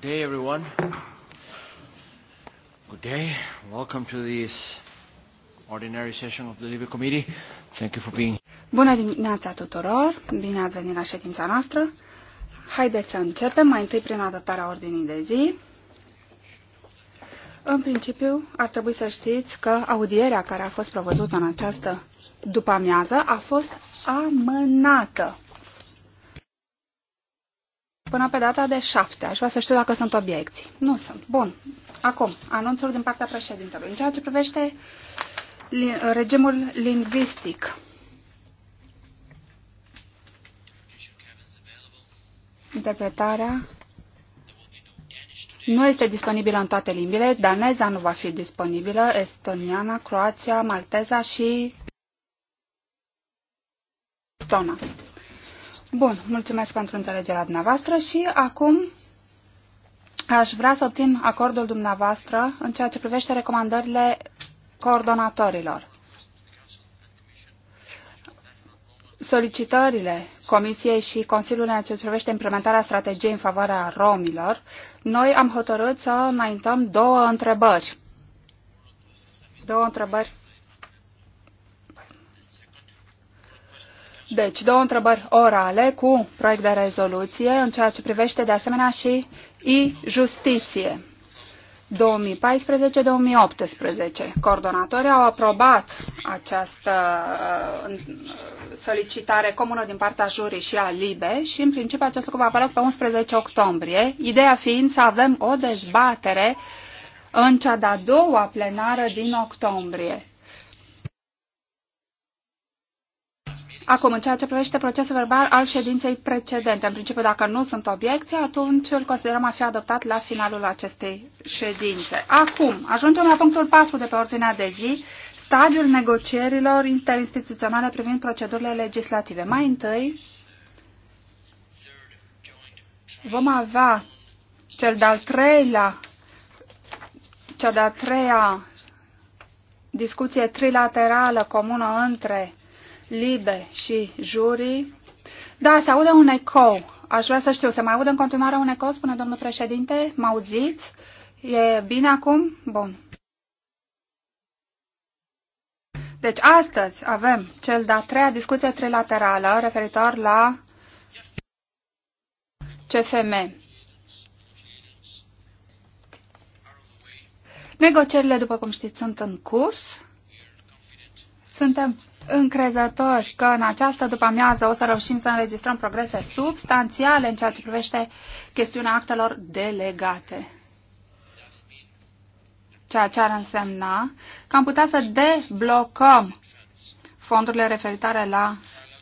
Good day, everyone. Good day. Welcome to this ordinary session of the Libre Committee. Thank you for being Bună dimineața tuturor. Bine ați venit la ședința noastră. Haideți să începem mai întâi prin adoptarea ordinii de zi. În principiu, ar trebui să știți că audierea care a fost prevăzută în această după amiază a fost amânată. Până pe data de 7. Aș vrea să știu dacă sunt obiecții. Nu sunt. Bun. Acum, anunțul din partea președintelui. În ceea ce privește regimul lingvistic. Interpretarea nu este disponibilă în toate limbile. Daneza nu va fi disponibilă, estoniana, croația, malteza și estona. Bun, mulțumesc pentru înțelegerea dumneavoastră și acum aș vrea să obțin acordul dumneavoastră în ceea ce privește recomandările coordonatorilor. solicitările Comisiei și Consiliului în ce privește implementarea strategiei în favoarea romilor, noi am hotărât să înaintăm două întrebări. Două întrebări Deci, două întrebări orale cu proiect de rezoluție în ceea ce privește de asemenea și i justiție 2014-2018. Coordonatorii au aprobat această uh, solicitare comună din partea jurii și a LIBE și în principiu acest lucru va apărea pe 11 octombrie, ideea fiind să avem o dezbatere în cea de-a doua plenară din octombrie. Acum, în ceea ce privește procesul verbal al ședinței precedente, în principiu, dacă nu sunt obiecții, atunci îl considerăm a fi adoptat la finalul acestei ședințe. Acum, ajungem la punctul 4 de pe ordinea de zi, stadiul negocierilor interinstituționale privind procedurile legislative. Mai întâi, vom avea cel de-al treilea, cea de-a treia discuție trilaterală comună între Libe și Juri. Da, se aude un ecou. Aș vrea să știu, se mai aude în continuare un ecou, spune domnul președinte? Mă auziți? E bine acum? Bun. Deci astăzi avem cel de-a treia discuție trilaterală referitor la CFM. Negocierile, după cum știți, sunt în curs. Suntem încrezători că în această după-amiază o să reușim să înregistrăm progrese substanțiale în ceea ce privește chestiunea actelor delegate. Ceea ce ar însemna că am putea să deblocăm fondurile referitoare la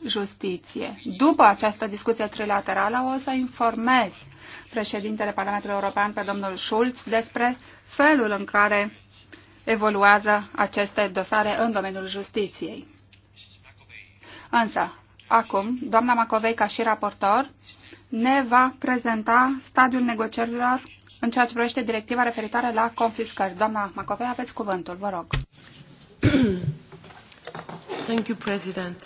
justiție. După această discuție trilaterală o să informez președintele Parlamentului European pe domnul Schulz despre felul în care evoluează aceste dosare în domeniul justiției. Însă, acum, doamna Macovei, ca și raportor, ne va prezenta stadiul negocierilor în ceea ce privește directiva referitoare la confiscări. Doamna Macovei, aveți cuvântul, vă rog. Thank you, President.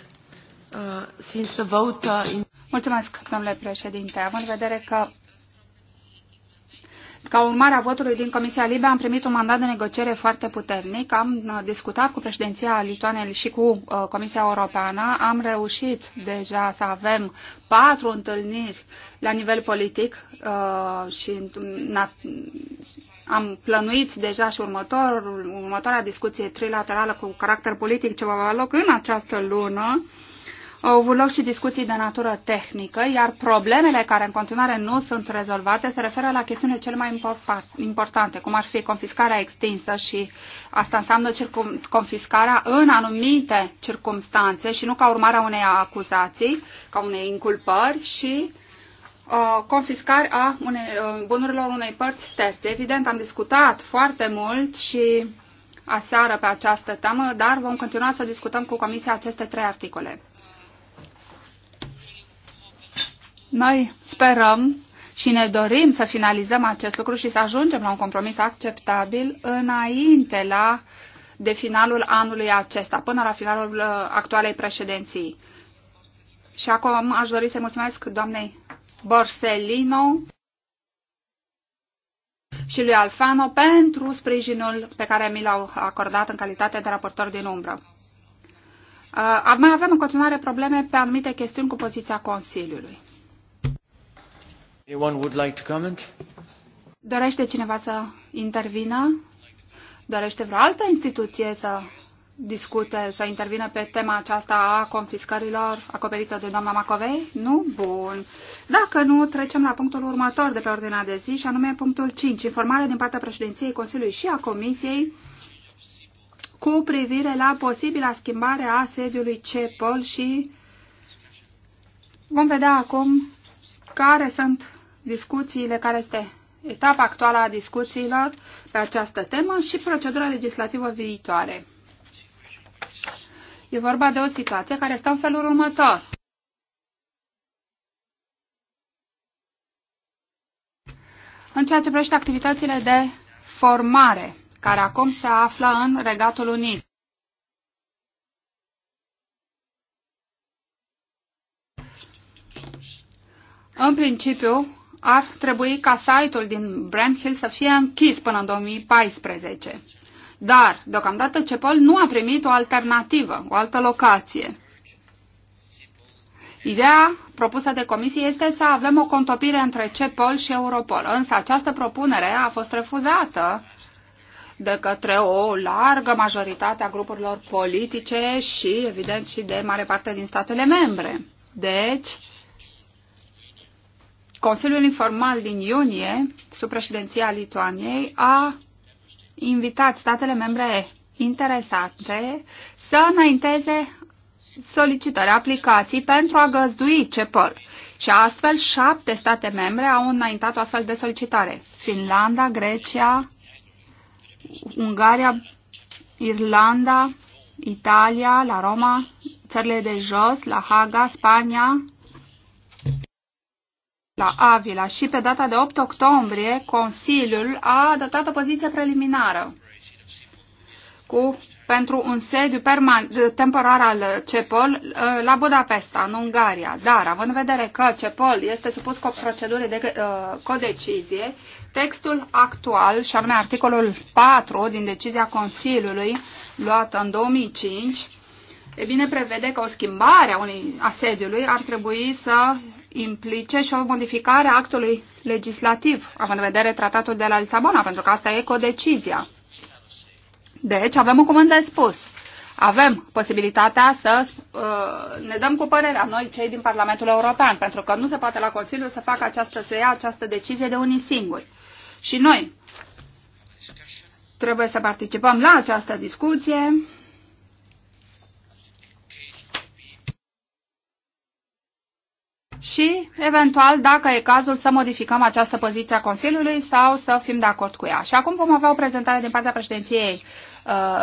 Uh, since the vote, uh, in... Mulțumesc, domnule președinte. Având în vedere că ca urmare a votului din Comisia Libe am primit un mandat de negociere foarte puternic. Am uh, discutat cu președinția lituanei și cu uh, Comisia Europeană. Am reușit deja să avem patru întâlniri la nivel politic uh, și am plănuit deja și următor, următoarea discuție trilaterală cu caracter politic ce va avea loc în această lună au avut loc și discuții de natură tehnică, iar problemele care în continuare nu sunt rezolvate se referă la chestiunile cele mai importante, cum ar fi confiscarea extinsă și asta înseamnă confiscarea în anumite circumstanțe și nu ca urmare a unei acuzații, ca unei inculpări și uh, confiscarea a unei, uh, bunurilor unei părți terțe. Evident, am discutat foarte mult și aseară pe această temă, dar vom continua să discutăm cu Comisia aceste trei articole. Noi sperăm și ne dorim să finalizăm acest lucru și să ajungem la un compromis acceptabil înainte la de finalul anului acesta, până la finalul uh, actualei președinții. Și acum aș dori să mulțumesc doamnei Borsellino și lui Alfano pentru sprijinul pe care mi l-au acordat în calitate de raportor din umbră. Uh, mai avem în continuare probleme pe anumite chestiuni cu poziția Consiliului. Dorește cineva să intervină? Dorește vreo altă instituție să discute, să intervină pe tema aceasta a confiscărilor acoperită de doamna Macovei? Nu? Bun. Dacă nu, trecem la punctul următor de pe ordinea de zi, și anume punctul 5, informare din partea președinției Consiliului și a Comisiei cu privire la posibila schimbare a sediului CEPOL și vom vedea acum care sunt discuțiile care este etapa actuală a discuțiilor pe această temă și procedura legislativă viitoare. E vorba de o situație care stă în felul următor. În ceea ce privește activitățile de formare, care acum se află în Regatul Unit. În principiu, ar trebui ca site-ul din Brand Hill să fie închis până în 2014. Dar, deocamdată, Cepol nu a primit o alternativă, o altă locație. Ideea propusă de comisie este să avem o contopire între CEPOL și Europol, însă această propunere a fost refuzată de către o largă majoritate a grupurilor politice și, evident, și de mare parte din statele membre. Deci, Consiliul informal din iunie, sub președinția Lituaniei, a invitat statele membre interesate să înainteze solicitări, aplicații pentru a găzdui CEPOL. Și astfel, șapte state membre au înaintat o astfel de solicitare. Finlanda, Grecia, Ungaria, Irlanda, Italia, la Roma, țările de jos, la Haga, Spania, la Avila și pe data de 8 octombrie Consiliul a adoptat o poziție preliminară cu, pentru un sediu perman, temporar al CEPOL uh, la Budapesta, în Ungaria. Dar, având în vedere că CEPOL este supus cu o procedură de uh, codecizie, textul actual, și anume articolul 4 din decizia Consiliului luată în 2005, E bine, prevede că o schimbare a unui sediului ar trebui să implice și o modificare a actului legislativ, având în vedere tratatul de la Lisabona, pentru că asta e codecizia. Deci avem un cuvânt de spus. Avem posibilitatea să uh, ne dăm cu părerea noi, cei din Parlamentul European, pentru că nu se poate la Consiliu să facă această, să ia această decizie de unii singuri. Și noi trebuie să participăm la această discuție și, eventual, dacă e cazul, să modificăm această poziție a Consiliului sau să fim de acord cu ea. Și acum vom avea o prezentare din partea președinției uh,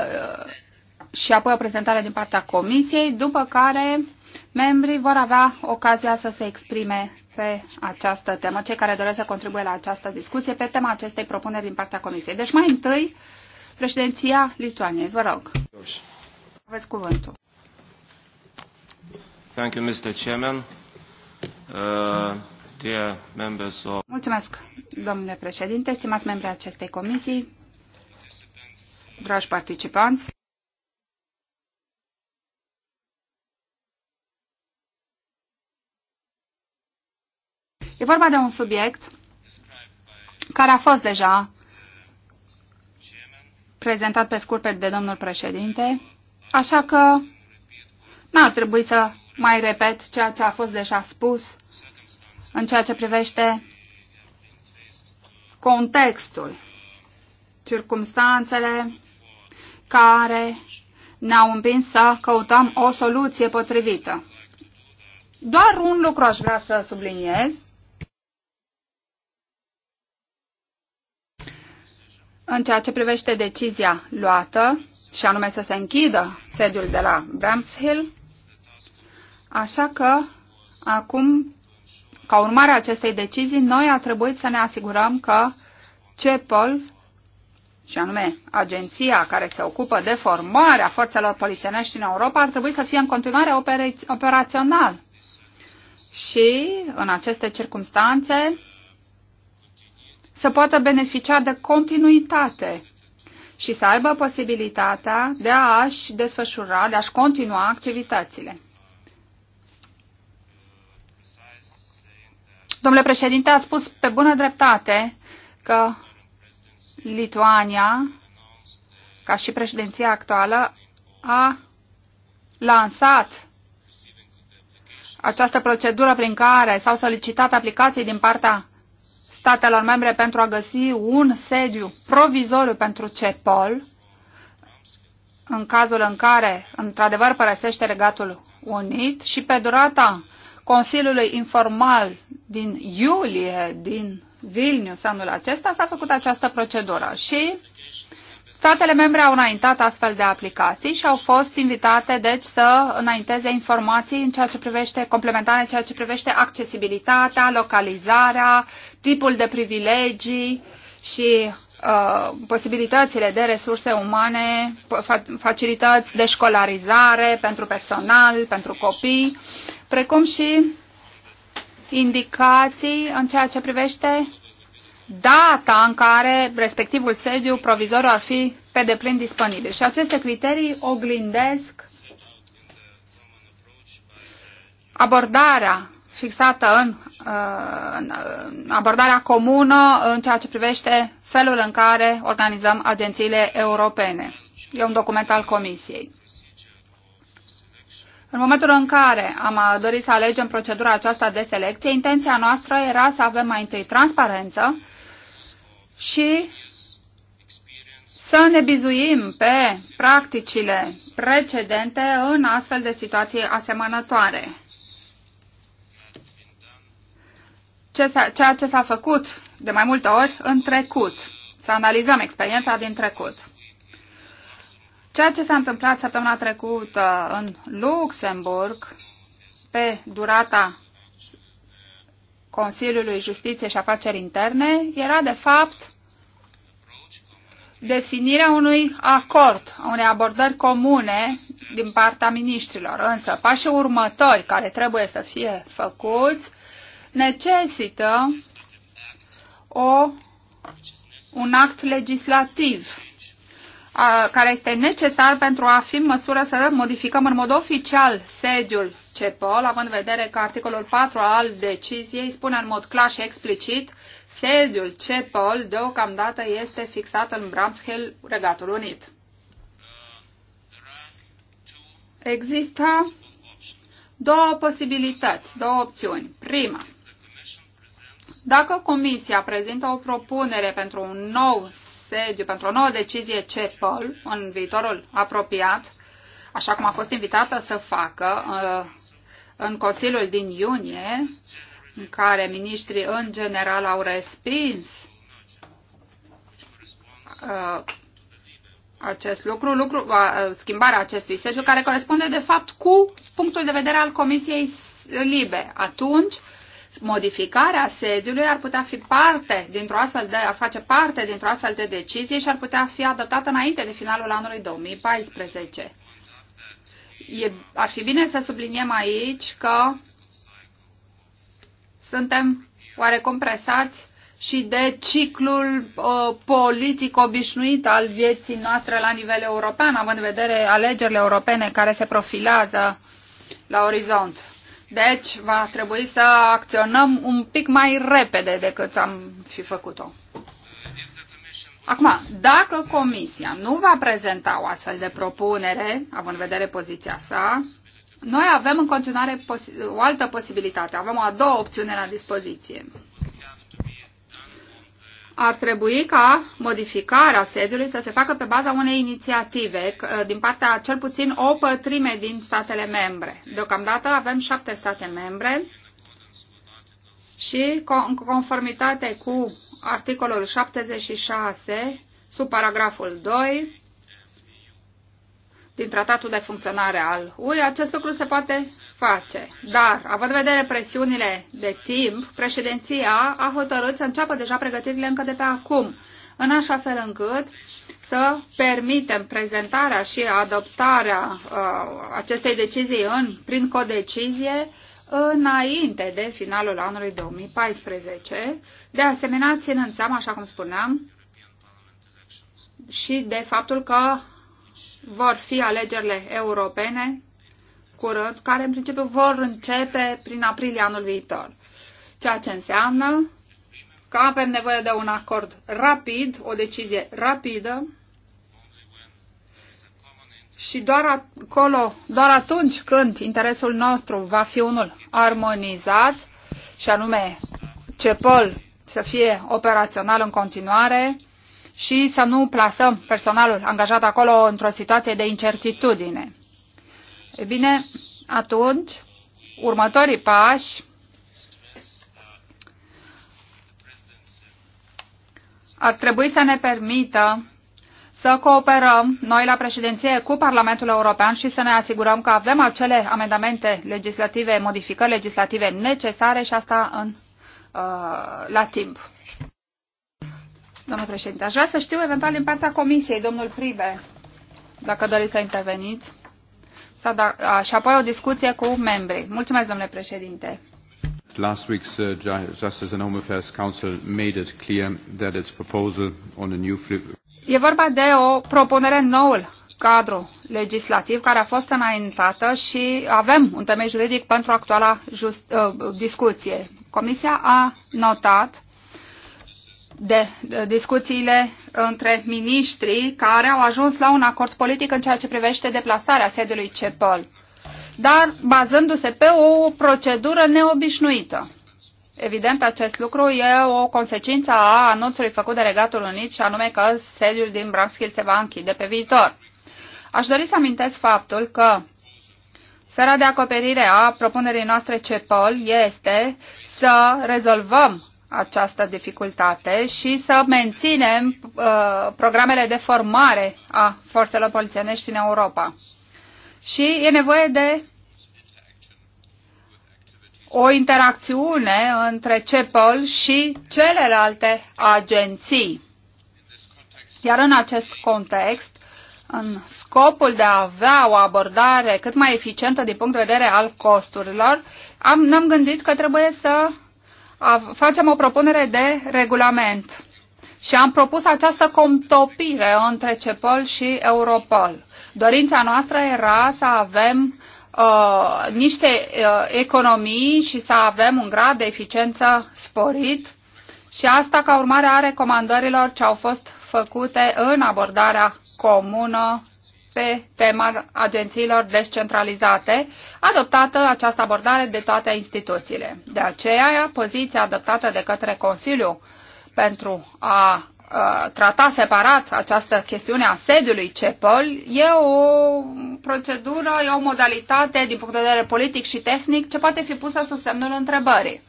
și apoi o prezentare din partea Comisiei, după care membrii vor avea ocazia să se exprime pe această temă, cei care doresc să contribuie la această discuție pe tema acestei propuneri din partea Comisiei. Deci, mai întâi, președinția Lituaniei. Vă rog. Aveți cuvântul. Thank you, Mr. Chairman. Uh, Mulțumesc, domnule președinte, stimați membri acestei comisii, dragi participanți. E vorba de un subiect care a fost deja prezentat pe scurt de domnul președinte, așa că n-ar trebui să mai repet ceea ce a fost deja spus în ceea ce privește contextul, circumstanțele care ne-au împins să căutăm o soluție potrivită. Doar un lucru aș vrea să subliniez. În ceea ce privește decizia luată, și anume să se închidă sediul de la Bramshill, Așa că, acum, ca urmare a acestei decizii, noi a trebuit să ne asigurăm că CEPOL, și anume agenția care se ocupă de formarea forțelor polițienești în Europa, ar trebui să fie în continuare operațional. Și, în aceste circunstanțe, să poată beneficia de continuitate și să aibă posibilitatea de a-și desfășura, de a-și continua activitățile. Domnule președinte, ați spus pe bună dreptate că Lituania, ca și președinția actuală, a lansat această procedură prin care s-au solicitat aplicații din partea statelor membre pentru a găsi un sediu provizoriu pentru CEPOL, în cazul în care, într-adevăr, părăsește Regatul Unit și pe durata Consiliului Informal din iulie din Vilnius anul acesta s-a făcut această procedură și statele membre au înaintat astfel de aplicații și au fost invitate deci să înainteze informații în ceea ce privește complementare în ceea ce privește accesibilitatea, localizarea, tipul de privilegii și uh, posibilitățile de resurse umane, facilități de școlarizare pentru personal, pentru copii precum și indicații în ceea ce privește data în care respectivul sediu provizoriu ar fi pe deplin disponibil. Și aceste criterii oglindesc abordarea fixată în, uh, în abordarea comună în ceea ce privește felul în care organizăm agențiile europene. E un document al Comisiei. În momentul în care am uh, dorit să alegem procedura aceasta de selecție, intenția noastră era să avem mai întâi transparență și să ne bizuim pe practicile precedente în astfel de situații asemănătoare. Ceea ce s-a făcut de mai multe ori în trecut. Să analizăm experiența din trecut. Ceea ce s-a întâmplat săptămâna trecută în Luxemburg pe durata Consiliului Justiție și Afaceri Interne era de fapt definirea unui acord, unei abordări comune din partea ministrilor. Însă pașii următori care trebuie să fie făcuți necesită o, un act legislativ care este necesar pentru a fi în măsură să modificăm în mod oficial sediul CEPOL, având în vedere că articolul 4 al deciziei spune în mod clar și explicit sediul CEPOL deocamdată este fixat în Bramshill, Regatul Unit. Există două posibilități, două opțiuni. Prima, dacă Comisia prezintă o propunere pentru un nou sediu, pentru o nouă decizie CEPOL în viitorul apropiat, așa cum a fost invitată să facă uh, în Consiliul din iunie, în care ministrii în general au respins uh, acest lucru, lucru uh, schimbarea acestui sediu, care corespunde de fapt cu punctul de vedere al Comisiei Libe. Atunci modificarea sediului ar putea fi parte dintr-o astfel de, ar face parte dintr-o astfel de decizie și ar putea fi adoptată înainte de finalul anului 2014. E, ar fi bine să subliniem aici că suntem oarecum presați și de ciclul uh, politic obișnuit al vieții noastre la nivel european, având în vedere alegerile europene care se profilează la orizont. Deci va trebui să acționăm un pic mai repede decât am fi făcut-o. Acum, dacă Comisia nu va prezenta o astfel de propunere, având în vedere poziția sa, noi avem în continuare o altă posibilitate, avem o a doua opțiune la dispoziție ar trebui ca modificarea sediului să se facă pe baza unei inițiative din partea cel puțin o pătrime din statele membre. Deocamdată avem șapte state membre și în conformitate cu articolul 76 sub paragraful 2 din tratatul de funcționare al UE, acest lucru se poate face. Dar, având în vedere presiunile de timp, președinția a hotărât să înceapă deja pregătirile încă de pe acum, în așa fel încât să permitem prezentarea și adoptarea uh, acestei decizii în, prin codecizie înainte de finalul anului 2014, de asemenea ținând seama, așa cum spuneam, și de faptul că vor fi alegerile europene curând, care în principiu vor începe prin aprilie anul viitor. Ceea ce înseamnă că avem nevoie de un acord rapid, o decizie rapidă și doar acolo, doar atunci când interesul nostru va fi unul armonizat, și anume CEPOL să fie operațional în continuare, și să nu plasăm personalul angajat acolo într-o situație de incertitudine. E bine, atunci, următorii pași ar trebui să ne permită să cooperăm noi la președinție cu Parlamentul European și să ne asigurăm că avem acele amendamente legislative, modificări legislative necesare și asta în, uh, la timp. Domnul președinte, aș vrea să știu eventual din partea comisiei, domnul Pribe, dacă doriți să interveniți. Sau da, a, și apoi o discuție cu membrii. Mulțumesc, domnule președinte. Last week's uh, Justice and Home Affairs Council made it clear that its proposal on a new flip... E vorba de o propunere noul cadru legislativ care a fost înaintată și avem un temei juridic pentru actuala just, uh, discuție. Comisia a notat de discuțiile între miniștrii care au ajuns la un acord politic în ceea ce privește deplasarea sediului CEPOL, dar bazându-se pe o procedură neobișnuită. Evident, acest lucru e o consecință a anunțului făcut de Regatul Unit și anume că sediul din Branskill se va închide pe viitor. Aș dori să amintesc faptul că sfera de acoperire a propunerii noastre CEPOL este să rezolvăm această dificultate și să menținem uh, programele de formare a forțelor polițienești în Europa. Și e nevoie de o interacțiune între CEPOL și celelalte agenții. Iar în acest context, în scopul de a avea o abordare cât mai eficientă din punct de vedere al costurilor, am, ne-am gândit că trebuie să facem o propunere de regulament și am propus această contopire între CEPOL și Europol. Dorința noastră era să avem uh, niște uh, economii și să avem un grad de eficiență sporit și asta ca urmare a recomandărilor ce au fost făcute în abordarea comună pe tema agențiilor descentralizate, adoptată această abordare de toate instituțiile. De aceea, poziția adoptată de către Consiliu pentru a trata separat această chestiune a sediului CEPOL e o procedură, e o modalitate din punct de vedere politic și tehnic ce poate fi pusă sub semnul întrebării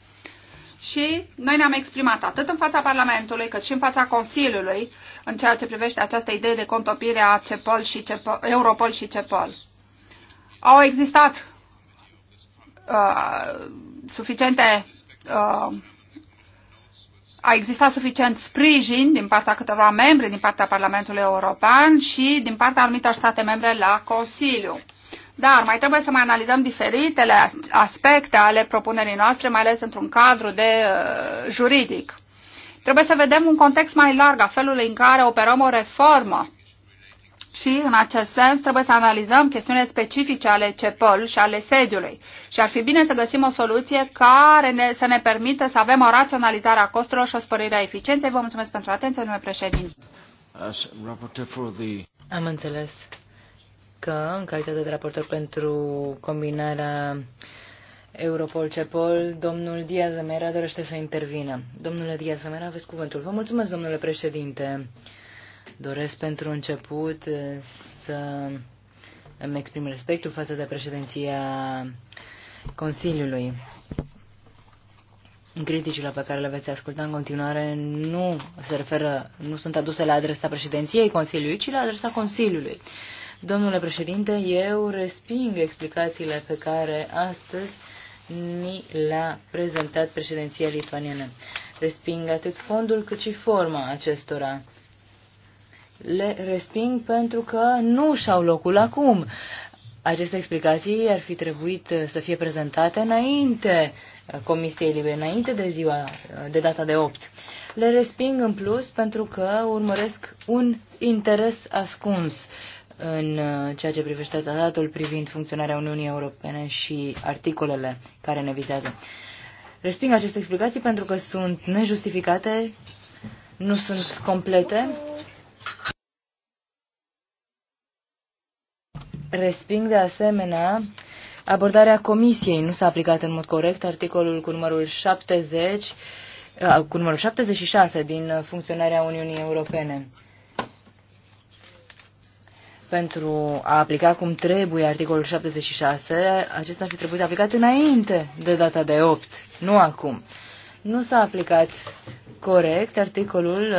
și noi ne-am exprimat atât în fața Parlamentului cât și în fața Consiliului în ceea ce privește această idee de contopire a CEPOL și CEPOL, Europol și CEPOL. Au existat uh, suficiente uh, a existat suficient sprijin din partea câtorva membri din partea Parlamentului European și din partea anumitor state membre la Consiliu. Dar mai trebuie să mai analizăm diferitele aspecte ale propunerii noastre, mai ales într-un cadru de uh, juridic. Trebuie să vedem un context mai larg a felului în care operăm o reformă. Și, în acest sens, trebuie să analizăm chestiunile specifice ale CEPOL și ale sediului. Și ar fi bine să găsim o soluție care ne, să ne permită să avem o raționalizare a costurilor și o spărire a eficienței. Vă mulțumesc pentru atenție, domnule președinte. Am înțeles că, în calitate de raportor pentru combinarea Europol-Cepol, domnul Diaz de Mera dorește să intervină. Domnule Diaz de Mera, aveți cuvântul. Vă mulțumesc, domnule președinte. Doresc pentru început eh, să îmi exprim respectul față de președinția Consiliului. Criticile pe care le veți asculta în continuare nu se referă, nu sunt aduse la adresa președinției Consiliului, ci la adresa Consiliului. Domnule președinte, eu resping explicațiile pe care astăzi ni le-a prezentat președinția lituaniană. Resping atât fondul cât și forma acestora. Le resping pentru că nu și-au locul acum. Aceste explicații ar fi trebuit să fie prezentate înainte Comisiei Libere, înainte de ziua, de data de 8. Le resping în plus pentru că urmăresc un interes ascuns. Uh, în uh, ceea ce privește tratatul privind funcționarea Uniunii Europene și articolele care ne vizează. Resping aceste explicații pentru că sunt nejustificate, nu sunt complete. Resping de asemenea abordarea comisiei. Nu s-a aplicat în mod corect articolul cu numărul 70, uh, cu numărul 76 din funcționarea Uniunii Europene pentru a aplica cum trebuie articolul 76, acesta ar fi trebuit aplicat înainte de data de 8, nu acum. Nu s-a aplicat corect articolul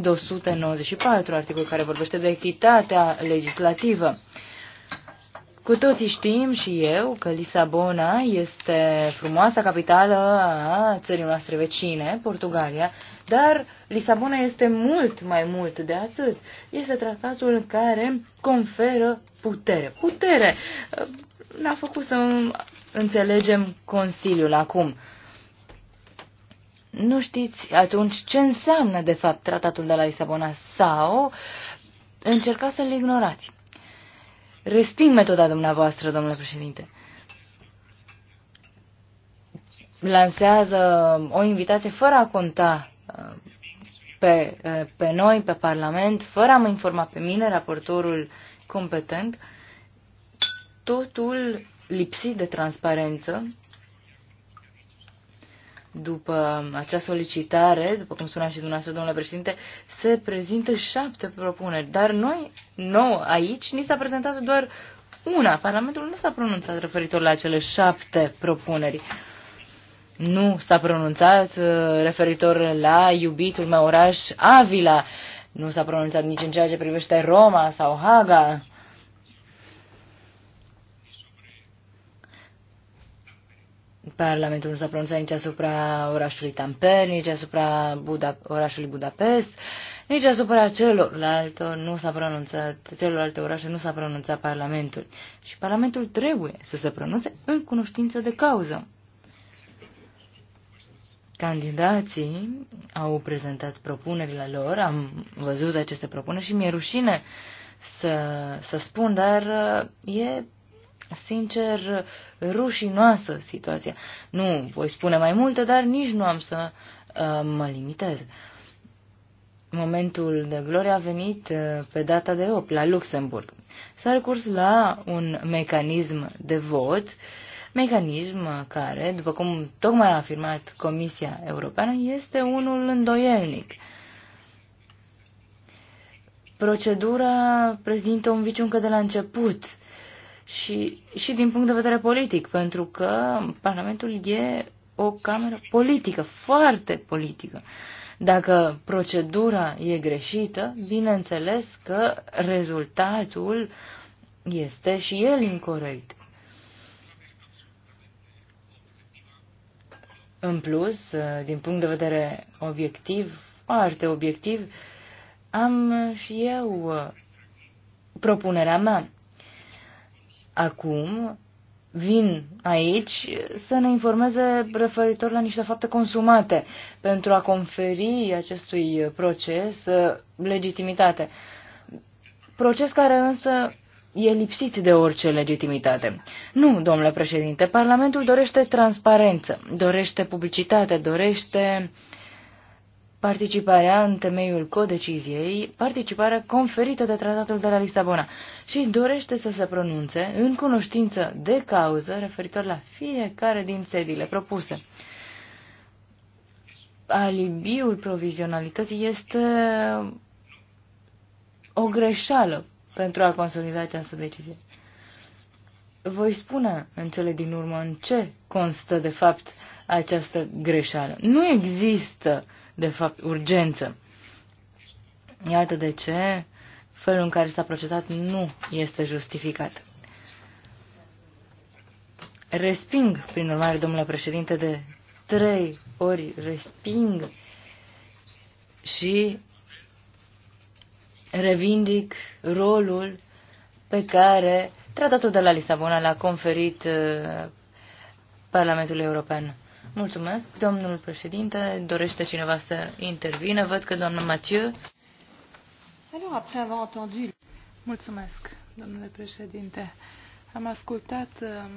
294, um, articol care vorbește de echitatea legislativă. Cu toții știm și eu că Lisabona este frumoasa capitală a țării noastre vecine, Portugalia, dar Lisabona este mult mai mult de atât. Este tratatul care conferă putere. Putere! Ne-a făcut să înțelegem Consiliul acum. Nu știți atunci ce înseamnă, de fapt, tratatul de la Lisabona sau încercați să-l ignorați. Resping metoda dumneavoastră, domnule președinte lansează o invitație fără a conta pe, pe noi, pe Parlament, fără a mă informa pe mine, raportorul competent, totul lipsit de transparență. După acea solicitare, după cum spunea și dumneavoastră, domnule președinte, se prezintă șapte propuneri, dar noi, nouă, aici, ni s-a prezentat doar una. Parlamentul nu s-a pronunțat referitor la cele șapte propuneri. Uh, nu s-a pronunțat uh, referitor la iubitul meu oraș Avila, nu s-a pronunțat nici în ceea ce privește Roma sau Haga. Parlamentul nu s-a pronunțat nici asupra orașului Tamper, nici asupra Buda, orașului Budapest, nici asupra celorlalte nu s-a pronunțat, celorlalte orașe nu s-a pronunțat Parlamentul. Și Parlamentul trebuie să se pronunțe în cunoștință de cauză. Candidații au prezentat propunerile lor, am văzut aceste propuneri și mi-e rușine să, să spun, dar uh, e sincer rușinoasă situația. Nu voi spune mai multe, dar nici nu am să uh, mă limitez. Momentul de glorie a venit uh, pe data de 8 la Luxemburg. S-a recurs la un mecanism de vot uh, mecanism care, după cum tocmai a afirmat Comisia Europeană, este unul îndoielnic. Procedura prezintă un viciu încă de la început și, și din punct de vedere politic, pentru că Parlamentul e o cameră politică, foarte politică. Dacă procedura e greșită, bineînțeles că rezultatul este și el incorrect. În plus, uh, din punct de vedere obiectiv, foarte obiectiv, am și eu uh, propunerea mea. Acum vin aici să ne informeze referitor la niște fapte consumate pentru a conferi acestui proces uh, legitimitate. Proces care însă e lipsit de orice legitimitate. Nu, domnule președinte, Parlamentul dorește transparență, dorește publicitate, dorește participarea în temeiul codeciziei, participarea conferită de Tratatul de la Lisabona și dorește să se pronunțe în cunoștință de cauză referitor la fiecare din sediile propuse. Alibiul provizionalității este o greșeală pentru a consolida această decizie. Voi spune în cele din urmă în ce constă de fapt această greșeală. Nu există de fapt urgență. Iată de ce felul în care s-a procedat nu este justificat. Resping, prin urmare, domnule președinte, de trei ori resping și revindic rolul pe care tratatul de la Lisabona l-a conferit uh, Parlamentului European. Mulțumesc, domnul președinte. Dorește cineva să intervină? Văd că doamna Mathieu. Alors, après avoir entendu... Mulțumesc, domnule președinte. Am ascultat um,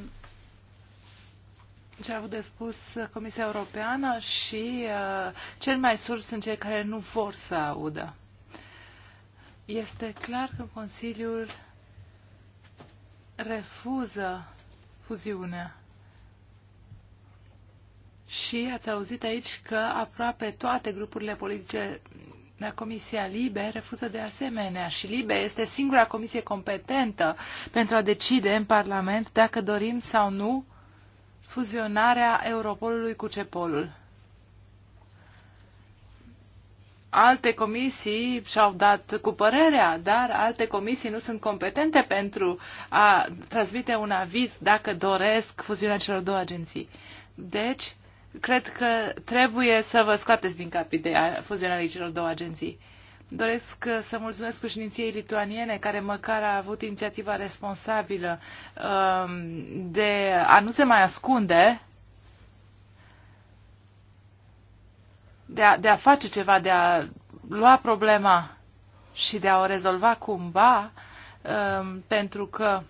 ce a avut de spus Comisia Europeană și uh, cel mai surzi sunt cei care nu vor să audă. Este clar că Consiliul refuză fuziunea. Și ați auzit aici că aproape toate grupurile politice la Comisia Libe refuză de asemenea și Libe este singura comisie competentă pentru a decide în Parlament dacă dorim sau nu fuzionarea Europolului cu Cepolul. alte comisii și-au dat cu părerea, dar alte comisii nu sunt competente pentru a transmite un aviz dacă doresc fuziunea celor două agenții. Deci, cred că trebuie să vă scoateți din cap ideea fuzionării celor două agenții. Doresc să mulțumesc președinției lituaniene, care măcar a avut inițiativa responsabilă um, de a nu se mai ascunde de a, de a face ceva, de a lua problema și de a o rezolva cumva, um, pentru că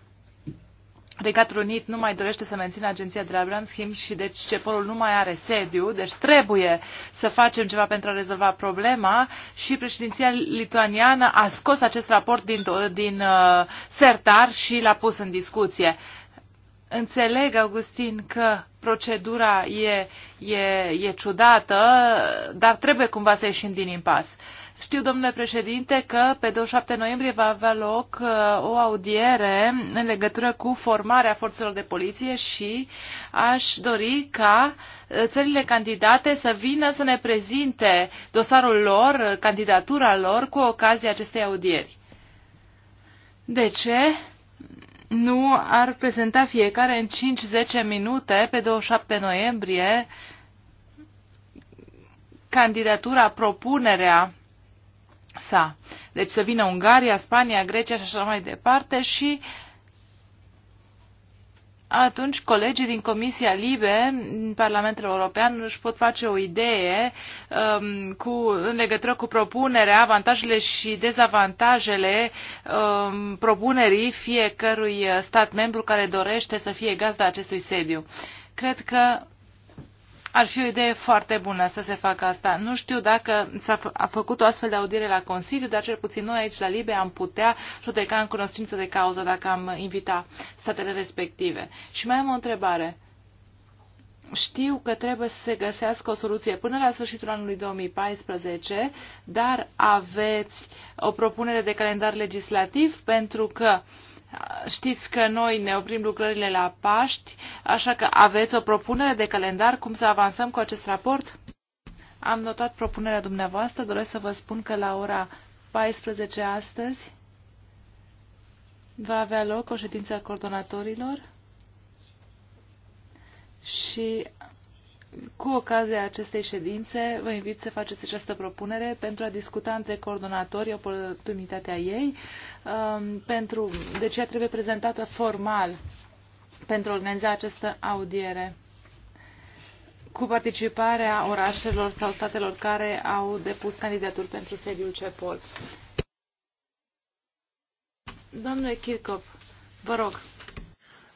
Regatul Unit nu mai dorește să mențină agenția de la Bramshim și deci CEPOL-ul nu mai are sediu, deci trebuie să facem ceva pentru a rezolva problema și președinția lituaniană a scos acest raport din, din uh, sertar și l-a pus în discuție. Uh, Înțeleg, Augustin, că procedura e, e, e ciudată, dar trebuie cumva să ieșim din impas. Știu, domnule președinte, că pe 27 noiembrie va avea loc uh, o audiere în legătură cu formarea forțelor de poliție și aș dori ca uh, țările candidate să vină să ne prezinte dosarul lor, uh, candidatura lor, cu ocazia acestei audieri. De ce? nu ar prezenta fiecare în 5-10 minute pe 27 noiembrie candidatura, propunerea sa. Deci să vină Ungaria, Spania, Grecia și așa mai departe și atunci colegii din Comisia Libe din Parlamentul European își pot face o idee um, cu, în legătură cu propunerea, avantajele și dezavantajele um, propunerii fiecărui stat membru care dorește să fie gazda acestui sediu. Cred că ar fi o idee foarte bună să se facă asta. Nu știu dacă s-a fă, făcut o astfel de audiere la Consiliu, dar cel puțin noi aici la Libe am putea judeca în cunoștință de cauză dacă am invita statele respective. Și mai am o întrebare. Știu că trebuie să se găsească o soluție până la sfârșitul anului 2014, dar aveți o propunere de calendar legislativ pentru că uh, Știți că noi ne oprim lucrările la Paști, așa că aveți o propunere de calendar cum să avansăm cu acest raport? Am notat propunerea dumneavoastră, doresc să vă spun că la ora 14 astăzi va avea loc o ședință a coordonatorilor și cu ocazia acestei ședințe, vă invit să faceți această propunere pentru a discuta între coordonatori oportunitatea ei. Um, pentru, de deci ce trebuie prezentată formal pentru a organiza această audiere cu participarea orașelor sau statelor care au depus candidaturi pentru sediul CEPOL. Domnule Kirchhoff, vă rog.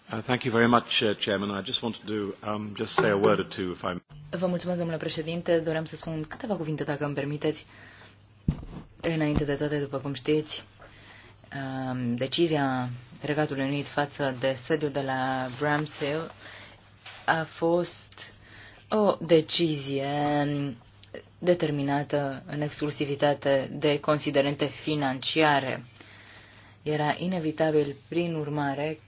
Uh, thank you very much, uh, Chairman. I just to um, just say a word or two, if I Vă mulțumesc, domnule președinte. Doream să spun câteva cuvinte, dacă îmi permiteți. Înainte de toate, după cum știți, um, decizia Regatului Unit față de sediul de la Bramshill a fost o decizie determinată în exclusivitate de considerente financiare. Era inevitabil, prin urmare,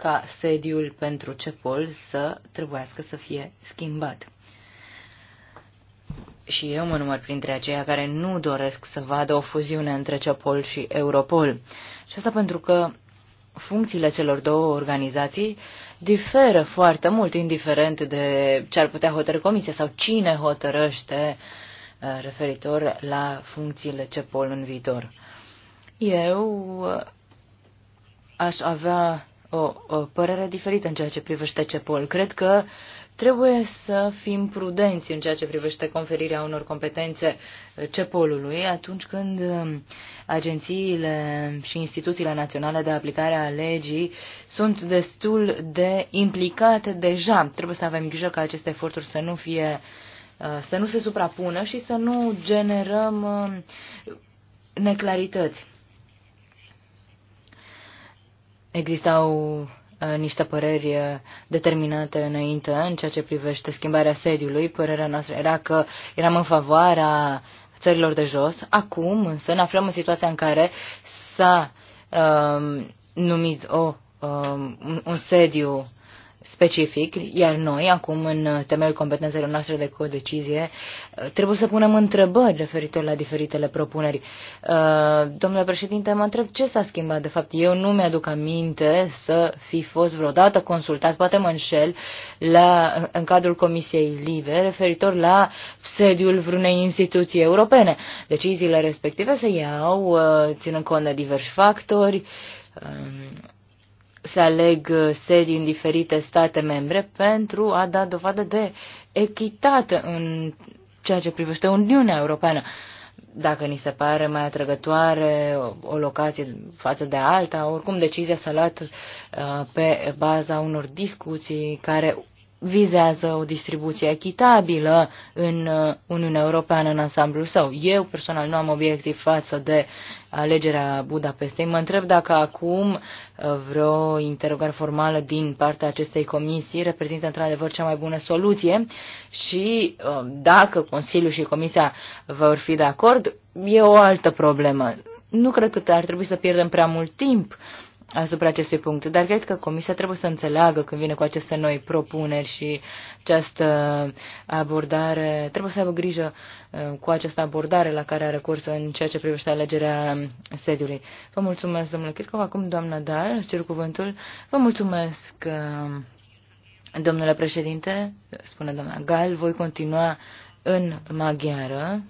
ca sediul pentru CEPOL să trebuiască să fie schimbat. Și eu mă număr printre aceia care nu doresc să vadă o fuziune între CEPOL și Europol. Și asta pentru că funcțiile celor două organizații diferă foarte mult, indiferent de ce ar putea hotărâ comisia sau cine hotărăște uh, referitor la funcțiile CEPOL în viitor. Eu uh, aș avea o, o părere diferită în ceea ce privește CEPOL. Cred că trebuie să fim prudenți în ceea ce privește conferirea unor competențe CEPOL-ului atunci când um, agențiile și instituțiile naționale de aplicare a legii sunt destul de implicate deja. Trebuie să avem grijă ca aceste eforturi să nu fie uh, să nu se suprapună și să nu generăm um, neclarități. Existau uh, niște păreri uh, determinate înainte în ceea ce privește schimbarea sediului. Părerea noastră era că eram în favoarea țărilor de jos. Acum însă ne aflăm în situația în care s-a um, numit o, um, un sediu specific, iar noi, acum, în temeiul competențelor noastre de codecizie, trebuie să punem întrebări referitor la diferitele propuneri. Uh, domnule președinte, mă întreb ce s-a schimbat. De fapt, eu nu mi-aduc aminte să fi fost vreodată consultat, poate mă înșel, la, în cadrul Comisiei Live, referitor la sediul vreunei instituții europene. Deciziile respective se iau uh, ținând cont de diversi factori, um, se aleg uh, sedii în diferite state membre pentru a da dovadă de echitate în ceea ce privește Uniunea Europeană. Dacă ni se pare mai atrăgătoare o locație față de alta, oricum decizia s-a luat uh, pe baza unor discuții care vizează o distribuție echitabilă în uh, Uniunea Europeană în ansamblul său. Eu personal nu am obiectiv față de alegerea Budapestei. Mă întreb dacă acum uh, vreo interogare formală din partea acestei comisii reprezintă într-adevăr cea mai bună soluție și uh, dacă Consiliul și Comisia vor fi de acord, e o altă problemă. Nu cred că ar trebui să pierdem prea mult timp asupra acestui punct. Dar cred că Comisia trebuie să înțeleagă când vine cu aceste noi propuneri și această abordare, trebuie să aibă grijă uh, cu această abordare la care are recurs în ceea ce privește alegerea sediului. Vă mulțumesc, domnule Kirchhoff. Acum, doamna Dar, îți cer cuvântul. Vă mulțumesc, uh, domnule președinte, spune doamna Gal. Voi continua în maghiară.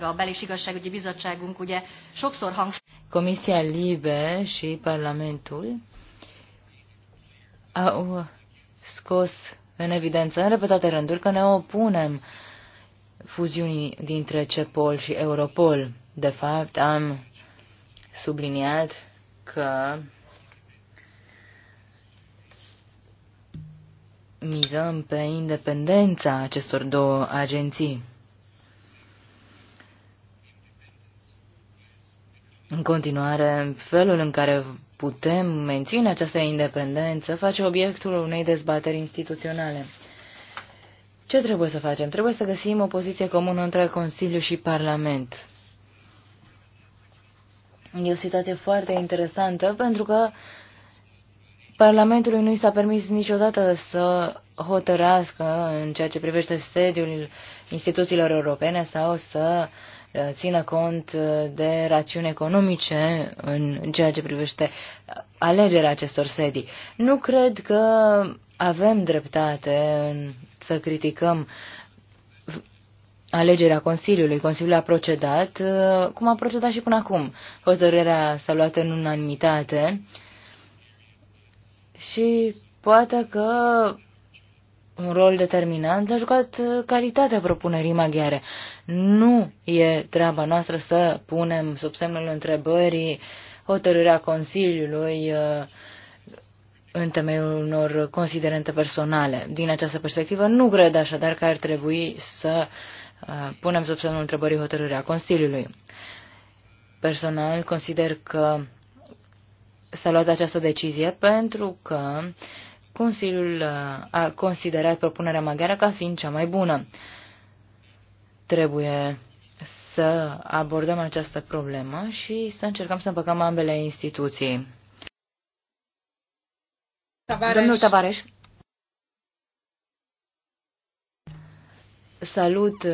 A Bel- és Igazságügyi Bizottságunk ugye sokszor hangsúlyozza. Comisia Libe și Parlamentul au scos în evidență în repetate rânduri că ne opunem fuziunii dintre CEPOL și Europol. De fapt, am subliniat că mizăm pe independența acestor două agenții. În continuare, felul în care putem menține această independență face obiectul unei dezbateri instituționale. Ce trebuie să facem? Trebuie să găsim o poziție comună între Consiliu și Parlament. E o situație foarte interesantă pentru că Parlamentului nu i s-a permis niciodată să hotărească în ceea ce privește sediul instituțiilor europene sau să uh, țină cont uh, de rațiuni economice în ceea ce privește alegerea acestor sedii. Nu cred că avem dreptate să criticăm alegerea Consiliului. Consiliul a procedat uh, cum a procedat și până acum. Hotărârea s-a luat în unanimitate și poate că un rol determinant a jucat uh, calitatea propunerii maghiare. Nu e treaba noastră să punem sub semnul întrebării hotărârea Consiliului uh, în temeiul unor considerente personale. Din această perspectivă, nu cred așadar că ar trebui să uh, punem sub semnul întrebării hotărârea Consiliului. Personal, consider că s-a luat această decizie pentru că uh, Consiliul uh, a considerat propunerea maghiară ca fiind cea mai bună. Trebuie să abordăm această problemă și să încercăm să împăcăm ambele instituții. Tavareș. Domnul Tavares. Salut uh,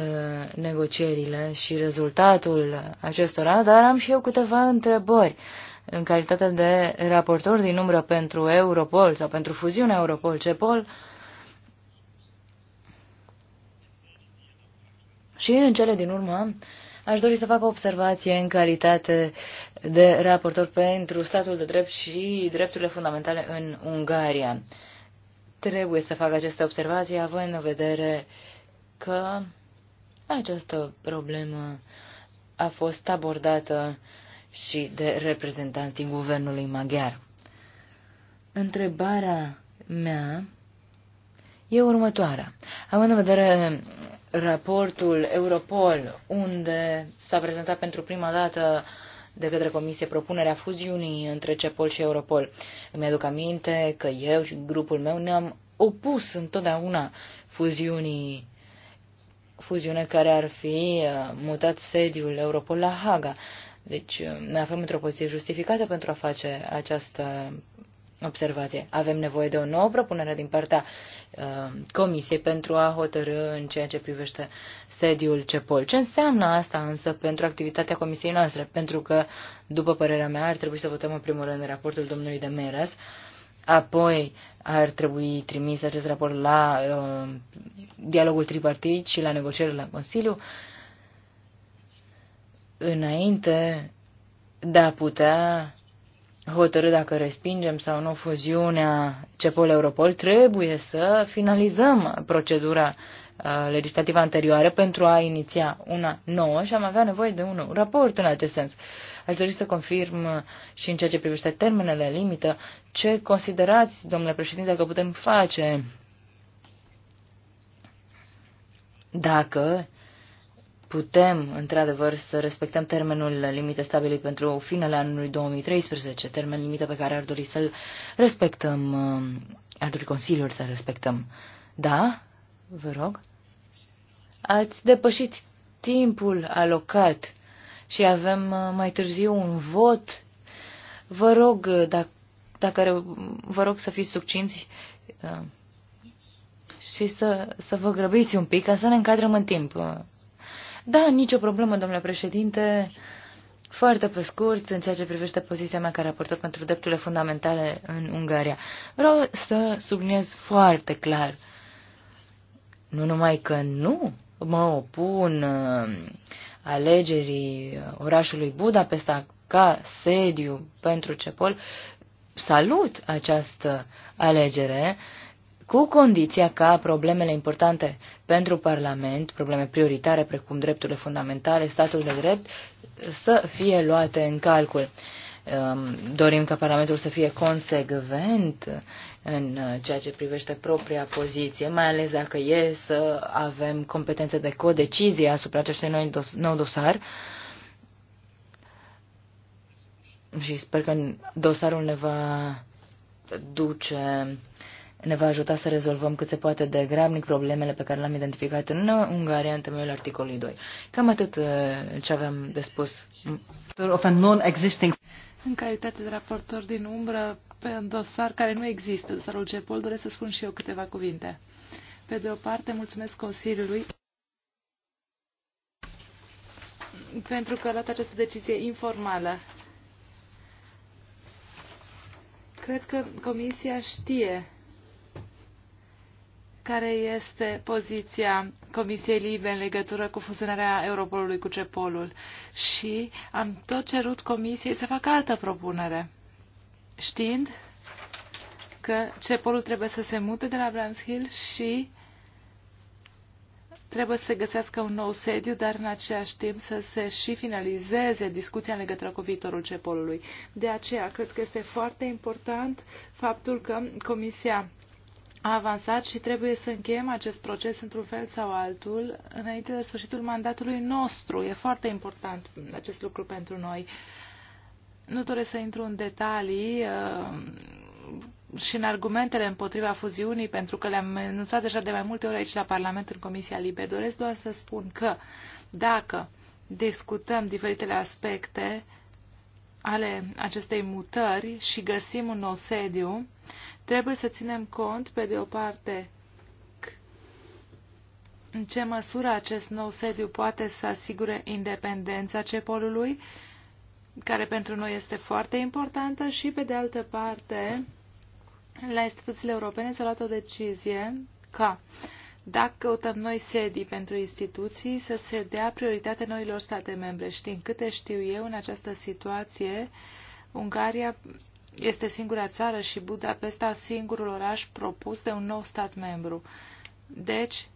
negocierile și rezultatul acestora, dar am și eu câteva întrebări în calitate de raportor din umbră pentru Europol sau pentru fuziunea Europol-Cepol și în cele din urmă aș dori să fac o observație în calitate de raportor pentru statul de drept și drepturile fundamentale în Ungaria. Trebuie să fac aceste observații având în vedere că această problemă a fost abordată și de reprezentanții guvernului maghiar. Întrebarea mea e următoarea. Având în vedere raportul Europol, unde s-a prezentat pentru prima dată de către Comisie propunerea fuziunii între CEPOL și Europol. Îmi aduc aminte că eu și grupul meu ne-am opus întotdeauna fuziunii fuziune care ar fi uh, mutat sediul Europol la Haga. Deci um, ne aflăm într-o poziție justificată pentru a face această observație. Avem nevoie de o nouă propunere din partea um, Comisiei pentru a hotărâ în ceea ce privește sediul CEPOL. Ce înseamnă asta însă pentru activitatea Comisiei noastre? Pentru că, după părerea mea, ar trebui să votăm în primul rând raportul domnului de Meras, apoi ar trebui trimis acest raport la uh, dialogul tripartit și la negocierile la Consiliu, uh, înainte de a putea hotărâ dacă respingem sau nu fuziunea CEPOL-Europol, trebuie să finalizăm procedura uh, legislativă anterioară pentru a iniția una nouă și am avea nevoie de un raport în acest sens. Aș dori să confirm și în ceea ce privește termenele limită, ce considerați, domnule președinte, că putem face dacă putem, într-adevăr, să respectăm termenul limită stabilit pentru finele anului 2013, termen limită pe care ar dori să-l respectăm, uh, ar dori Consiliul să respectăm. Da? Vă rog? Ați depășit timpul alocat și avem uh, mai târziu un vot. Vă rog, uh, dacă, dacă vă rog să fiți succinți și să, să vă grăbiți un pic ca să ne încadrăm în timp. Da, nicio problemă, domnule președinte. Foarte pe scurt, în ceea ce privește poziția mea ca raportor pentru drepturile fundamentale în Ungaria. Vreau să subliniez foarte clar. Nu numai că nu mă opun uh, alegerii orașului Budapesta ca sediu pentru CEPOL, salut această alegere cu condiția ca problemele importante pentru Parlament, probleme prioritare precum drepturile fundamentale, statul de drept, să fie luate în calcul. Um, dorim ca Parlamentul să fie consecvent în uh, ceea ce privește propria poziție, mai ales dacă e să avem competențe de codecizie asupra acestui noi dos- nou dosar. Și sper că dosarul ne va duce ne va ajuta să rezolvăm cât se poate de grabnic problemele pe care le-am identificat în Ungaria în temeiul articolului 2. Cam atât uh, ce aveam de spus. În calitate de raportor din umbră, pe un dosar care nu există, dosarul CEPOL, doresc să spun și eu câteva cuvinte. Pe de o parte, mulțumesc Consiliului pentru că a luat această decizie informală. Cred că Comisia știe care este poziția Comisiei Libe în legătură cu funcționarea Europolului cu Cepolul și am tot cerut Comisiei să facă altă propunere, știind că Cepolul trebuie să se mute de la Bramshill și trebuie să se găsească un nou sediu, dar în același timp să se și finalizeze discuția în legătură cu viitorul Cepolului. De aceea, cred că este foarte important faptul că Comisia a avansat și trebuie să încheiem acest proces într-un fel sau altul înainte de sfârșitul mandatului nostru. E foarte important acest lucru pentru noi. Nu doresc să intru în detalii uh, și în argumentele împotriva fuziunii, pentru că le-am enunțat deja de mai multe ori aici la Parlament, în Comisia Libe. Doresc doar să spun că dacă discutăm diferitele aspecte ale acestei mutări și găsim un nou sediu, Trebuie să ținem cont, pe de o parte, în ce măsură acest nou sediu poate să asigure independența cepolului, care pentru noi este foarte importantă, și, pe de altă parte, la instituțiile europene s-a luat o decizie ca dacă căutăm noi sedii pentru instituții, să se dea prioritate noilor state membre. Și din câte știu eu, în această situație, Ungaria este singura țară și Budapesta singurul oraș propus de un nou stat membru. Deci,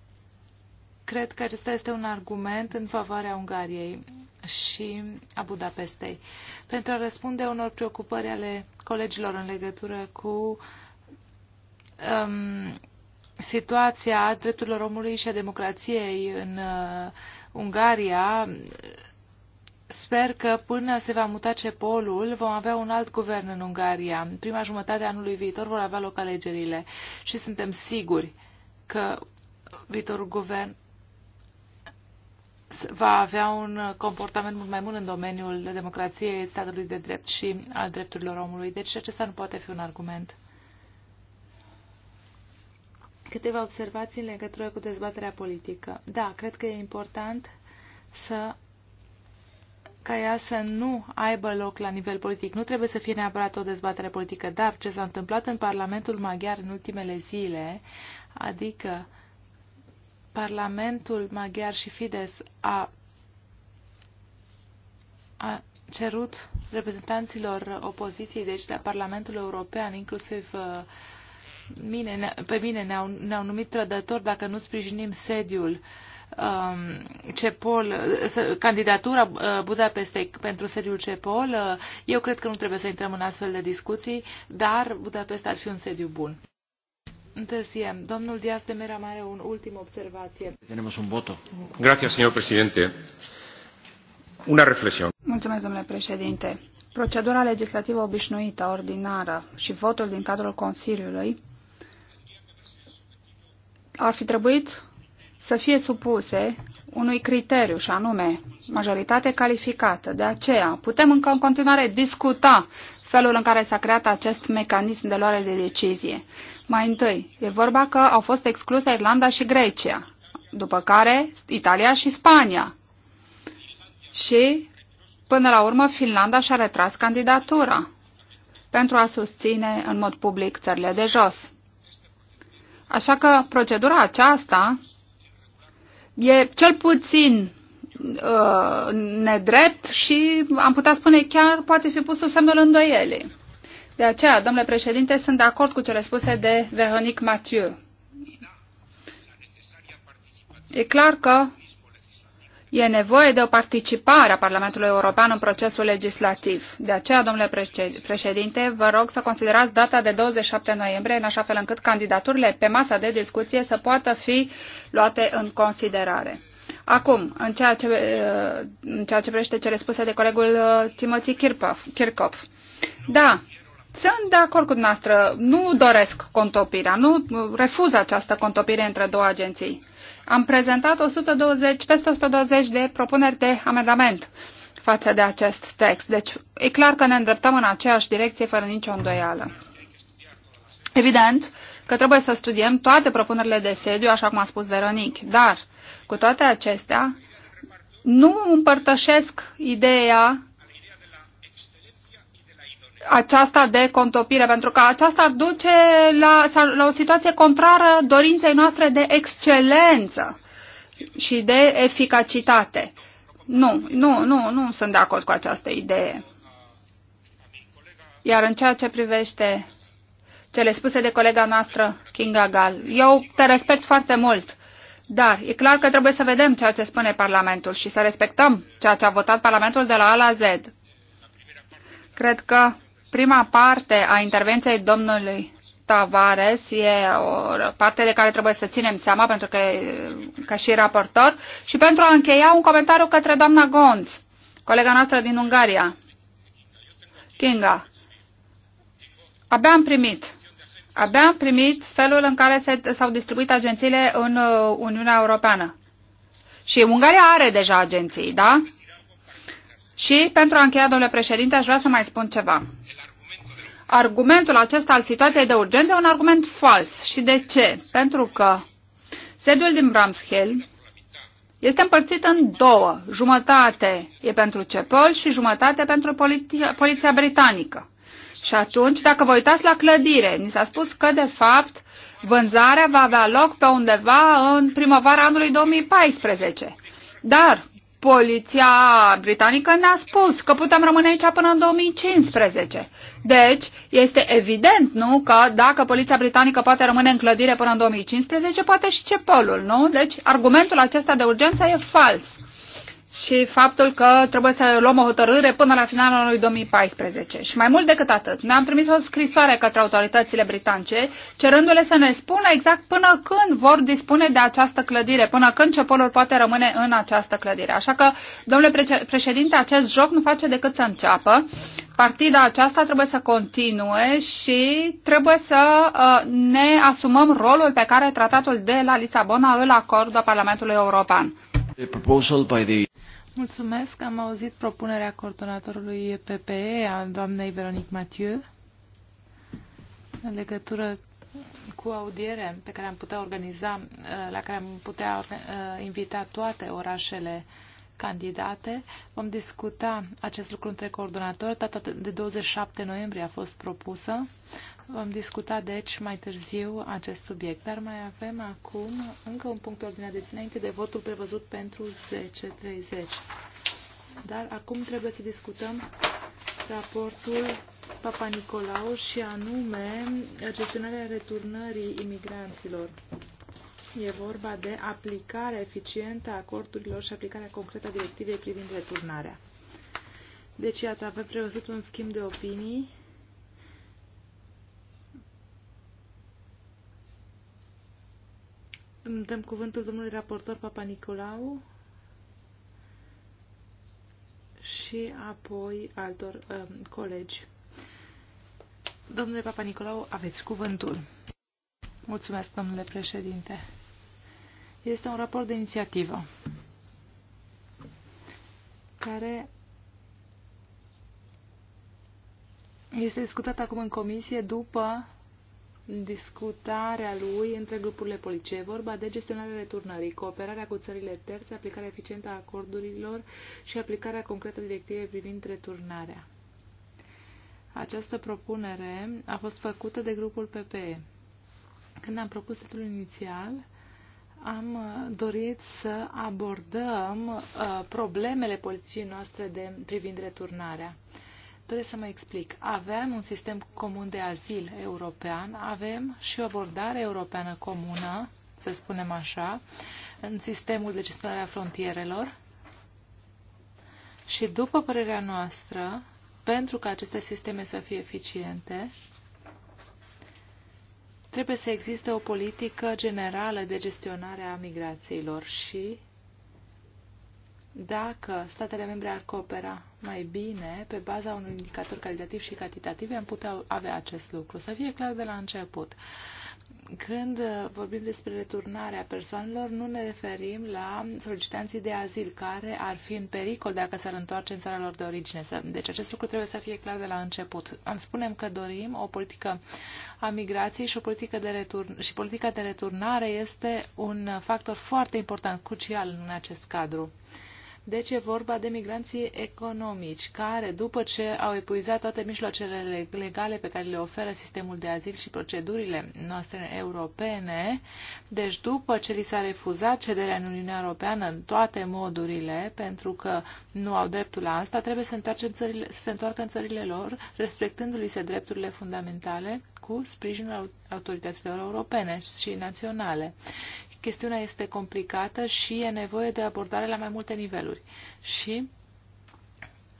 cred că acesta este un argument în favoarea Ungariei și a Budapestei. Pentru a răspunde unor preocupări ale colegilor în legătură cu um, situația drepturilor omului și a democrației în uh, Ungaria, Sper că până se va muta cepolul, vom avea un alt guvern în Ungaria. În prima jumătate a anului viitor vor avea loc alegerile și suntem siguri că viitorul guvern va avea un comportament mult mai bun în domeniul democrației, statului de drept și al drepturilor omului. Deci acesta nu poate fi un argument. Câteva observații în legătură cu dezbaterea politică. Da, cred că e important să ca ea să nu aibă loc la nivel politic. Nu trebuie să fie neapărat o dezbatere politică, dar ce s-a întâmplat în Parlamentul maghiar în ultimele zile, adică Parlamentul maghiar și Fides a, a cerut reprezentanților opoziției, deci la Parlamentul European, inclusiv uh, mine, pe mine ne-au, ne-au numit trădător dacă nu sprijinim sediul uh, Um, CEPOL, candidatura uh, Budapestei pentru sediul CEPOL. Uh, eu cred că nu trebuie să intrăm în astfel de discuții, dar Budapesta ar fi un sediu bun. Întârziem. Domnul Dias de Mera mai are o ultimă observație. Tenemos un voto. Gracias, señor presidente. Una reflexión. Mulțumesc, domnule președinte. Procedura legislativă obișnuită, ordinară și votul din cadrul Consiliului ar fi trebuit să fie supuse unui criteriu, și anume majoritate calificată. De aceea putem încă în continuare discuta felul în care s-a creat acest mecanism de luare de decizie. Mai întâi, e vorba că au fost excluse Irlanda și Grecia, după care Italia și Spania. Și, până la urmă, Finlanda și-a retras candidatura pentru a susține în mod public țările de jos. Așa că procedura aceasta e cel puțin uh, nedrept și am putea spune chiar poate fi pus sub semnul îndoielii. De aceea, domnule președinte, sunt de acord cu cele spuse de Veronique Mathieu. E clar că E nevoie de o participare a Parlamentului European în procesul legislativ. De aceea, domnule președinte, vă rog să considerați data de 27 noiembrie, în așa fel încât candidaturile pe masa de discuție să poată fi luate în considerare. Acum, în ceea ce, în ceea ce privește cele spuse de colegul uh, Timothy Kirchhoff, da, sunt de acord cu dumneavoastră. Nu doresc contopirea, nu refuz această contopire între două agenții am prezentat 120, peste 120 de propuneri de amendament față de acest text. Deci e clar că ne îndreptăm în aceeași direcție fără nicio îndoială. Evident că trebuie să studiem toate propunerile de sediu, așa cum a spus Veronic, dar cu toate acestea nu împărtășesc ideea aceasta de contopire, pentru că aceasta duce la, la o situație contrară dorinței noastre de excelență și de eficacitate. Nu, nu, nu, nu sunt de acord cu această idee. Iar în ceea ce privește cele spuse de colega noastră, Kinga Gal, eu te respect foarte mult, dar e clar că trebuie să vedem ceea ce spune Parlamentul și să respectăm ceea ce a votat Parlamentul de la A la Z. Cred că Prima parte a intervenției domnului Tavares e o parte de care trebuie să ținem seama pentru că ca și raportor și pentru a încheia un comentariu către doamna Gonț, colega noastră din Ungaria. Kinga, abia am primit. Abia am primit felul în care s-au distribuit agențiile în uh, Uniunea Europeană. Și Ungaria are deja agenții, da? Și pentru a încheia, domnule președinte, aș vrea să mai spun ceva. Argumentul acesta al situației de urgență e un argument fals. Și de ce? Pentru că sediul din Bramshill este împărțit în două. Jumătate e pentru CEPOL și jumătate pentru poliția, poliția Britanică. Și atunci, dacă vă uitați la clădire, ni s-a spus că, de fapt, vânzarea va avea loc pe undeva în primăvara anului 2014. Dar poliția britanică ne-a spus că putem rămâne aici până în 2015. Deci, este evident, nu, că dacă poliția britanică poate rămâne în clădire până în 2015, poate și cepolul, nu? Deci, argumentul acesta de urgență e fals și faptul că trebuie să luăm o hotărâre până la finalul anului 2014. Și mai mult decât atât, ne-am trimis o scrisoare către autoritățile britanice, cerându-le să ne spună exact până când vor dispune de această clădire, până când cepolul poate rămâne în această clădire. Așa că, domnule președinte, acest joc nu face decât să înceapă. Partida aceasta trebuie să continue și trebuie să uh, ne asumăm rolul pe care tratatul de la Lisabona îl acordă Parlamentului European. The proposal by the Mulțumesc. Am auzit propunerea coordonatorului PPE, a doamnei Veronique Mathieu, în legătură cu audiere pe care am putea organiza, uh, la care am putea uh, invita toate orașele candidate. Vom discuta acest lucru între coordonatori. Data de 27 noiembrie a fost propusă. Vom discuta, deci, mai târziu acest subiect. Dar mai avem acum încă un punct de ordine de zi înainte de votul prevăzut pentru 10.30. Dar acum trebuie să discutăm raportul Papa Nicolau și anume gestionarea returnării imigranților. E vorba de aplicarea eficientă a acordurilor și aplicarea concretă a directivei privind returnarea. Deci, iată, avem prevăzut un schimb de opinii Îmi dăm cuvântul domnului raportor Papa Nicolau și apoi altor um, colegi. Domnule Papa Nicolau, aveți cuvântul. Mulțumesc, domnule președinte. Este un raport de inițiativă care este discutat acum în comisie după discutarea lui între grupurile policiei, vorba de gestionarea returnării, cooperarea cu țările terțe, aplicarea eficientă a acordurilor și aplicarea concretă directivei privind returnarea. Această propunere a fost făcută de grupul PPE. Când am propus setul inițial, am uh, dorit să abordăm uh, problemele poliției noastre de privind returnarea. Uh, Trebuie să mă explic. Avem un sistem comun de azil european, avem și o abordare europeană comună, să spunem așa, în sistemul de gestionare a frontierelor. Și după părerea noastră, pentru ca aceste sisteme să fie eficiente, trebuie să existe o politică generală de gestionare a migrațiilor și dacă statele membre ar coopera mai bine pe baza unui indicator calitativ și cantitativ, am putea avea acest lucru. Să fie clar de la început. Când vorbim despre returnarea persoanelor, nu ne referim la solicitanții de azil care ar fi în pericol dacă s-ar întoarce în țara lor de origine. Deci acest lucru trebuie să fie clar de la început. Am spunem că dorim o politică a migrației și, o politică de return- și politica de returnare este un factor foarte important, crucial în acest cadru. Deci e vorba de migranții economici, care, după ce au epuizat toate mijloacele legale pe care le oferă sistemul de azil și procedurile noastre europene, deci după ce li s-a refuzat cederea în Uniunea Europeană în toate modurile, pentru că nu au dreptul la asta, trebuie să, în țările, să se întoarcă în țările lor, respectându-li se drepturile fundamentale cu sprijinul autorităților europene și naționale chestiunea este complicată și e nevoie de abordare la mai multe niveluri. Și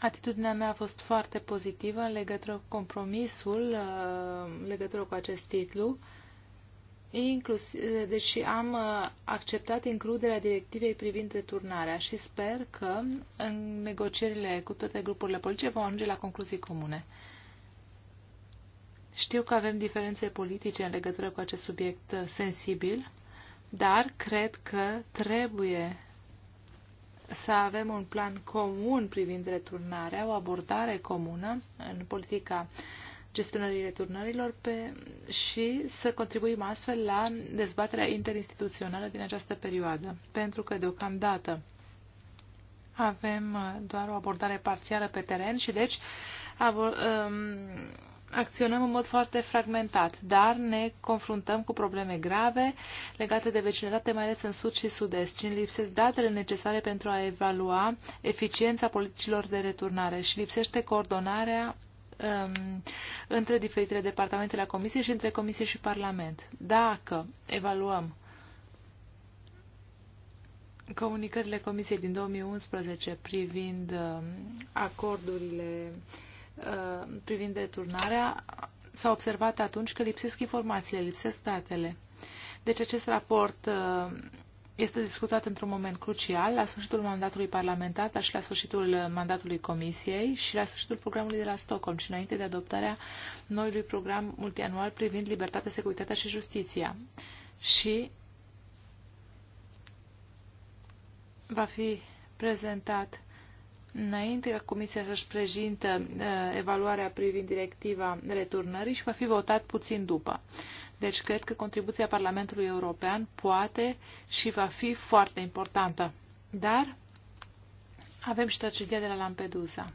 atitudinea mea a fost foarte pozitivă în legătură cu compromisul, uh, în legătură cu acest titlu, inclusiv, deși am uh, acceptat includerea directivei privind returnarea și sper că în negocierile cu toate grupurile politice vom ajunge la concluzii comune. Știu că avem diferențe politice în legătură cu acest subiect uh, sensibil dar cred că trebuie să avem un plan comun privind returnarea, o abordare comună în politica gestionării returnărilor pe, și să contribuim astfel la dezbaterea interinstituțională din această perioadă. Pentru că deocamdată avem uh, doar o abordare parțială pe teren și deci abor, um, acționăm în mod foarte fragmentat, dar ne confruntăm cu probleme grave legate de vecinătate, mai ales în sud și sud-est, și lipsesc datele necesare pentru a evalua eficiența politicilor de returnare și lipsește coordonarea um, între diferitele departamente la Comisie și între Comisie și Parlament. Dacă evaluăm comunicările Comisiei din 2011 privind um, acordurile uh, Uh, privind returnarea, s-a observat atunci că lipsesc informațiile, lipsesc datele. Deci acest raport uh, este discutat într-un moment crucial, la sfârșitul mandatului parlamentar, dar și la sfârșitul uh, mandatului Comisiei și la sfârșitul programului de la Stockholm și înainte de adoptarea noului program multianual privind libertatea, securitatea și justiția. Și va fi prezentat înainte ca Comisia să-și prezintă uh, evaluarea privind directiva returnării și va fi votat puțin după. Deci cred că contribuția Parlamentului European poate și va fi foarte importantă. Dar avem și tragedia de la Lampedusa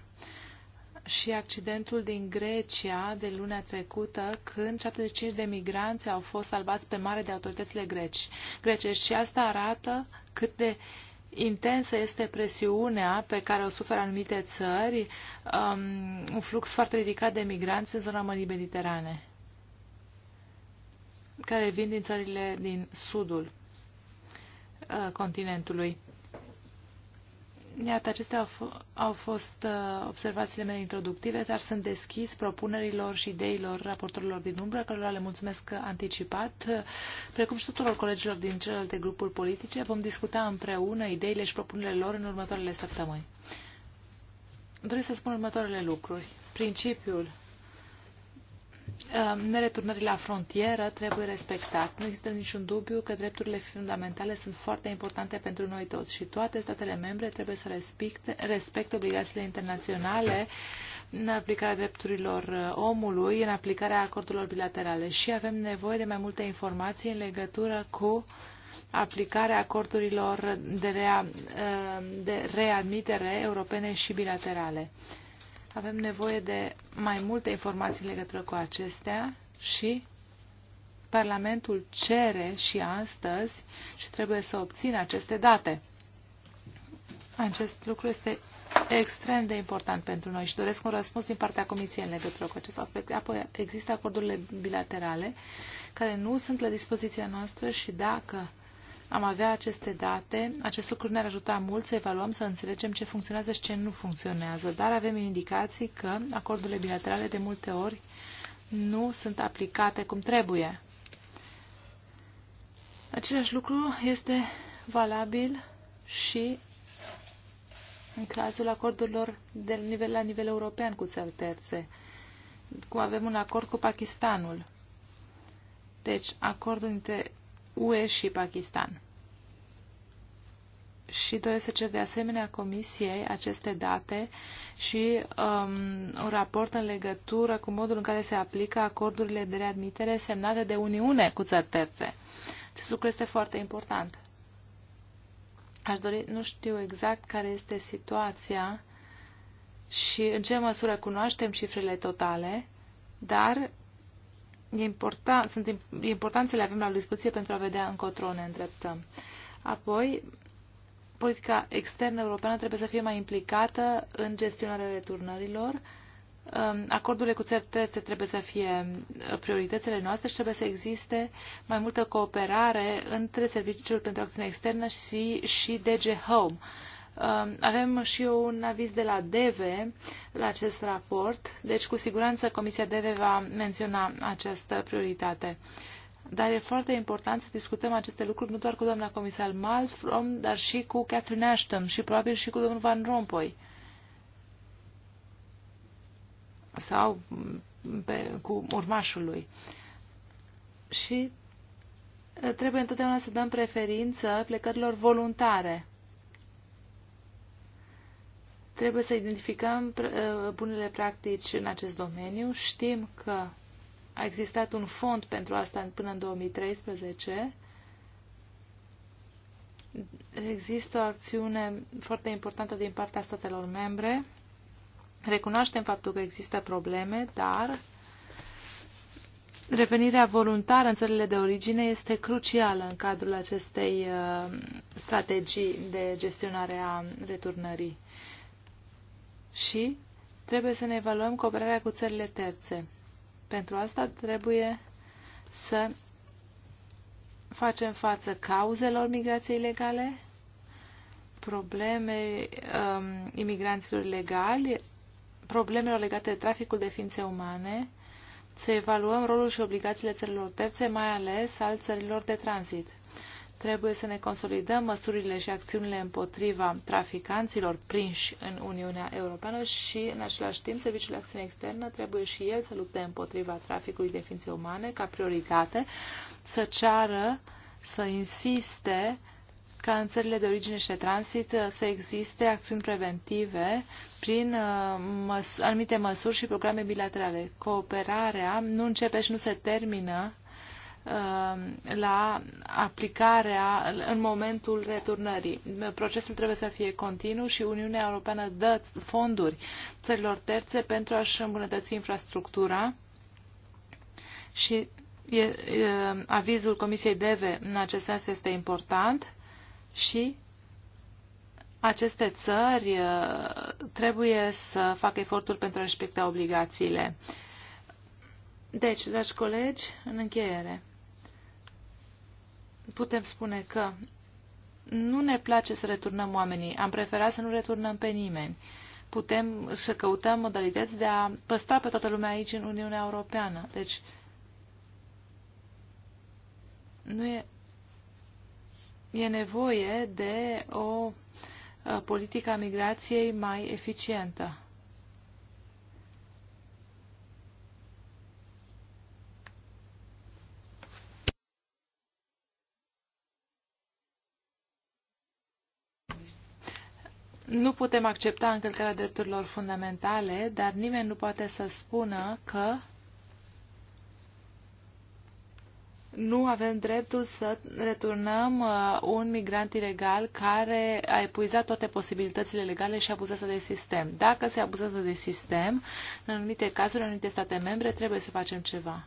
și accidentul din Grecia de luna trecută, când 75 de migranți au fost salvați pe mare de autoritățile greci. grecești. Și asta arată cât de uh, intensă este presiunea pe care o suferă anumite țări, um, un flux foarte ridicat de migranți în zona Mării Mediterane, care vin din țările din sudul uh, continentului. Iată, acestea au, au fost uh, observațiile mele introductive, dar sunt deschis propunerilor și ideilor raportorilor din umbră, cărora le mulțumesc anticipat, precum și tuturor colegilor din celelalte grupuri politice. Vom discuta împreună ideile și propunerile lor în următoarele săptămâni. Doresc să spun următoarele lucruri. Principiul Ehm, nereturnării la frontieră trebuie respectat. Nu există niciun dubiu că drepturile fundamentale sunt foarte importante pentru noi toți și toate statele membre trebuie să respecte, respecte obligațiile internaționale în aplicarea drepturilor eh, omului, în aplicarea acordurilor bilaterale și avem nevoie de mai multe informații în legătură cu aplicarea acordurilor de, rea, ehm, de readmitere europene și bilaterale. Avem nevoie de mai multe informații legătură cu acestea și Parlamentul cere și astăzi și trebuie să obțină aceste date. Acest lucru este extrem de important pentru noi și doresc un răspuns din partea Comisiei în legătură cu acest aspect. Apoi există acordurile bilaterale care nu sunt la dispoziția noastră și dacă am avea aceste date, acest lucru ne-ar ajuta mult să evaluăm, să înțelegem ce funcționează și ce nu funcționează, dar avem indicații că acordurile bilaterale de multe ori nu sunt aplicate cum trebuie. Același lucru este valabil și în cazul acordurilor de nivel, la nivel european cu țări terțe, cum avem un acord cu Pakistanul. Deci, acordul dintre UE și Pakistan. Și doresc să cer de asemenea Comisiei aceste date și um, un raport în legătură cu modul în care se aplică acordurile de readmitere semnate de Uniune cu țări terțe. Acest lucru este foarte important. Aș dori, nu știu exact care este situația și în ce măsură cunoaștem cifrele totale, dar e important, sunt, e important să le avem la discuție pentru a vedea încotro ne îndreptăm. Apoi, politica externă europeană trebuie să fie mai implicată în gestionarea returnărilor. Um, acordurile cu țări trebuie să fie uh, prioritățile noastre și trebuie să existe mai multă cooperare între Serviciul pentru Acțiune Externă și, și DG Home Um, avem și un aviz de la DEVE la acest raport, deci cu siguranță Comisia DEVE va menționa această prioritate. Dar e foarte important să discutăm aceste lucruri nu doar cu doamna comisar Malmström, dar și cu Catherine Ashton și probabil și cu domnul Van Rompuy. Sau mm, pe, cu urmașul lui. Și trebuie întotdeauna să dăm preferință plecărilor voluntare Trebuie să identificăm uh, bunele practici în acest domeniu. Știm că a existat un fond pentru asta până în 2013. Există o acțiune foarte importantă din partea statelor membre. Recunoaștem faptul că există probleme, dar revenirea voluntară în țările de origine este crucială în cadrul acestei uh, strategii de gestionare a returnării și trebuie să ne evaluăm cooperarea cu țările terțe. Pentru asta trebuie să facem față cauzelor migrației ilegale, probleme um, imigranților legali, problemelor legate de traficul de ființe umane, să evaluăm rolul și obligațiile țărilor terțe, mai ales al țărilor de tranzit. Trebuie să ne consolidăm măsurile și acțiunile împotriva traficanților prinși în Uniunea Europeană și, în același timp, Serviciul Acțiune Externă trebuie și el să lupte împotriva traficului de ființe umane ca prioritate, să ceară, să insiste ca în țările de origine și de tranzit uh, să existe acțiuni preventive prin uh, măs anumite măsuri și programe bilaterale. Cooperarea nu începe și nu se termină Um, la aplicarea în momentul returnării. Procesul trebuie să fie continuu și Uniunea Europeană dă fonduri țărilor terțe pentru a-și îmbunătăți infrastructura și e, e, avizul Comisiei DEVE în acest sens este important și aceste țări uh, trebuie să facă eforturi pentru a respecta obligațiile. Deci, dragi colegi, în încheiere putem spune că nu ne place să returnăm oamenii, am preferat să nu returnăm pe nimeni. Putem să căutăm modalități de a păstra pe toată lumea aici în Uniunea Europeană. Deci, nu e, e nevoie de o politică a migrației mai eficientă. Nu putem accepta încălcarea drepturilor fundamentale, dar nimeni nu poate să spună că nu avem dreptul să returnăm uh, un migrant ilegal care a epuizat toate posibilitățile legale și abuzează de sistem. Dacă se abuzează de sistem, în anumite cazuri, în anumite state membre, trebuie să facem ceva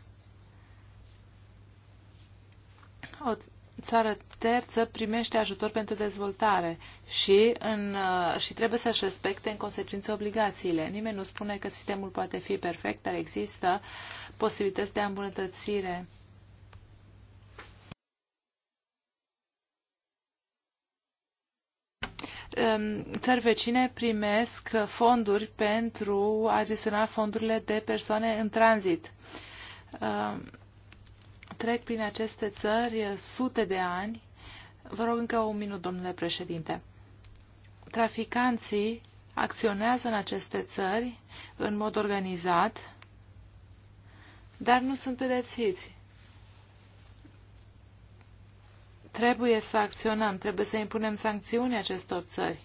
țară terță primește ajutor pentru dezvoltare și, în, uh, și trebuie să-și respecte în consecință obligațiile. Nimeni nu spune că sistemul poate fi perfect, dar există posibilități de îmbunătățire. Um, țări vecine primesc fonduri pentru a gestiona fondurile de persoane în tranzit. Um, trec prin aceste țări sute de ani. Vă rog încă un minut, domnule președinte. Traficanții acționează în aceste țări în mod organizat, dar nu sunt pedepsiți. Trebuie să acționăm, trebuie să impunem sancțiuni acestor țări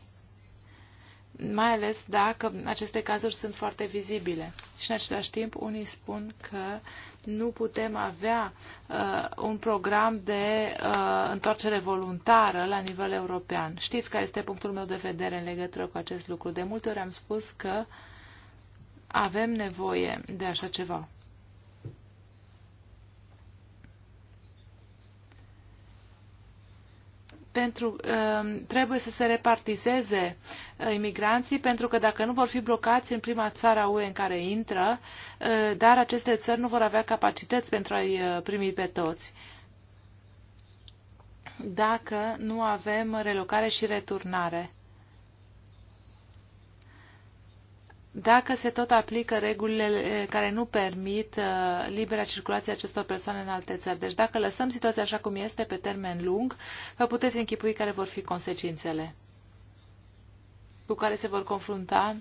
mai ales dacă aceste cazuri sunt foarte vizibile. Și în același timp, unii spun că nu putem avea uh, un program de uh, întoarcere voluntară la nivel european. Știți care este punctul meu de vedere în legătură cu acest lucru. De multe ori am spus că avem nevoie de așa ceva. pentru, um, trebuie să se repartizeze uh, imigranții, pentru că dacă nu vor fi blocați în prima țară UE în care intră, uh, dar aceste țări nu vor avea capacități pentru a-i uh, primi pe toți dacă nu avem relocare și returnare. dacă se tot aplică regulile eh, care nu permit uh, libera circulație acestor persoane în alte țări. Deci dacă lăsăm situația așa cum este pe termen lung, vă puteți închipui care vor fi consecințele cu care se vor confrunta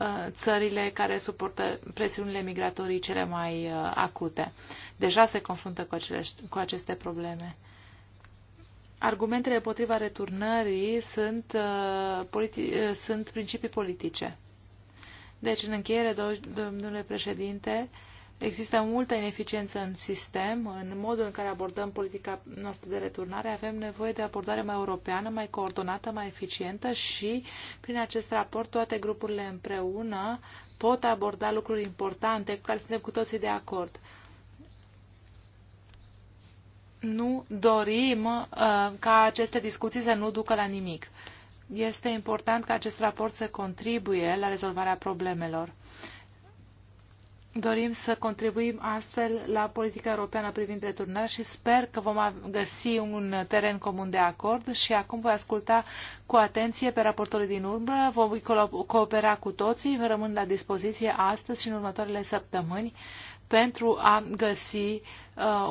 eh, țările care suportă presiunile migratorii cele mai acute. Deja se confruntă cu, acele, cu aceste probleme. Argumentele împotriva returnării sunt, politi- sunt principii politice deci, în încheiere, domnule președinte, există multă ineficiență în sistem, în modul în care abordăm politica noastră de returnare. Avem nevoie de abordare mai europeană, mai coordonată, mai eficientă și, prin acest raport, toate grupurile împreună pot aborda lucruri importante cu care suntem cu toții de acord nu dorim uh, ca aceste discuții să nu ducă la nimic. Este important ca acest raport să contribuie la rezolvarea problemelor. Dorim să contribuim astfel la politica europeană privind returnarea și sper că vom găsi un teren comun de acord și acum voi asculta cu atenție pe raportorii din urmă, Vom coopera cu toții, vă rămân la dispoziție astăzi și în următoarele săptămâni pentru a găsi uh,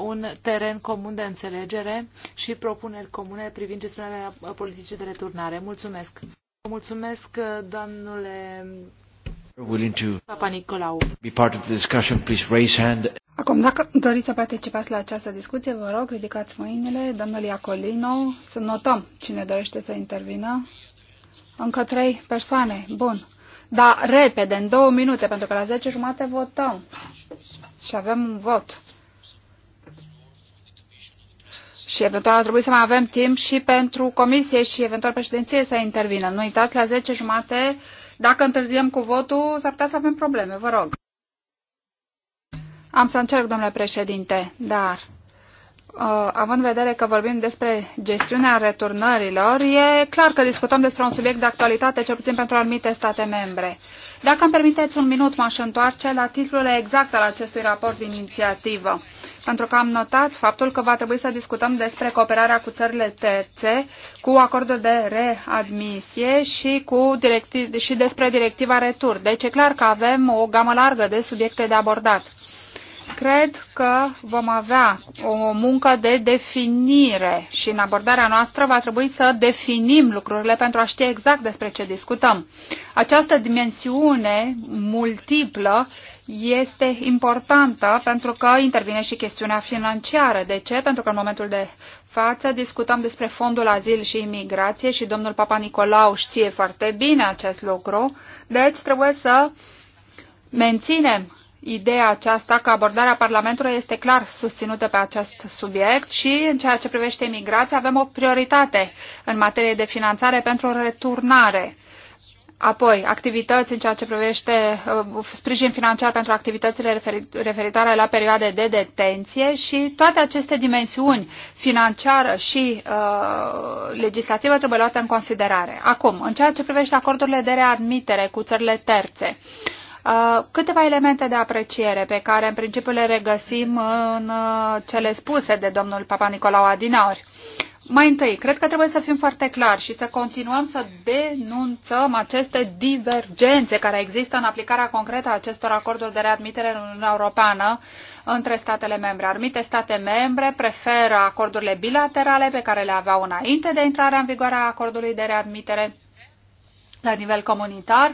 un teren comun de înțelegere și propuneri comune privind gestionarea uh, politicii de returnare. Mulțumesc! Mulțumesc, uh, doamnule Papa Nicolau. Be part of the discussion, please raise hand. Acum, dacă doriți să participați la această discuție, vă rog, ridicați mâinile, domnul Iacolino, să notăm cine dorește să intervină. Încă trei persoane, bun. Dar repede, în două minute, pentru că la 10 jumate votăm și avem un vot. Și eventual trebuie să mai avem timp și pentru comisie și eventual președinție să intervină. Nu uitați, la 10 jumate, dacă întârziem cu votul, s-ar putea să avem probleme, vă rog. Am să încerc, domnule președinte, dar Uh, având în vedere că vorbim despre gestiunea returnărilor, e clar că discutăm despre un subiect de actualitate, cel puțin pentru anumite state membre. Dacă îmi permiteți un minut, m-aș întoarce la titlul exact al acestui raport de inițiativă, pentru că am notat faptul că va trebui să discutăm despre cooperarea cu țările terțe, cu acordul de readmisie și, cu și despre directiva retur. Deci e clar că avem o gamă largă de subiecte de abordat. Cred că vom avea o muncă de definire și în abordarea noastră va trebui să definim lucrurile pentru a ști exact despre ce discutăm. Această dimensiune multiplă este importantă pentru că intervine și chestiunea financiară. De ce? Pentru că în momentul de față discutăm despre fondul azil și imigrație și domnul Papa Nicolau știe foarte bine acest lucru. Deci trebuie să menținem ideea aceasta că abordarea Parlamentului este clar susținută pe acest subiect și în ceea ce privește imigrația avem o prioritate în materie de finanțare pentru returnare. Apoi, activități în ceea ce privește uh, sprijin financiar pentru activitățile referi, referitoare la perioade de detenție și toate aceste dimensiuni financiară și uh, legislativă trebuie luate în considerare. Acum, în ceea ce privește acordurile de readmitere cu țările terțe, uh, Uh, câteva elemente de apreciere pe care în principiu le regăsim în uh, cele spuse de domnul Papa Nicolau Adinauri. Mai întâi, cred că trebuie să fim foarte clari și să continuăm să denunțăm aceste divergențe care există în aplicarea concretă a acestor acorduri de readmitere în Uniunea Europeană între statele membre. Armite state membre preferă acordurile bilaterale pe care le aveau înainte de intrarea în vigoare a acordului de readmitere la nivel comunitar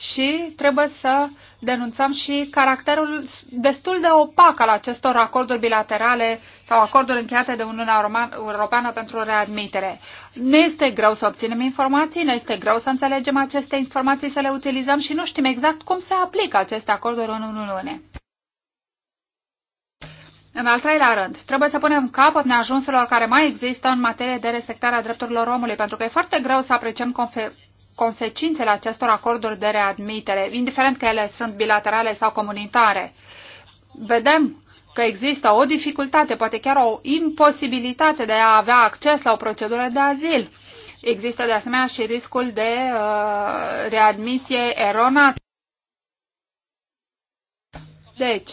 și trebuie să denunțăm și caracterul destul de opac al acestor acorduri bilaterale sau acorduri încheiate de Uniunea Europeană pentru readmitere. Ne este greu să obținem informații, ne este greu să înțelegem aceste informații, să le utilizăm și nu știm exact cum se aplică aceste acorduri în Uniune. În al treilea rând, trebuie să punem capăt neajunselor care mai există în materie de respectarea drepturilor omului, pentru că e foarte greu să apreciem consecințele acestor acorduri de readmitere, indiferent că ele sunt bilaterale sau comunitare. Vedem că există o dificultate, poate chiar o imposibilitate de a avea acces la o procedură de azil. Există de asemenea și riscul de uh, readmisie eronată. Deci,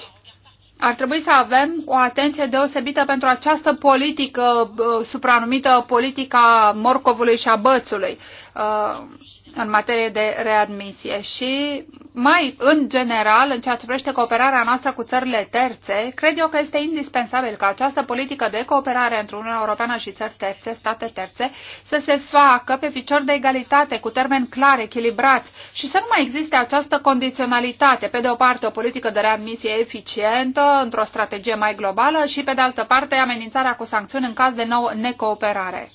ar trebui să avem o atenție deosebită pentru această politică uh, supranumită politica morcovului și a bățului. Uh, în materie de readmisie și mai în general, în ceea ce privește cooperarea noastră cu țările terțe, cred eu că este indispensabil ca această politică de cooperare între Uniunea Europeană și țări terțe, state terțe, să se facă pe picior de egalitate, cu termeni clar, echilibrat și să nu mai existe această condiționalitate. Pe de o parte, o politică de readmisie eficientă, într-o strategie mai globală și, pe de altă parte, amenințarea cu sancțiuni în caz de nouă necooperare.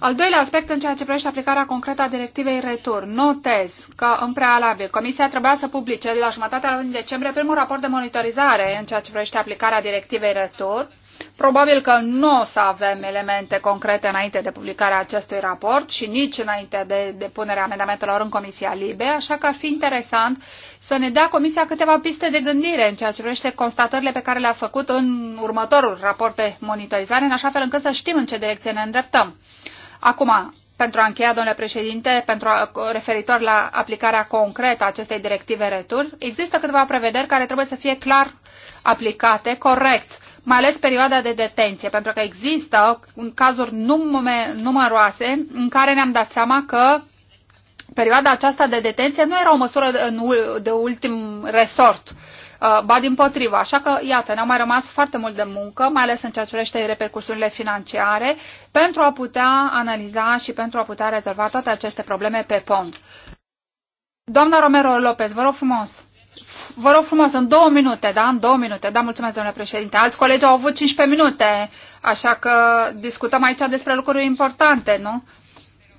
Al doilea aspect în ceea ce privește aplicarea concretă a directivei retur. Notez că, în prealabil, Comisia trebuia să publice la jumătatea lunii decembrie primul raport de monitorizare în ceea ce privește aplicarea directivei retur. Probabil că nu o să avem elemente concrete înainte de publicarea acestui raport și nici înainte de depunerea amendamentelor în Comisia Libe, așa că ar fi interesant să ne dea Comisia câteva piste de gândire în ceea ce privește constatările pe care le-a făcut în următorul raport de monitorizare, în așa fel încât să știm în ce direcție ne îndreptăm. Acum, pentru a încheia, domnule președinte, pentru a, referitor la aplicarea concretă a acestei directive retur, există câteva prevederi care trebuie să fie clar aplicate, corect, mai ales perioada de detenție, pentru că există cazuri numume, numeroase în care ne-am dat seama că perioada aceasta de detenție nu era o măsură de ultim resort Uh, ba din potrivă. Așa că, iată, ne-a mai rămas foarte mult de muncă, mai ales în ceea ce privește repercusiunile financiare, pentru a putea analiza și pentru a putea rezolva toate aceste probleme pe pont. Doamna Romero Lopez, vă rog frumos. Vă rog frumos, în două minute, da? În două minute, da? Mulțumesc, domnule președinte. Alți colegi au avut 15 minute, așa că discutăm aici despre lucruri importante, nu?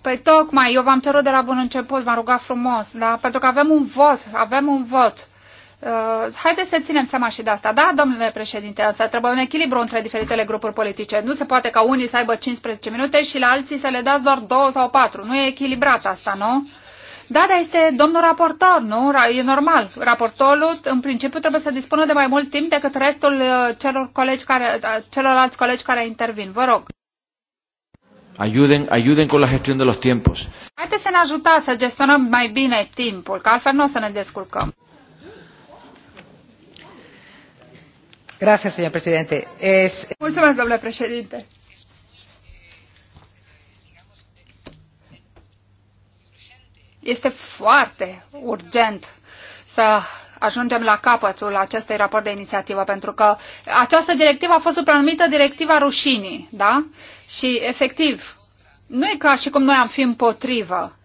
Păi tocmai, eu v-am cerut de la bun început, v-am rugat frumos, da? Pentru că avem un vot, avem un vot. Uh, haideți să ținem seama și de asta. Da, domnule președinte, asta trebuie un echilibru între diferitele grupuri politice. Nu se poate ca unii să aibă 15 minute și la alții să le dați doar 2 sau 4. Nu e echilibrat asta, nu? Da, dar este domnul raportor, nu? E normal. Raportorul, în principiu, trebuie să dispună de mai mult timp decât restul uh, celor colegi care, uh, celorlalți colegi care intervin. Vă rog. Ayuden, ayuden con la gestión de los tiempos. Haideți să ne ajutați să gestionăm mai bine timpul, că altfel nu o să ne descurcăm. Mulțumesc, domnule președinte. Este foarte urgent să ajungem la capătul acestui raport de inițiativă, pentru că această directivă a fost supranumită directiva rușinii, da? Și, efectiv, nu e ca și cum noi am fi împotrivă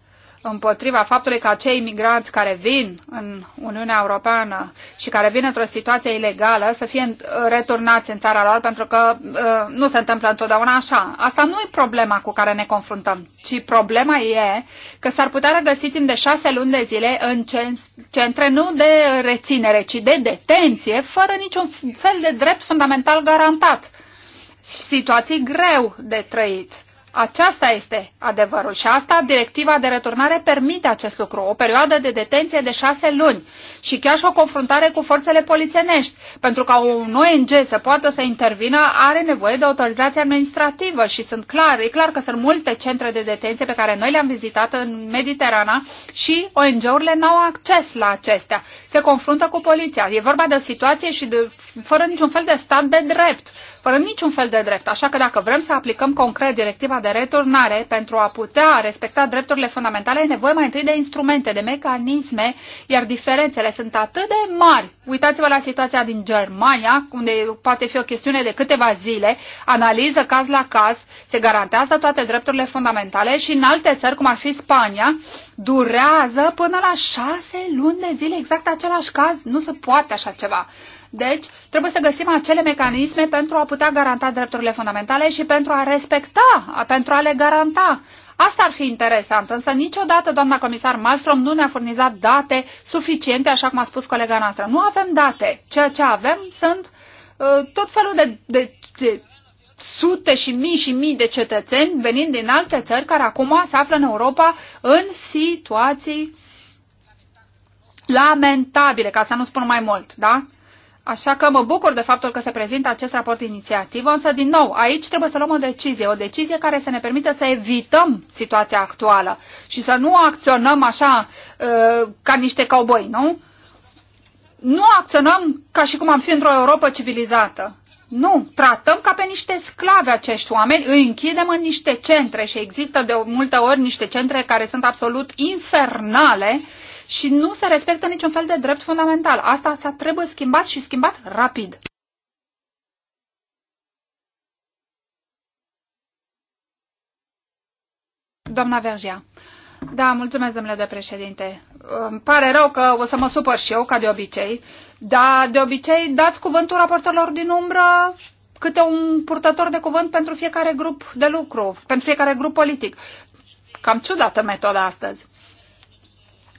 împotriva faptului că acei imigranți care vin în Uniunea Europeană și care vin într-o situație ilegală să fie uh, returnați în țara lor, pentru că uh, nu se întâmplă întotdeauna așa. Asta nu e problema cu care ne confruntăm, ci problema e că s-ar putea regăsi timp de șase luni de zile în centre nu de reținere, ci de detenție, fără niciun fel de drept fundamental garantat. Situații greu de trăit. Aceasta este adevărul și asta directiva de returnare permite acest lucru, o perioadă de detenție de șase luni și chiar și o confruntare cu forțele polițienești. Pentru ca un ONG să poată să intervină, are nevoie de autorizație administrativă și sunt clar, e clar că sunt multe centre de detenție pe care noi le-am vizitat în Mediterana și ONG-urile n-au acces la acestea se confruntă cu poliția. E vorba de o situație și de, fără niciun fel de stat de drept. Fără niciun fel de drept. Așa că dacă vrem să aplicăm concret directiva de returnare pentru a putea respecta drepturile fundamentale, e nevoie mai întâi de instrumente, de mecanisme, iar diferențele sunt atât de mari. Uitați-vă la situația din Germania, unde poate fi o chestiune de câteva zile, analiză caz la caz, se garantează toate drepturile fundamentale și în alte țări, cum ar fi Spania, durează până la șase luni de zile, exact același caz, nu se poate așa ceva. Deci, trebuie să găsim acele mecanisme pentru a putea garanta drepturile fundamentale și pentru a respecta, pentru a le garanta. Asta ar fi interesant, însă niciodată doamna comisar Malmström nu ne-a furnizat date suficiente, așa cum a spus colega noastră. Nu avem date. Ceea ce avem sunt uh, tot felul de, de, de sute și mii și mii de cetățeni venind din alte țări care acum se află în Europa în situații lamentabile, ca să nu spun mai mult, da? Așa că mă bucur de faptul că se prezintă acest raport inițiativă, însă din nou, aici trebuie să luăm o decizie, o decizie care să ne permită să evităm situația actuală și să nu acționăm așa ă, ca niște cowboy, nu? Nu acționăm ca și cum am fi într-o Europa civilizată. Nu, tratăm ca pe niște sclave acești oameni, îi închidem în niște centre și există de multe ori niște centre care sunt absolut infernale și nu se respectă niciun fel de drept fundamental. Asta s trebuie schimbat și schimbat rapid. Doamna Vergea, da, mulțumesc, domnule președinte. Îmi pare rău că o să mă supăr și eu, ca de obicei, dar de obicei dați cuvântul raportorilor din umbră câte un purtător de cuvânt pentru fiecare grup de lucru, pentru fiecare grup politic. Cam ciudată metoda astăzi.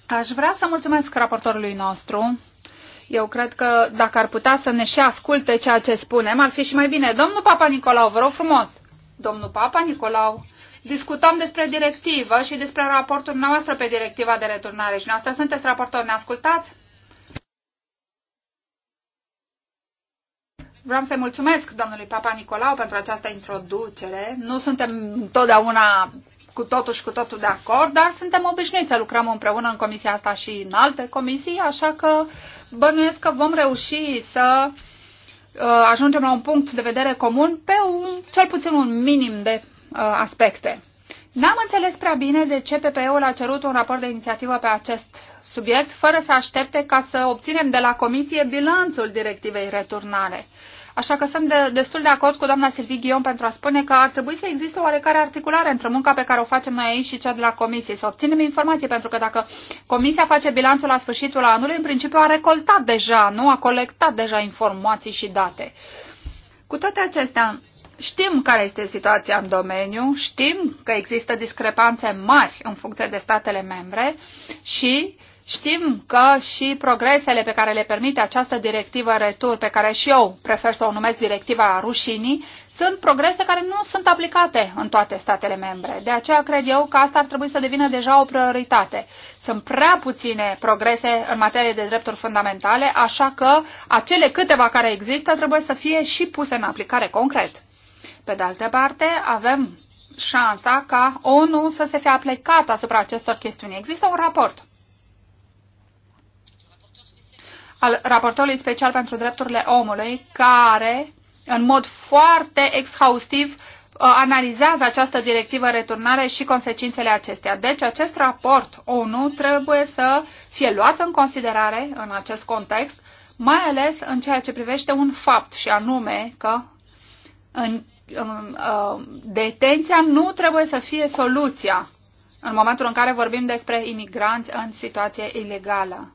Aș vrea să mulțumesc raportorului nostru. Eu cred că dacă ar putea să ne și asculte ceea ce spunem, ar fi și mai bine. Domnul Papa Nicolau, vă rog frumos. Domnul Papa Nicolau discutăm despre directivă și despre raportul noastră pe directiva de returnare și noastră sunteți raportor, ne ascultați? Vreau să-i mulțumesc domnului Papa Nicolau pentru această introducere. Nu suntem întotdeauna cu totul și cu totul de acord, dar suntem obișnuiți să lucrăm împreună în comisia asta și în alte comisii, așa că bănuiesc că vom reuși să uh, ajungem la un punct de vedere comun pe un, cel puțin un minim de Uh, aspecte. N-am înțeles prea bine de ce PPE-ul a cerut un raport de inițiativă pe acest subiect, fără să aștepte ca să obținem de la Comisie bilanțul directivei returnare. Așa că sunt de, destul de acord cu doamna Silvie Ghion pentru a spune că ar trebui să existe oarecare articulare între munca pe care o facem noi aici și cea de la comisie, să obținem informații, pentru că dacă comisia face bilanțul la sfârșitul anului, în principiu a recoltat deja, nu a colectat deja informații și date. Cu toate acestea, Știm care este situația în domeniu, știm că există discrepanțe mari în funcție de statele membre și știm că și progresele pe care le permite această directivă retur, pe care și eu prefer să o numesc directiva rușinii, sunt progrese care nu sunt aplicate în toate statele membre. De aceea cred eu că asta ar trebui să devină deja o prioritate. Sunt prea puține progrese în materie de drepturi fundamentale, așa că acele câteva care există trebuie să fie și puse în aplicare concret. Pe de altă parte, avem șansa ca ONU să se fie aplicat asupra acestor chestiuni. Există un raport al raportorului special pentru drepturile omului, care, în mod foarte exhaustiv, uh, analizează această directivă returnare și consecințele acesteia. Deci, acest raport ONU trebuie să fie luat în considerare în acest context, mai ales în ceea ce privește un fapt, și anume că în Uh, detenția nu trebuie să fie soluția în momentul în care vorbim despre imigranți în situație ilegală.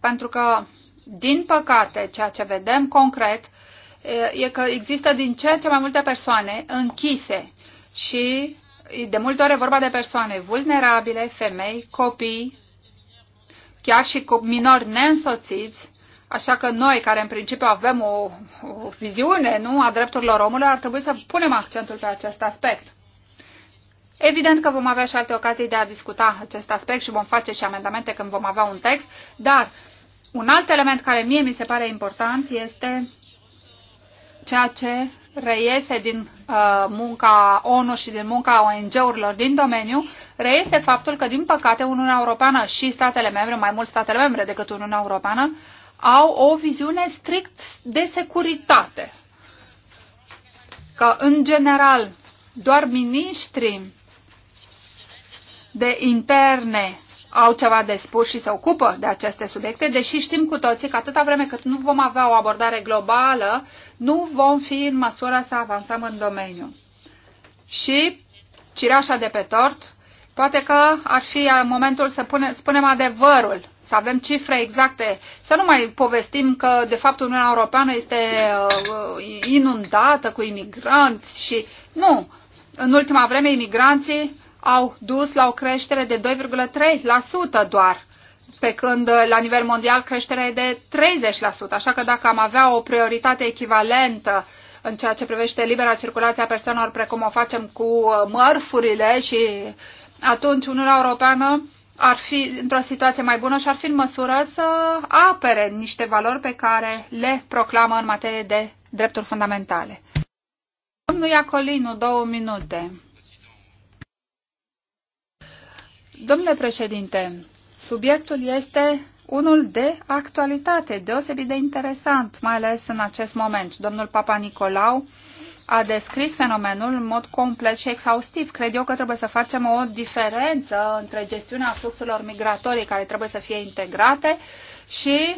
Pentru că, din păcate, ceea ce vedem concret e că există din ce în ce mai multe persoane închise și de multe ori e vorba de persoane vulnerabile, femei, copii, chiar și cu minori neînsoțiți, Așa că noi, care în principiu avem o, o viziune nu, a drepturilor omului, ar trebui să punem accentul pe acest aspect. Evident că vom avea și alte ocazii de a discuta acest aspect și vom face și amendamente când vom avea un text, dar un alt element care mie mi se pare important este ceea ce reiese din uh, munca ONU și din munca ONG-urilor din domeniu, reiese faptul că, din păcate, Uniunea Europeană și statele membre, mai mult statele membre decât Uniunea Europeană, uh, au o viziune strict de securitate. Că, în general, doar miniștrii de interne au ceva de spus și se ocupă de aceste subiecte, deși știm cu toții că atâta vreme cât nu vom avea o abordare globală, nu vom fi în măsură să avansăm în domeniu. Și cireașa de pe tort Poate că ar fi uh, momentul să pune, spunem adevărul, să avem cifre exacte, să nu mai povestim că, de fapt, Uniunea Europeană este uh, inundată cu imigranți și... Nu! În ultima vreme, imigranții au dus la o creștere de 2,3% doar, pe când uh, la nivel mondial creșterea e de 30%. Așa că dacă am avea o prioritate echivalentă în ceea ce privește libera circulație a persoanelor, precum o facem cu mărfurile și atunci Uniunea Europeană ar fi într-o situație mai bună și ar fi în măsură să apere niște valori pe care le proclamă în materie de drepturi fundamentale. Domnul Iacolinu, două minute. Domnule președinte, subiectul este unul de actualitate, deosebit de interesant, mai ales în acest moment. Domnul Papa Nicolau a descris fenomenul în mod complet și exhaustiv. Cred eu că trebuie să facem o diferență între gestiunea fluxurilor migratorii care trebuie să fie integrate și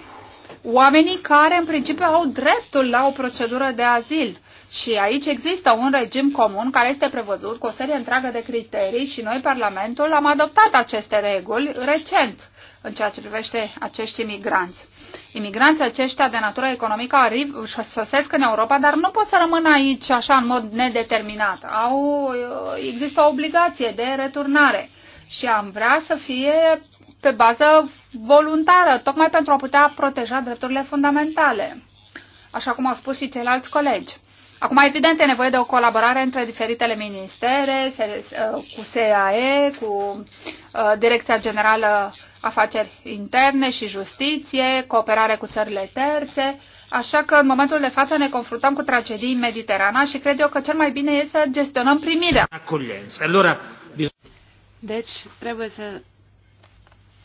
oamenii care în principiu au dreptul la o procedură de azil. Și aici există un regim comun care este prevăzut cu o serie întreagă de criterii și noi, Parlamentul, am adoptat aceste reguli recent în ceea ce privește acești imigranți. Imigranții aceștia de natură economică arriv, sosesc în Europa, dar nu pot să rămână aici așa în mod nedeterminat. Au, există o obligație de returnare și am vrea să fie pe bază voluntară, tocmai pentru a putea proteja drepturile fundamentale, așa cum au spus și ceilalți colegi. Acum, evident, e nevoie de o colaborare între diferitele ministere, uh, cu SEAE, cu uh, Direcția Generală afaceri interne și justiție, cooperare cu țările terțe, așa că în momentul de față ne confruntăm cu tragedii în Mediterana și cred eu că cel mai bine e să gestionăm primirea. Deci trebuie să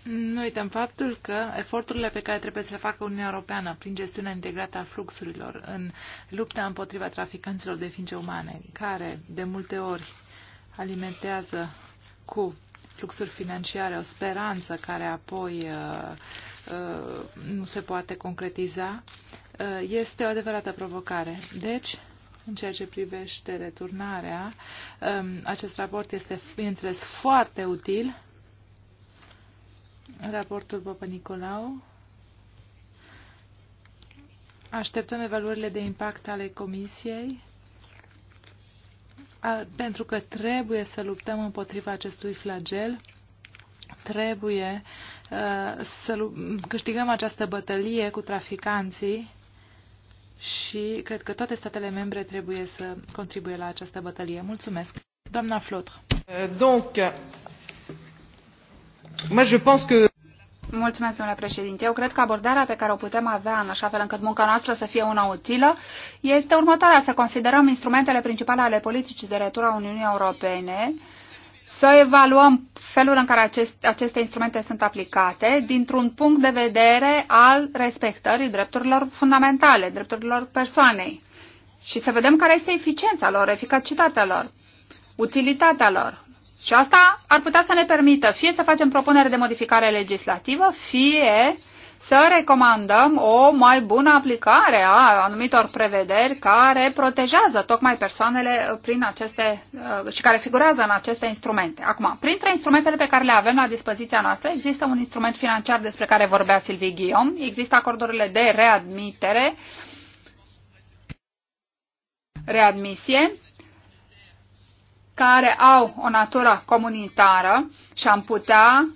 nu uităm faptul că eforturile pe care trebuie să le facă Uniunea Europeană prin gestiunea integrată a fluxurilor în lupta împotriva traficanților de ființe umane, care de multe ori alimentează cu fluxuri financiare, o speranță care apoi uh, uh, nu se poate concretiza, uh, este o adevărată provocare. Deci, în ceea ce privește returnarea, um, acest raport este, bineînțeles, foarte util. Raportul Papa Nicolau. Așteptăm evaluările de impact ale Comisiei pentru că trebuie să luptăm împotriva acestui flagel, trebuie să câștigăm această bătălie cu traficanții și cred că toate statele membre trebuie să contribuie la această bătălie. Mulțumesc. Doamna Flotre. Euh, donc, moi je pense que... Mulțumesc, domnule președinte. Eu cred că abordarea pe care o putem avea în așa fel încât munca noastră să fie una utilă este următoarea, să considerăm instrumentele principale ale politicii de retură a Uniunii Europene, să evaluăm felul în care acest, aceste instrumente sunt aplicate dintr-un punct de vedere al respectării drepturilor fundamentale, drepturilor persoanei și să vedem care este eficiența lor, eficacitatea lor, utilitatea lor. Și asta ar putea să ne permită fie să facem propunere de modificare legislativă, fie să recomandăm o mai bună aplicare a anumitor prevederi care protejează tocmai persoanele uh, prin aceste, uh, și care figurează în aceste instrumente. Acum, printre instrumentele pe care le avem la dispoziția noastră, există un instrument financiar despre care vorbea Silvii Ghiom, există acordurile de readmitere, readmisie, care au o natură comunitară și am putea,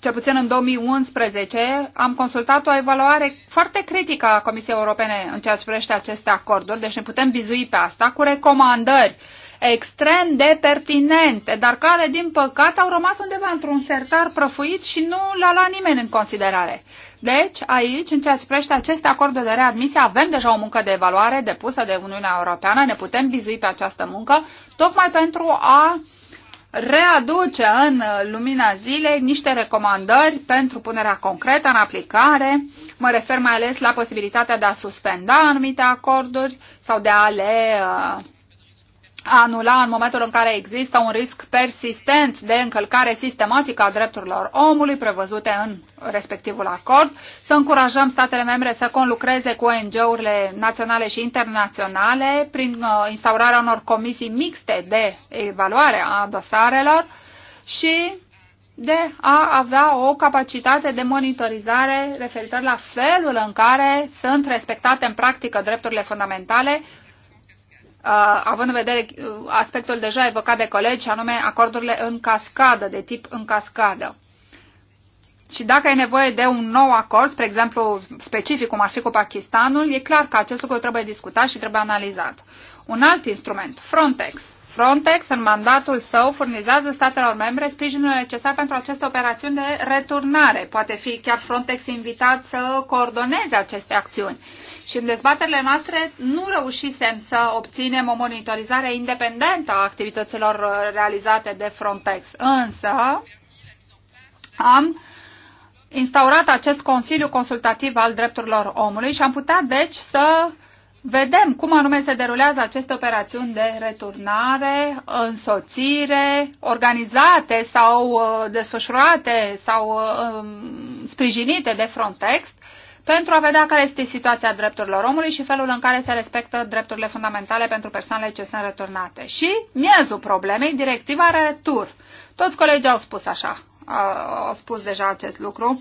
cel puțin în 2011, am consultat o evaluare foarte critică a Comisiei Europene în ceea ce privește aceste acorduri, deci ne putem bizui pe asta cu recomandări extrem de pertinente, dar care, din păcate, au rămas undeva într-un sertar prăfuit și nu l-a luat nimeni în considerare. Deci, aici, în ceea ce privește aceste acorduri de readmisie, avem deja o muncă de evaluare depusă de Uniunea Europeană, ne putem vizui pe această muncă, tocmai pentru a readuce în lumina zilei niște recomandări pentru punerea concretă în aplicare. Mă refer mai ales la posibilitatea de a suspenda anumite acorduri sau de a le uh, anula în momentul în care există un risc persistent de încălcare sistematică a drepturilor omului prevăzute în respectivul acord, să încurajăm statele membre să conlucreze cu ONG-urile naționale și internaționale prin uh, instaurarea unor comisii mixte de evaluare a dosarelor și de a avea o capacitate de monitorizare referitor la felul în care sunt respectate în practică drepturile fundamentale Uh, având în vedere uh, aspectul deja evocat de colegi, anume acordurile în cascadă, de tip în cascadă. Și dacă e nevoie de un nou acord, spre exemplu specific cum ar fi cu Pakistanul, e clar că acest lucru trebuie discutat și trebuie analizat. Un alt instrument, Frontex. Frontex, în mandatul său, furnizează statelor membre sprijinul necesar pentru aceste operațiuni de returnare. Poate fi chiar Frontex invitat să coordoneze aceste acțiuni. Și în dezbaterile noastre nu reușisem să obținem o monitorizare independentă a activităților realizate de Frontex. Însă am instaurat acest Consiliu Consultativ al Drepturilor Omului și am putea, deci, să uh, Vedem cum anume se derulează aceste operațiuni de returnare, însoțire, organizate sau uh, desfășurate sau uh, um, sprijinite de Frontex pentru a vedea care este situația drepturilor omului și felul în care se respectă drepturile fundamentale pentru persoanele ce sunt returnate. Și miezul problemei, directiva retur. Toți colegii au spus așa, au spus deja acest lucru,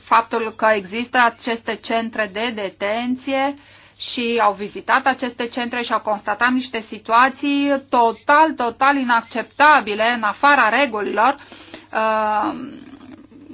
faptul că există aceste centre de detenție, uh, și au vizitat aceste centre și au constatat niște situații total, total inacceptabile, în afara regulilor, uh,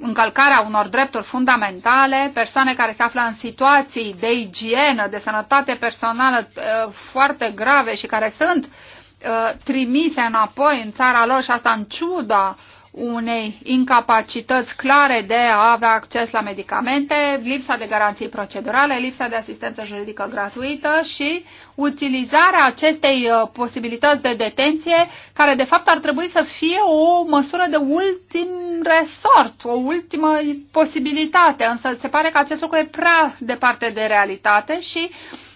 încălcarea unor drepturi fundamentale, persoane care se află în situații de igienă, de sănătate personală uh, foarte grave și care sunt uh, trimise înapoi în țara lor și asta în ciuda unei incapacități clare de a avea acces la medicamente, lipsa de garanții procedurale, lipsa de asistență juridică gratuită și utilizarea acestei uh, posibilități de detenție, care de fapt ar trebui să fie o măsură de ultim resort, o ultimă posibilitate, însă se pare că acest lucru e prea departe de realitate și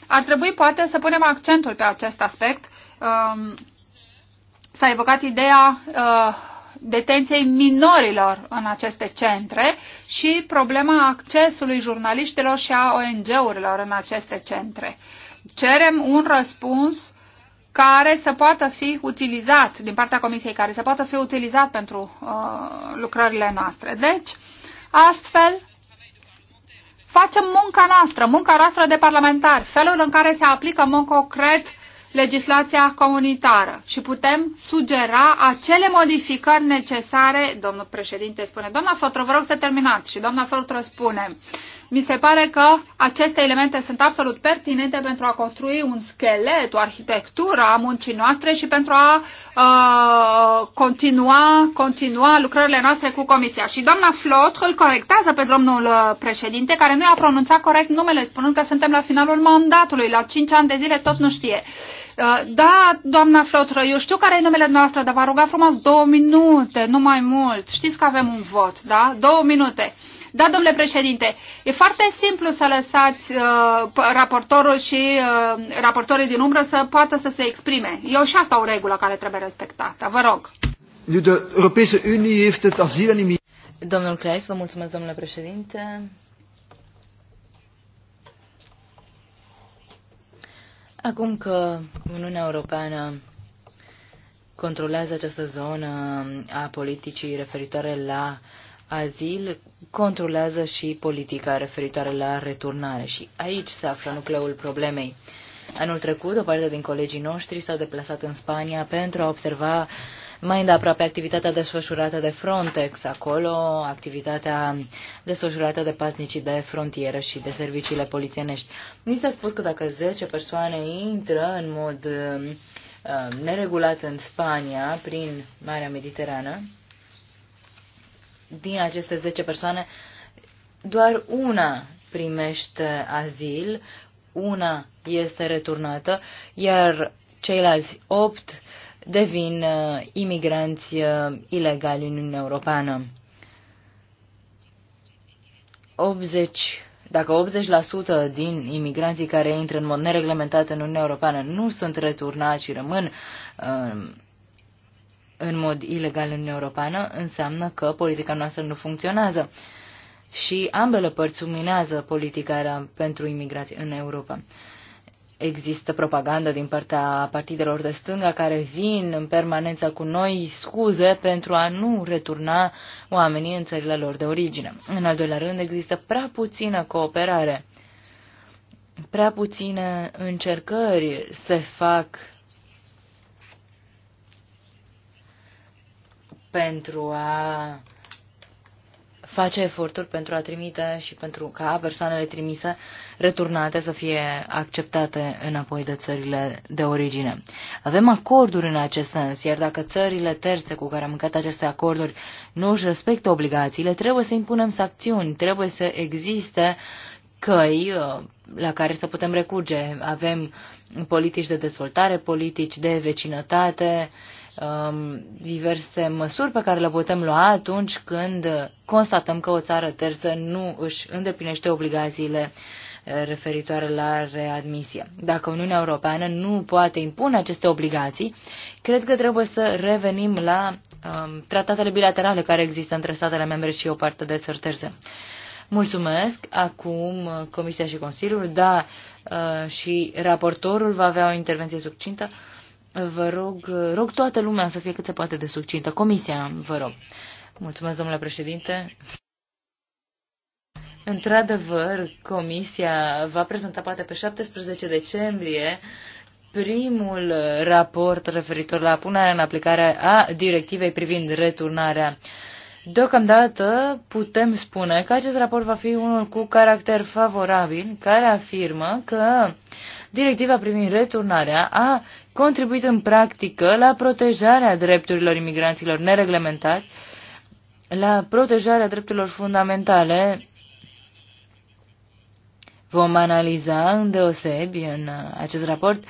ar trebui poate să punem accentul pe acest aspect. Um, s-a evocat ideea uh, detenției minorilor în aceste centre și problema accesului jurnaliștilor și a ONG-urilor în aceste centre. Cerem un răspuns care să poată fi utilizat din partea Comisiei, care să poată fi utilizat pentru uh, lucrările noastre. Deci, astfel, facem munca noastră, munca noastră de parlamentari, felul în care se aplică munca concret uh, legislația comunitară și putem sugera acele modificări necesare, domnul președinte spune, doamna Fotro, vă rog să terminați și doamna Fotro spune, uh, mi se pare că aceste elemente sunt absolut pertinente pentru a construi un schelet, o arhitectură a muncii noastre și pentru a uh, continua, continua lucrările noastre cu Comisia. Și doamna Flot îl corectează pe domnul uh, președinte, care nu i-a pronunțat corect numele, spunând că suntem la finalul mandatului, la 5 ani de zile tot nu știe. Uh, da, doamna Flotră, eu știu care e numele noastră, dar vă rog frumos două minute, nu mai mult. Știți că avem un vot, da? Două minute. Uh, da, domnule președinte, e foarte simplu să lăsați uh, raportorul și uh, raportorii din umbră să poată să se exprime. Eu și asta o regulă care trebuie respectată. Vă rog. Domnul Claes, vă mulțumesc, domnule președinte. Acum că Uniunea Europeană controlează această zonă a politicii referitoare la azil controlează și politica referitoare la returnare și aici se află nucleul problemei. Anul trecut, o parte din colegii noștri s-au deplasat în Spania pentru a observa mai îndeaproape activitatea desfășurată de Frontex acolo, activitatea desfășurată de pasnicii de frontieră și de serviciile polițienești. Mi s-a spus că dacă 10 persoane intră în mod uh, uh, neregulat în Spania, prin Marea Mediterană, din aceste 10 persoane, doar una primește azil, una este returnată, iar ceilalți 8 devin uh, imigranți uh, ilegali în Uniunea Europeană. 80, dacă 80% din imigranții care intră în mod nereglementat în Uniunea Europeană nu sunt returnați și rămân uh, în mod ilegal în Uniunea Europeană, înseamnă că politica noastră nu funcționează. Și ambele părți subminează politica pentru imigrație în Europa. Există propagandă din partea partidelor de stânga care vin în permanență cu noi scuze pentru a nu returna oamenii în țările lor de origine. În al doilea rând, există prea puțină cooperare. Prea puține încercări se fac pentru a face eforturi pentru a trimite și pentru ca persoanele trimise returnate să fie acceptate înapoi de țările de origine. Avem acorduri în acest sens, iar dacă țările terțe cu care am încat aceste acorduri nu își respectă obligațiile, trebuie să impunem sancțiuni, trebuie să existe căi uh, la care să putem recurge. Avem politici de dezvoltare, politici de vecinătate, Um, diverse măsuri pe care le putem lua atunci când constatăm că o țară terță nu își îndeplinește obligațiile uh, referitoare la readmisie. Dacă Uniunea Europeană nu poate impune aceste obligații, cred că trebuie să revenim la um, tratatele bilaterale care există între statele membre și o parte de țări terțe. Mulțumesc. Acum uh, Comisia și Consiliul, da, uh, și raportorul va avea o intervenție succintă. Vă rog, rog toată lumea să fie cât se poate de succintă. Comisia, vă rog. Mulțumesc, domnule președinte. Într-adevăr, Comisia va prezenta poate pe 17 decembrie primul raport referitor la punerea în aplicare a directivei privind returnarea. Deocamdată putem spune că acest raport va fi unul cu caracter favorabil, care afirmă că directiva privind returnarea a contribuit în practică la protejarea drepturilor imigranților nereglementați, la protejarea drepturilor fundamentale. Vom analiza îndeosebi în acest raport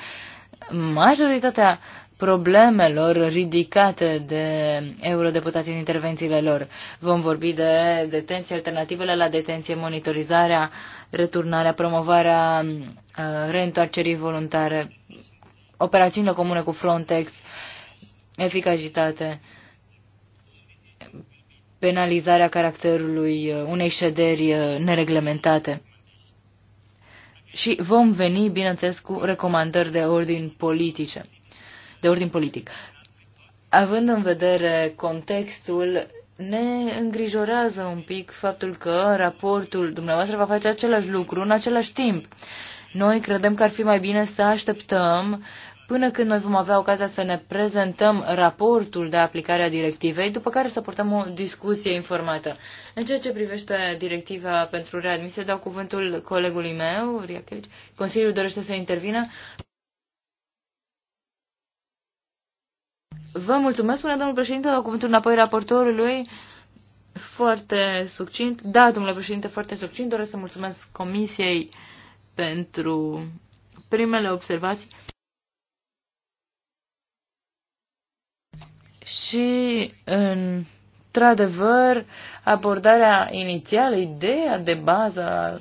majoritatea problemelor ridicate de eurodeputații în intervențiile lor. Vom vorbi de detenție, alternativele la detenție, monitorizarea, returnarea, promovarea uh, reîntoarcerii voluntare operațiunile comune cu Frontex, eficacitate, penalizarea caracterului uh, unei șederi uh, nereglementate. Și vom veni, bineînțeles, cu recomandări de ordin politice, de ordin politic. Având în vedere contextul, ne îngrijorează un pic faptul că raportul dumneavoastră va face același lucru în același timp. Noi credem că ar fi mai bine să așteptăm până când noi vom avea ocazia să ne prezentăm raportul de aplicare a directivei, după care să purtăm o discuție informată. În ceea ce privește directiva pentru readmisie, dau cuvântul colegului meu, Riachevici. Consiliul dorește să intervină. Vă mulțumesc, spune domnul președinte, dau cuvântul înapoi raportorului. Foarte succint. Da, domnule președinte, foarte succint. Doresc să mulțumesc comisiei pentru primele observații. și în Într-adevăr, abordarea inițială, ideea de bază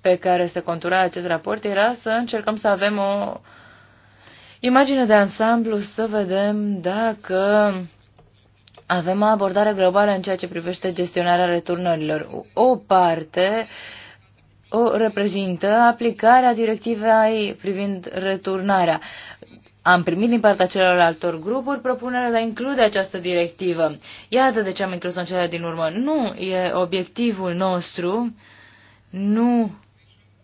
pe care se contura acest raport era să încercăm să avem o imagine de ansamblu, să vedem dacă avem o abordare globală în ceea ce privește gestionarea returnărilor. O parte o reprezintă aplicarea directivei privind returnarea am primit din partea celorlaltor grupuri propunerea de a include această directivă. Iată de ce am inclus-o în cele din urmă. Nu e obiectivul nostru, nu.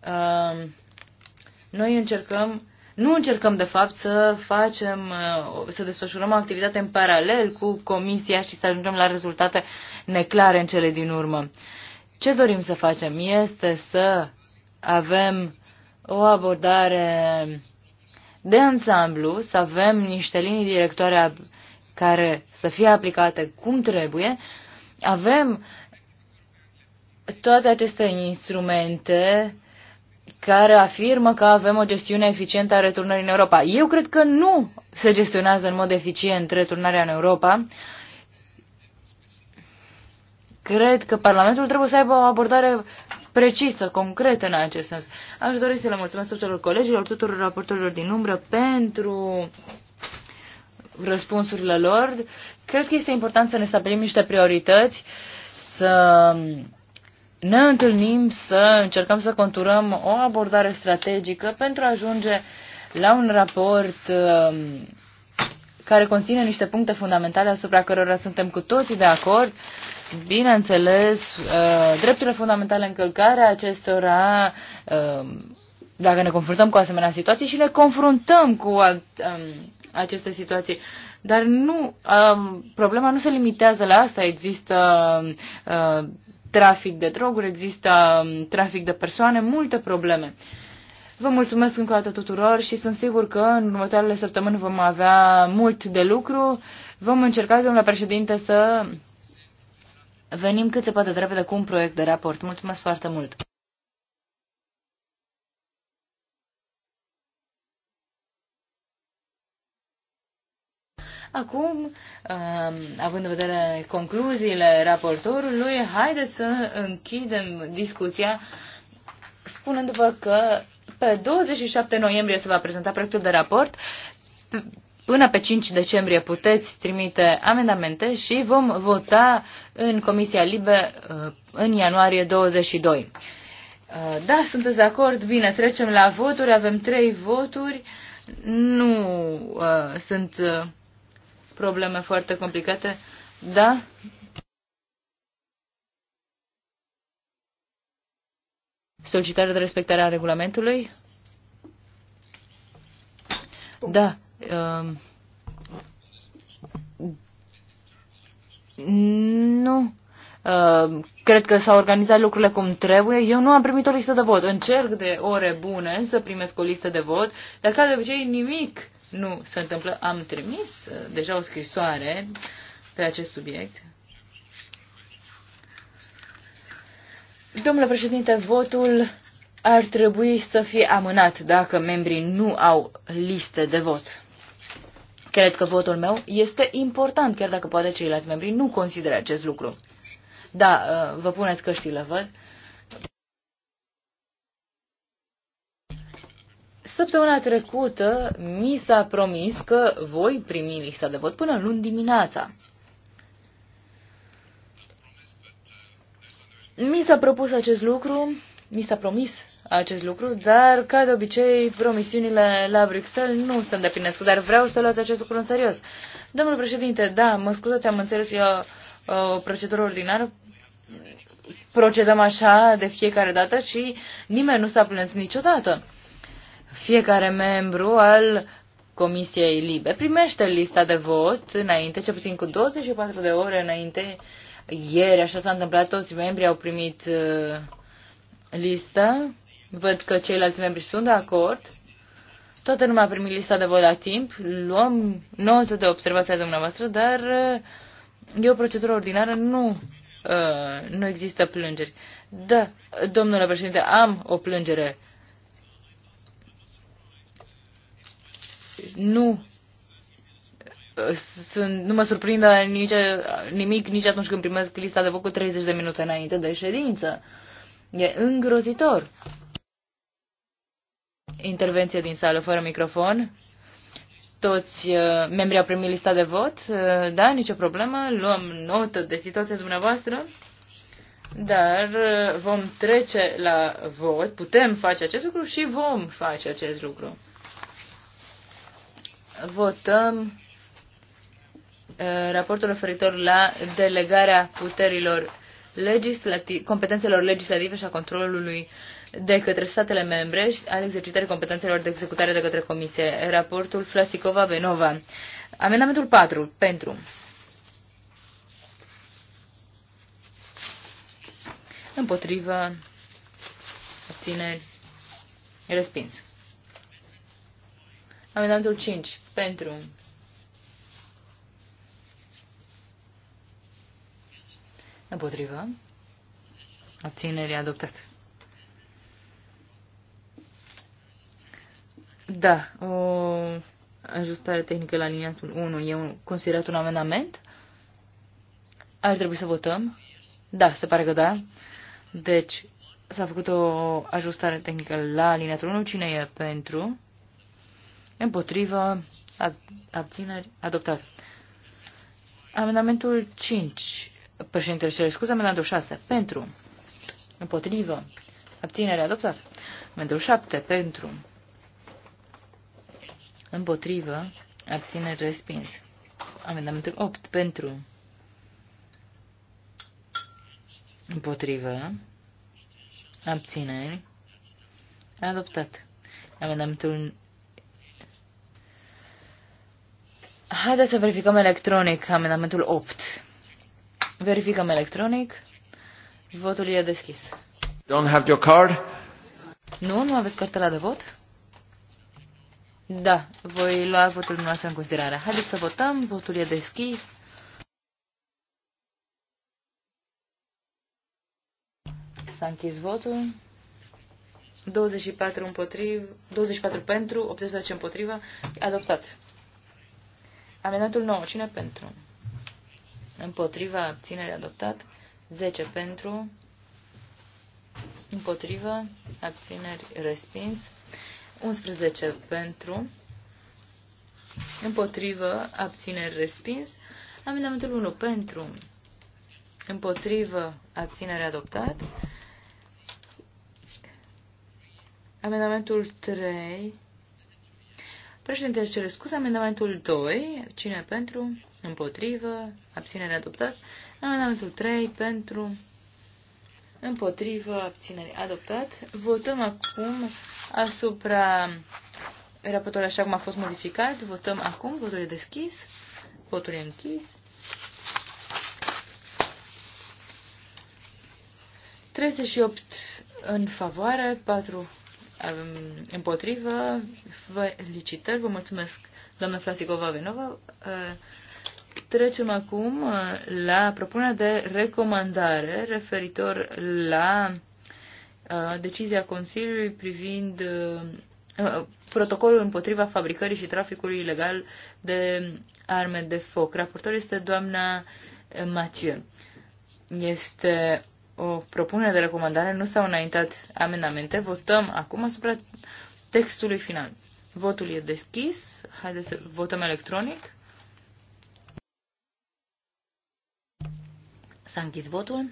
Uh, noi încercăm, nu încercăm de fapt să facem, uh, să desfășurăm o activitate în paralel cu comisia și să ajungem la rezultate neclare în cele din urmă. Ce dorim să facem este să avem o abordare de ansamblu, să avem niște linii directoare care să fie aplicate cum trebuie, avem toate aceste instrumente care afirmă că avem o gestiune eficientă a returnării în Europa. Eu cred că nu se gestionează în mod eficient returnarea în Europa. Cred că Parlamentul trebuie să aibă o abordare precisă, concretă în acest sens. Aș dori să le mulțumesc tuturor colegilor, tuturor raportorilor din umbră pentru răspunsurile lor. Cred că este important să ne stabilim niște priorități, să ne întâlnim, să încercăm să conturăm o abordare strategică pentru a ajunge la un raport um, care conține niște puncte fundamentale asupra cărora suntem cu toții de acord bineînțeles, uh, drepturile fundamentale încălcare acestora, uh, dacă ne confruntăm cu asemenea situații și ne confruntăm cu um, aceste situații. Dar nu, um, problema nu se limitează la asta. Există uh, trafic de droguri, există um, trafic de persoane, multe probleme. Vă mulțumesc încă o dată tuturor și sunt sigur că în următoarele săptămâni vom avea mult de lucru. Vom încerca, domnule președinte, să venim cât se poate de repede cu un proiect de raport. Mulțumesc foarte mult! Acum, um, având în vedere concluziile raportorului, haideți să închidem discuția spunându-vă că pe 27 noiembrie se va prezenta proiectul de raport Până pe 5 decembrie puteți trimite amendamente și vom vota în Comisia Libe uh, în ianuarie 22. Uh, da, sunteți de acord? Bine, trecem la voturi. Avem trei voturi. Nu uh, sunt uh, probleme foarte complicate. Da? Solicitarea de respectare a regulamentului? Da. Ehm, nu ehm, cred că s-au organizat lucrurile cum trebuie. Eu nu am primit o listă de vot. Încerc de ore bune să primesc o listă de vot, dar ca de obicei nimic nu se întâmplă. Am trimis eh, deja o scrisoare pe acest subiect. Domnule președinte, votul ar trebui să fie amânat dacă membrii nu au liste de vot. Cred că votul meu este important, chiar dacă poate ceilalți membri nu consideră acest lucru. Da, uh, vă puneți căștile, văd. Săptămâna trecută mi s-a promis că voi primi lista de vot până luni dimineața. Mi s-a propus acest lucru, mi s-a promis acest lucru, dar, ca de obicei, promisiunile la Bruxelles nu se îndeplinesc, dar vreau să luați acest lucru în serios. Domnul președinte, da, mă scuzați, am înțeles eu o procedură ordinară, procedăm așa de fiecare dată și nimeni nu s-a plâns niciodată. Fiecare membru al Comisiei Libe primește lista de vot înainte, ce puțin cu 24 de ore înainte. Ieri așa s-a întâmplat, toți membrii au primit uh, lista Văd că ceilalți membri sunt de acord. Toată lumea a primit lista de vot la timp. Luăm notă de observația dumneavoastră, dar uh, e o procedură ordinară, nu, uh, nu există plângeri. Da, domnule președinte, am o plângere. Nu uh, sunt, nu mă surprinde nici, nimic nici atunci când primesc lista de vot cu 30 de minute înainte de ședință. E îngrozitor. Intervenție din sală fără microfon. Toți uh, membrii au primit lista de vot. Uh, da, nicio problemă. Luăm notă de situația dumneavoastră. Dar uh, vom trece la vot. Putem face acest lucru și vom face acest lucru. Votăm uh, raportul referitor la delegarea puterilor legislati- competențelor legislative și a controlului uh, de către statele membre al exercitării competențelor de executare de către Comisie. Raportul Flasicova-Venova. Amendamentul 4. Pentru. Împotrivă. Abțineri. Respins. Amendamentul 5. Pentru. Împotrivă. Abținere adoptată. Da, o ajustare tehnică la liniatul 1 e un, considerat un amendament? Ar trebui să votăm? Da, se pare că da. Deci, s-a făcut o ajustare tehnică la liniatul 1. Cine e pentru? Împotrivă? Ab abțineri? Adoptat. Amendamentul 5. Președintele cere scuze. Amendamentul 6. Pentru. Împotrivă. Abținere. Adoptat. Amendamentul 7. Pentru. Împotrivă. Abțineri respins. Amendamentul 8. Pentru. Împotrivă. Abțineri. Adoptat. Amendamentul... Haideți să verificăm electronic amendamentul 8. Verificăm electronic. Votul e deschis. Don't have your card? Nu, nu aveți cartela de vot? Da, voi lua votul dumneavoastră în considerare. Haideți să votăm, votul e deschis. S-a închis votul. 24, împotriv, 24 pentru, 18 împotriva. adoptat. Amendatul 9, cine pentru? Împotriva, abținere, adoptat. 10 pentru, Împotriva abțineri, respins. 11 pentru, împotrivă, abțineri respins. Amendamentul 1 pentru, împotrivă, abținere adoptat. Amendamentul 3. Președintele cere scuze. Amendamentul 2. Cine pentru? Împotrivă. Abținere adoptat. Amendamentul 3 pentru împotrivă, abținerii. adoptat. Votăm acum asupra raportul așa cum a fost modificat. Votăm acum, votul e deschis, votul e închis. 38 în favoare, 4 um, împotrivă. Vă licitări, vă mulțumesc, doamnă Flasicova Venova. Uh, Trecem acum uh, la propunerea de recomandare referitor la uh, decizia Consiliului privind uh, protocolul împotriva fabricării și traficului ilegal de arme de foc. Raportor este doamna Mathieu. Este o propunere de recomandare, nu s-au înaintat amendamente. Votăm acum asupra textului final. Votul e deschis. Haideți să votăm electronic. S-a închis votul.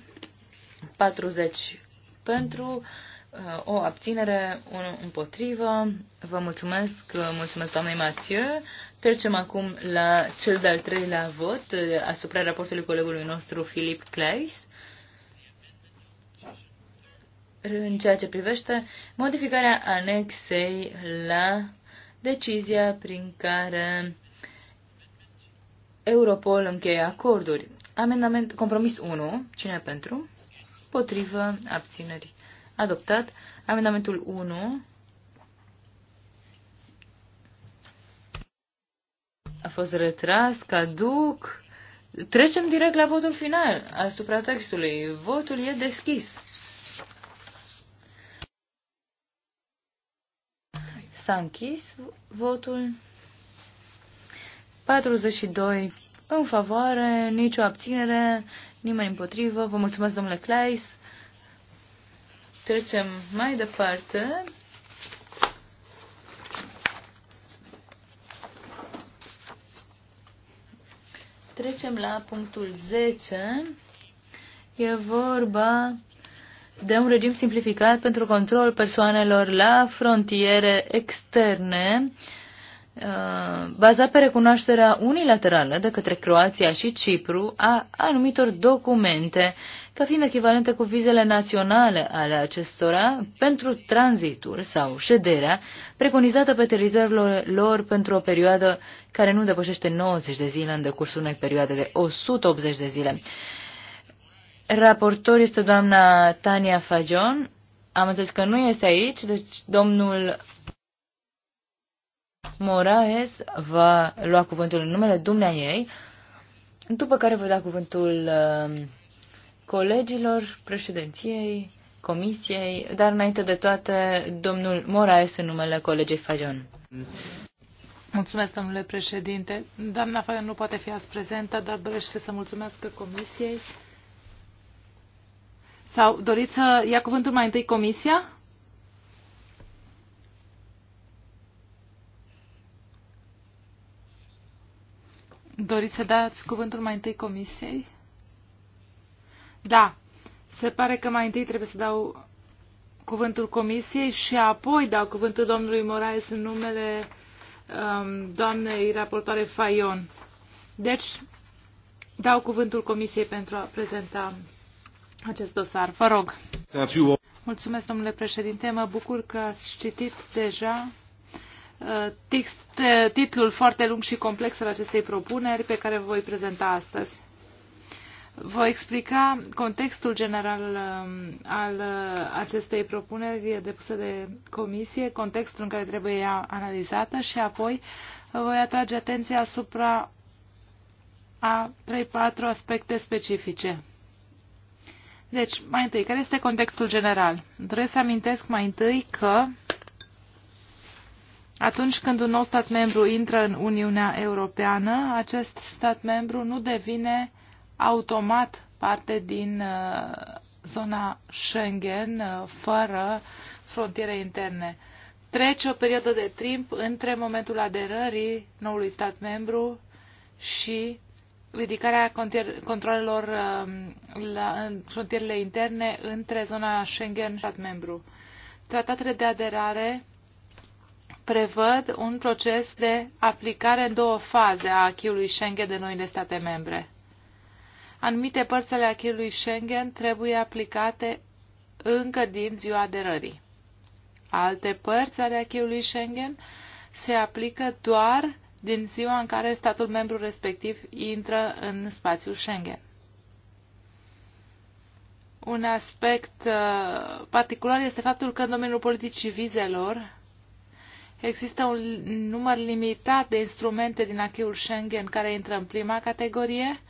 40 pentru, uh, o abținere, un împotrivă. Vă mulțumesc, uh, mulțumesc doamnei Mathieu. Trecem acum la cel de-al treilea vot uh, asupra raportului colegului nostru Filip Kleis în ceea ce privește modificarea anexei la decizia prin care Europol încheie acorduri. Amendament, compromis 1. Cine pentru? Potrivă. Abțineri. Adoptat. Amendamentul 1. A fost retras, caduc. Trecem direct la votul final asupra textului. Votul e deschis. S-a închis votul. 42 în favoare, nicio abținere, nimeni împotrivă. Vă mulțumesc, domnule Kleis. Trecem mai departe. Trecem la punctul 10. E vorba de un regim simplificat pentru controlul persoanelor la frontiere externe. Uh, Uh, bazat pe recunoașterea unilaterală de către Croația și Cipru a anumitor documente ca fiind echivalente cu vizele naționale ale acestora pentru tranzitul sau șederea preconizată pe teritoriul lor pentru o perioadă care nu depășește 90 de zile în decursul unei perioade de 180 de zile. Raportor este doamna Tania Fajon. Am înțeles că nu este aici, deci domnul Moraes va lua cuvântul în numele ei, după care voi da cuvântul uh, colegilor, președinției, comisiei, dar înainte de toate, domnul Moraes în numele colegii Fajon. Mulțumesc, domnule președinte. Doamna Fajon nu poate fi azi prezentă, dar dorește să mulțumesc comisiei. Sau doriți să ia cuvântul mai întâi comisia? Doriți să dați cuvântul mai întâi comisiei? Da. Se pare că mai întâi trebuie să dau cuvântul comisiei și apoi dau cuvântul domnului Moraes în numele um, doamnei raportoare Fayon. Deci, dau cuvântul comisiei pentru a prezenta acest dosar. Vă rog. Mulțumesc, domnule președinte. Mă bucur că ați citit deja text, titlul foarte lung și complex al acestei propuneri pe care vă voi prezenta astăzi. Voi explica contextul general um, al uh, acestei propuneri depuse de comisie, contextul în care trebuie ea analizată și apoi voi atrage atenția asupra a 3-4 aspecte specifice. Deci, mai întâi, care este contextul general? Trebuie să amintesc mai întâi că atunci când un nou stat membru intră în Uniunea Europeană, acest stat membru nu devine automat parte din uh, zona Schengen uh, fără frontiere interne. Trece o perioadă de timp între momentul aderării noului stat membru și ridicarea controlelor um, la frontierele interne între zona Schengen și stat membru. Tratatele de aderare prevăd un proces de aplicare în două faze a acquis Schengen de noile state membre. Anumite părți ale acquis Schengen trebuie aplicate încă din ziua aderării. Alte părți ale acquis Schengen se aplică doar din ziua în care statul membru respectiv intră în spațiul Schengen. Un aspect uh, particular este faptul că în domeniul politicii vizelor Există un număr limitat de instrumente din acquis Schengen care intră în prima categorie,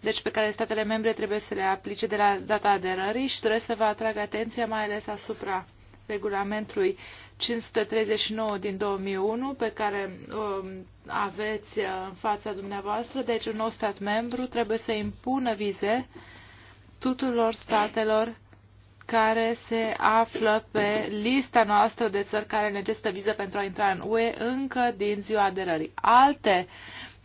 deci pe care statele membre trebuie să le aplice de la data aderării și doresc să vă atrag atenția mai ales asupra regulamentului 539 din 2001 pe care um, aveți uh, în fața dumneavoastră. Deci un nou stat membru trebuie să impună vize tuturor statelor care se află pe lista noastră de țări care necesită viză pentru a intra în UE încă din ziua aderării. Alte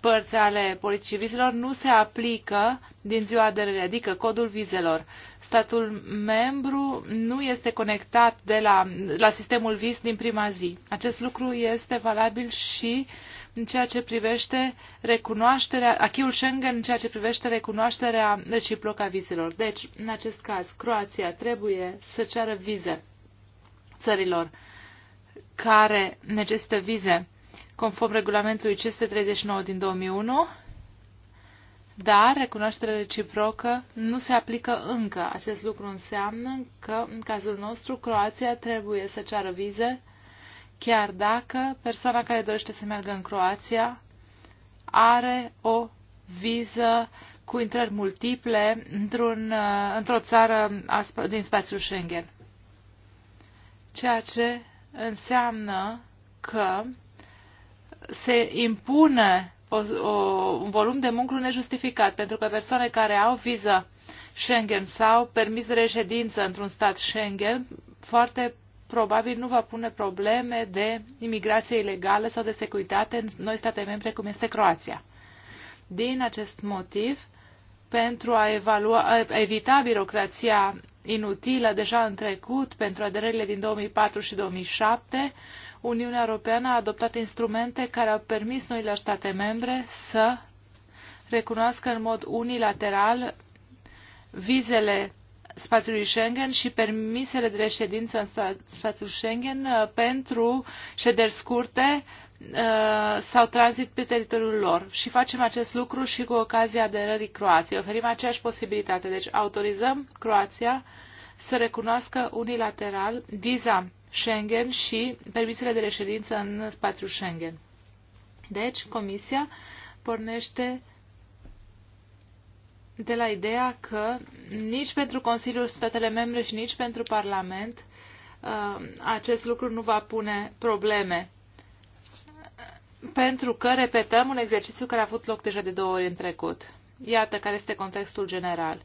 părți ale politicii vizelor nu se aplică din ziua aderării, adică codul vizelor. Statul membru nu este conectat de la, la sistemul vis din prima zi. Acest lucru este valabil și uh, în ceea ce privește recunoașterea, achiul Schengen în ceea ce privește recunoașterea reciprocă a vizelor. Deci, în acest caz, Croația trebuie să ceară vize țărilor care necesită vize conform regulamentului 539 din 2001, dar recunoașterea reciprocă nu se aplică încă. Acest lucru înseamnă că, în cazul nostru, Croația trebuie să ceară vize chiar dacă persoana care dorește să meargă în Croația are o viză cu intrări multiple într-un, uh, într-o țară din spațiul Schengen. Ceea ce înseamnă că se impune o, o, un volum de muncă nejustificat, pentru că persoane care au viză Schengen sau permis de reședință într-un stat Schengen foarte probabil nu va pune probleme de imigrație ilegală sau de securitate în noi state membre, cum este Croația. Din acest motiv, pentru a, evalua, a evita birocrația inutilă deja în trecut pentru aderările din 2004 și 2007, Uniunea Europeană a adoptat instrumente care au permis noilor state membre să recunoască în mod unilateral vizele spațiului Schengen și permisele de reședință în spațiul Schengen uh, pentru șederi scurte uh, sau tranzit pe teritoriul lor și facem acest lucru și cu ocazia aderării Croației. Oferim aceeași posibilitate. Deci autorizăm Croația să recunoască unilateral viza Schengen și permisele de reședință în spațiul Schengen. Deci, Comisia pornește de la ideea că nici pentru Consiliul Statele Membre și nici pentru Parlament uh, acest lucru nu va pune probleme. Pentru că repetăm un exercițiu care a avut loc deja de două ori în trecut. Iată care este contextul general.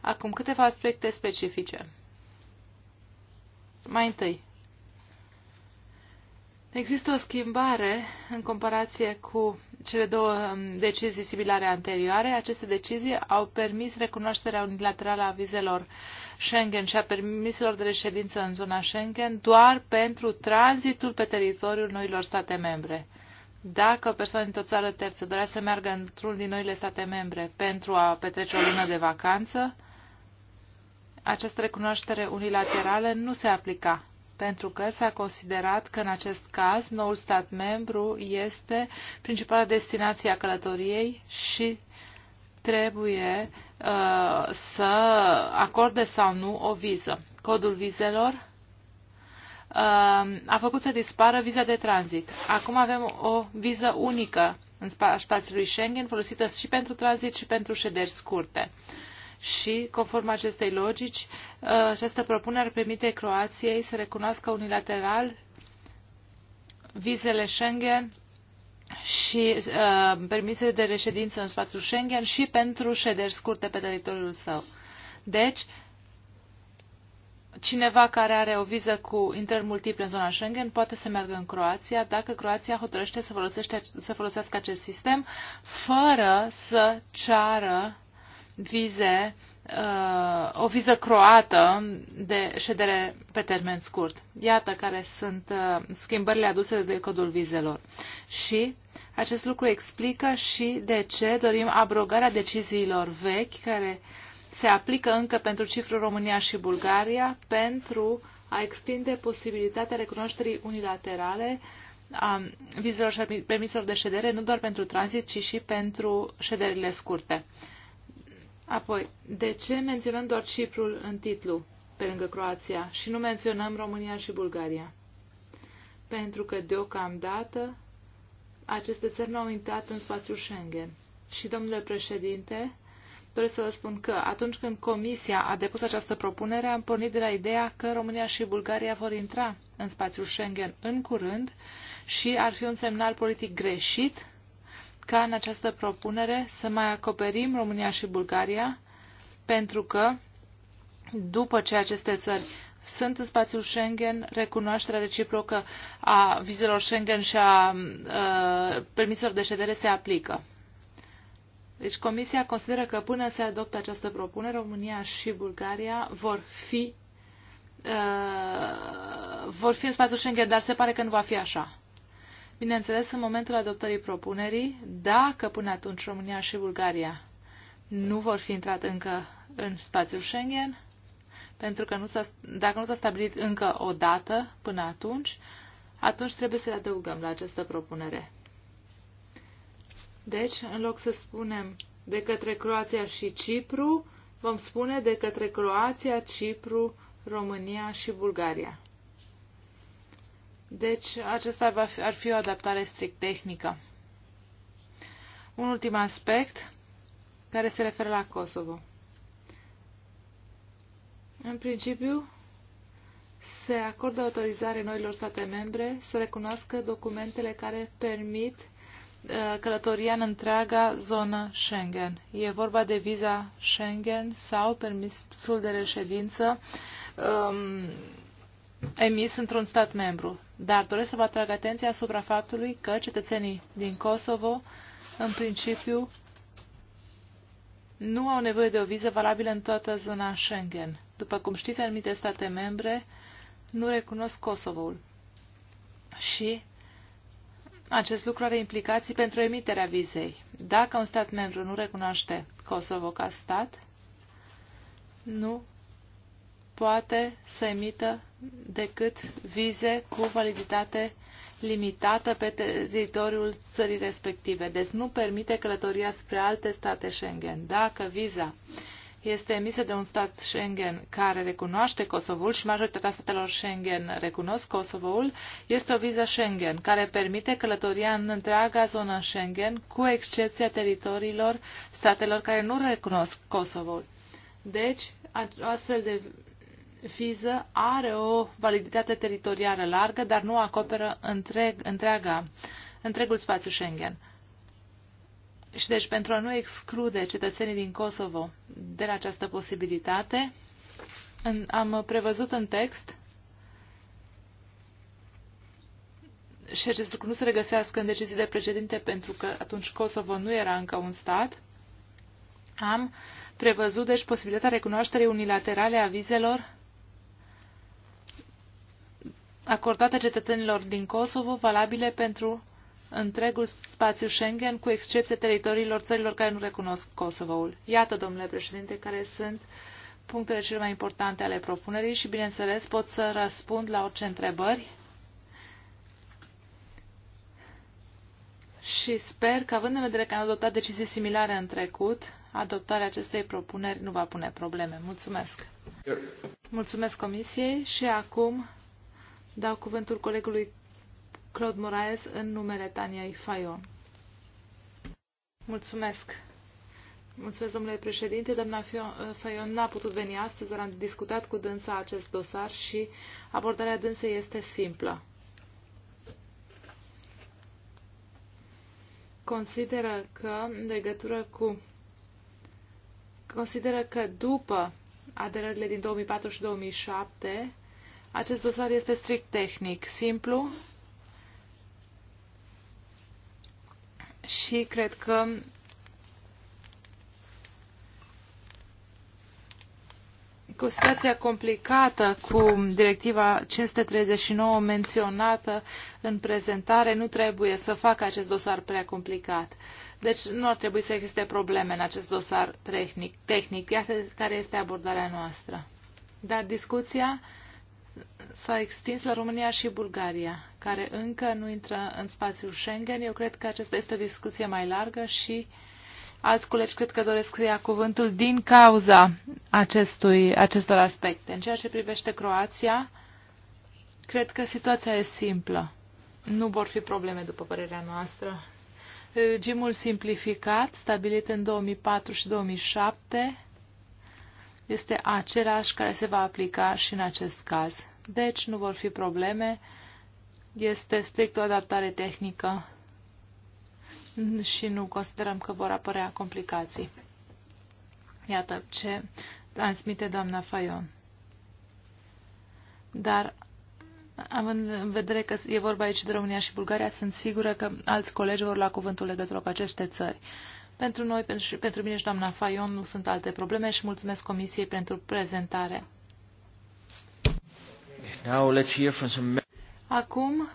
Acum câteva aspecte specifice. Mai întâi, Există o schimbare în comparație cu cele două um, decizii similare anterioare. Aceste decizii au permis recunoașterea unilaterală a vizelor Schengen și a permiselor de reședință în zona Schengen doar pentru tranzitul pe teritoriul noilor state membre. Dacă o persoană dintr-o țară terță dorea să meargă într-unul din noile state membre pentru a petrece o lună de vacanță, această recunoaștere unilaterală nu se aplica pentru că s-a considerat că în acest caz noul stat membru este principala destinație a călătoriei și trebuie uh, să acorde sau nu o viză. Codul vizelor uh, a făcut să dispară viza de tranzit. Acum avem o viză unică în spa spațiului Schengen folosită și pentru tranzit și pentru șederi scurte. Uh, și, conform acestei logici, ă, această propunere ar permite Croației să recunoască unilateral vizele Schengen și uh, de reședință în spațiul Schengen și pentru șederi scurte pe teritoriul său. Deci, cineva care are o viză cu intrări multiple în zona Schengen poate să meargă în Croația dacă Croația hotărăște să, folosește, să folosească acest sistem fără să ceară vize, uh, o viză croată de ședere pe termen scurt. Iată care sunt uh, schimbările aduse de codul vizelor. Și acest lucru explică și de ce dorim abrogarea deciziilor vechi care se aplică încă pentru cifru România și Bulgaria pentru a extinde posibilitatea recunoașterii unilaterale a vizelor și permiselor de ședere, nu doar pentru tranzit, ci și pentru șederile scurte. Apoi, de ce menționăm doar Ciprul în titlu, pe lângă Croația, și nu menționăm România și Bulgaria? Pentru că, deocamdată, aceste țări nu au intrat în spațiul Schengen. Și, domnule președinte, doresc să vă spun că atunci când Comisia a depus această propunere, am pornit de la ideea că România și Bulgaria vor intra în spațiul Schengen în curând și ar fi un semnal politic greșit ca în această propunere să mai acoperim România și Bulgaria, pentru că după ce aceste țări sunt în spațiul Schengen, recunoașterea reciprocă a vizelor Schengen și a a ă, permiselor de ședere se aplică. Deci Comisia consideră că până se adoptă această propunere, România și Bulgaria vor fi, uh, vor fi în spațiul Schengen, dar se pare că nu va fi așa bineînțeles, în momentul adoptării propunerii, dacă până atunci România și Bulgaria nu vor fi intrat încă în spațiul Schengen, pentru că nu dacă nu s-a stabilit încă o dată până atunci, atunci trebuie să le adăugăm la această propunere. Deci, în loc să spunem de către Croația și Cipru, vom spune de către Croația, Cipru, România și Bulgaria. Deci, acesta va fi, ar fi o adaptare strict tehnică. Un ultim aspect care se referă la Kosovo. În principiu, se acordă autorizare noilor state membre să recunoască documentele care permit uh, călătoria în întreaga zonă Schengen. E vorba de viza Schengen sau permisul de reședință um, emis într-un stat membru. Dar doresc să vă atrag atenția asupra faptului că cetățenii din Kosovo, în principiu, nu au nevoie de o viză valabilă în toată zona Schengen. După cum știți, anumite state membre nu recunosc Kosovoul. Și acest lucru are implicații pentru emiterea vizei. Dacă un stat membru nu recunoaște Kosovo ca stat, nu poate să emită decât vize cu validitate limitată pe teritoriul țării respective. Deci nu permite călătoria spre alte state Schengen. Dacă viza este emisă de un stat Schengen care recunoaște Kosovul și majoritatea statelor Schengen recunosc Kosovul, este o viză Schengen care permite călătoria în întreaga zonă Schengen, cu excepția teritoriilor statelor care nu recunosc Kosovul. Deci, astfel de viză are o validitate teritorială largă, dar nu acoperă întreg, întreaga, întregul spațiu Schengen. Și deci, pentru a nu exclude cetățenii din Kosovo de la această posibilitate, în, am prevăzut în text și acest lucru nu se regăsească în deciziile precedente pentru că atunci Kosovo nu era încă un stat, am prevăzut deci posibilitatea recunoașterii unilaterale a vizelor acordate cetățenilor din Kosovo, valabile pentru întregul spațiu Schengen, cu excepție teritoriilor țărilor care nu recunosc Kosovoul. Iată, domnule președinte, care sunt punctele cele mai importante ale propunerii și, bineînțeles, pot să răspund la orice întrebări. Și sper că, având în vedere că am adoptat decizii similare în trecut, adoptarea acestei propuneri nu va pune probleme. Mulțumesc! Mulțumesc Comisiei și acum Dau cuvântul colegului Claude Moraes în numele Taniei Fayon. Mulțumesc! Mulțumesc, domnule președinte. Doamna Fayon n-a putut veni astăzi, dar am discutat cu dânsa acest dosar și abordarea dânsei este simplă. Consideră că, în legătură cu... Consideră că după aderările din 2004 și 2007, acest dosar este strict tehnic, simplu și cred că cu situația complicată cu directiva 539 menționată în prezentare, nu trebuie să facă acest dosar prea complicat. Deci nu ar trebui să existe probleme în acest dosar tehnic. tehnic. Iată care este abordarea noastră. Dar discuția s-a extins la România și Bulgaria, care încă nu intră în spațiul Schengen. Eu cred că acesta este o discuție mai largă și alți colegi cred că doresc să ia cuvântul din cauza acestui, acestor aspecte. În ceea ce privește Croația, cred că situația e simplă. Nu vor fi probleme, după părerea noastră. Regimul simplificat, stabilit în 2004 și 2007, este același care se va aplica și în acest caz deci nu vor fi probleme. Este strict o adaptare tehnică și nu considerăm că vor apărea complicații. Iată ce transmite doamna Fayon. Dar, având în vedere că e vorba aici de România și Bulgaria, sunt sigură că alți colegi vor lua cuvântul legătură cu aceste țări. Pentru noi, pentru, mine și doamna Fayon, nu sunt alte probleme și mulțumesc Comisiei pentru prezentare. Now let's hear from some... Acum,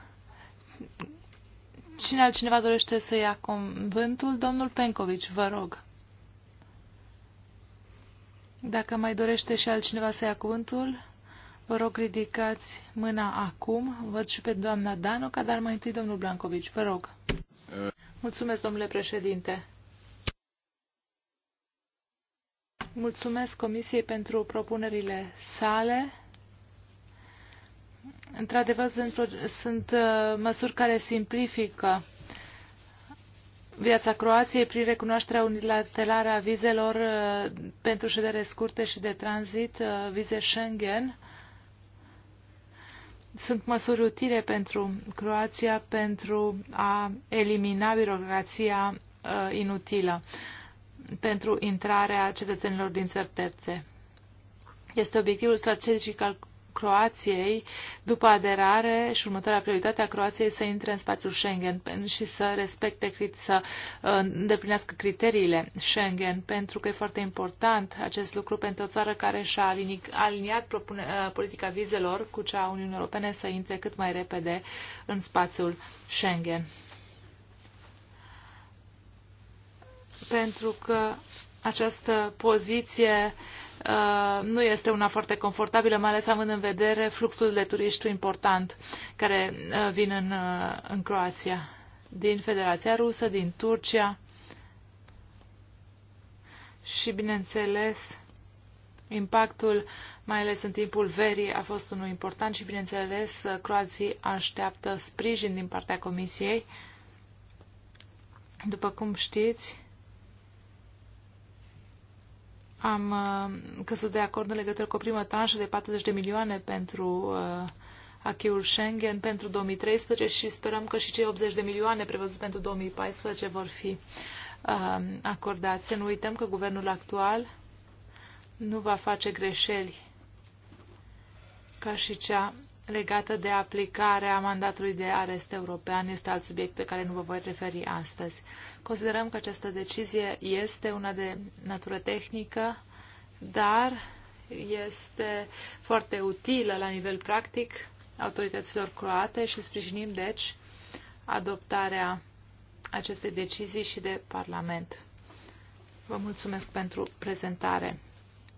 cine altcineva dorește să ia cuvântul? Domnul Penkovici, vă rog. Dacă mai dorește și altcineva să ia cuvântul, vă rog ridicați mâna acum. Văd și pe doamna Danoca, dar mai întâi domnul Blancovici, vă rog. Mulțumesc, domnule președinte. Mulțumesc Comisiei pentru propunerile sale Într-adevăr, sunt, sunt uh, măsuri care simplifică viața Croației prin recunoașterea unilaterală a vizelor uh, pentru ședere scurte și de tranzit, uh, vize Schengen. Sunt măsuri utile pentru Croația pentru a elimina birocrația uh, inutilă pentru intrarea cetățenilor din țări terțe. Este obiectivul strategic al Croației după aderare și următoarea prioritate a Croației să intre în spațiul Schengen și să respecte, să uh, îndeplinească criteriile Schengen, pentru că e foarte important acest lucru pentru o țară care și-a aliniat uh, politica vizelor cu cea a Uniunii Europene să intre cât mai repede în spațiul Schengen. Pentru că această poziție uh, Uh, nu este una foarte confortabilă, mai ales având în vedere fluxul de turiști important care uh, vin în, uh, în Croația, din Federația Rusă, din Turcia și, bineînțeles, impactul, mai ales în timpul verii, a fost unul important și, bineînțeles, croații așteaptă sprijin din partea Comisiei. După cum știți, am uh, căzut de acord în legătură cu o primă tranșă de 40 de milioane pentru uh, acheul Schengen pentru 2013 și sperăm că și cei 80 de milioane prevăzute pentru 2014 vor fi uh, acordați. Să nu uităm că guvernul actual nu va face greșeli ca și cea legată de aplicarea mandatului de arest european este alt subiect pe care nu vă voi referi astăzi. Considerăm că această decizie este una de natură tehnică, dar este foarte utilă la nivel practic autorităților croate și sprijinim, deci, adoptarea acestei decizii și de Parlament. Vă mulțumesc pentru prezentare.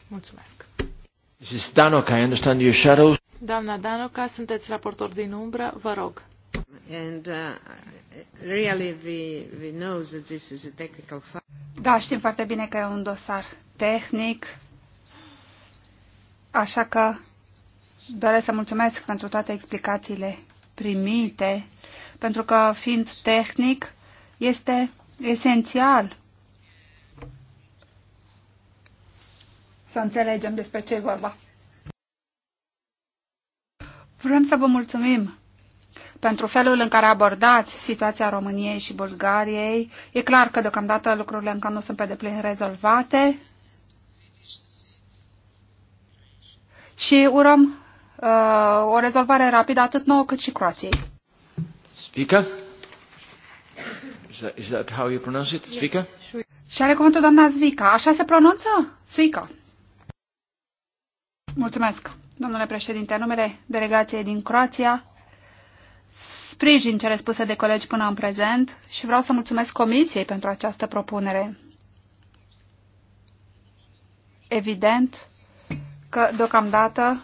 Mulțumesc. is Danok, I understand your shadows. Doamna Danuca, sunteți raportor din umbră, vă rog. And, uh, really we, we know that this is a technical da, știm foarte bine că e un dosar tehnic, așa că doresc să mulțumesc pentru toate explicațiile primite, pentru că fiind tehnic este esențial să înțelegem despre ce e vorba. Vrem să vă mulțumim pentru felul în care abordați situația României și Bulgariei. E clar că deocamdată lucrurile încă nu sunt pe deplin rezolvate. Și urăm uh, o rezolvare rapidă atât nouă cât și Croației. Speaker? Is that, is that how you pronounce it? Speaker? Și are cuvântul doamna Zvica. Așa se pronunță? Zvica. Mulțumesc. Domnule președinte, în numele delegației din Croația, sprijin cele spuse de colegi până în prezent și vreau să mulțumesc Comisiei pentru această propunere. Evident că, deocamdată,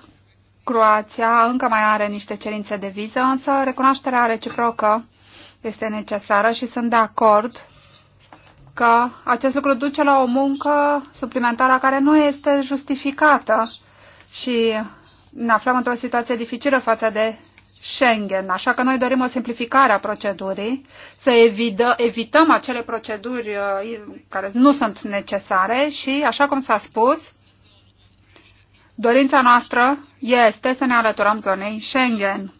Croația încă mai are niște cerințe de viză, însă recunoașterea reciprocă este necesară și sunt de acord că acest lucru duce la o muncă suplimentară care nu este justificată și ne aflăm într-o situație dificilă față de Schengen, așa că noi dorim o simplificare a procedurii, să evidă, evităm acele proceduri uh, care nu sunt necesare și, așa cum s-a spus, dorința noastră este să ne alăturăm zonei Schengen.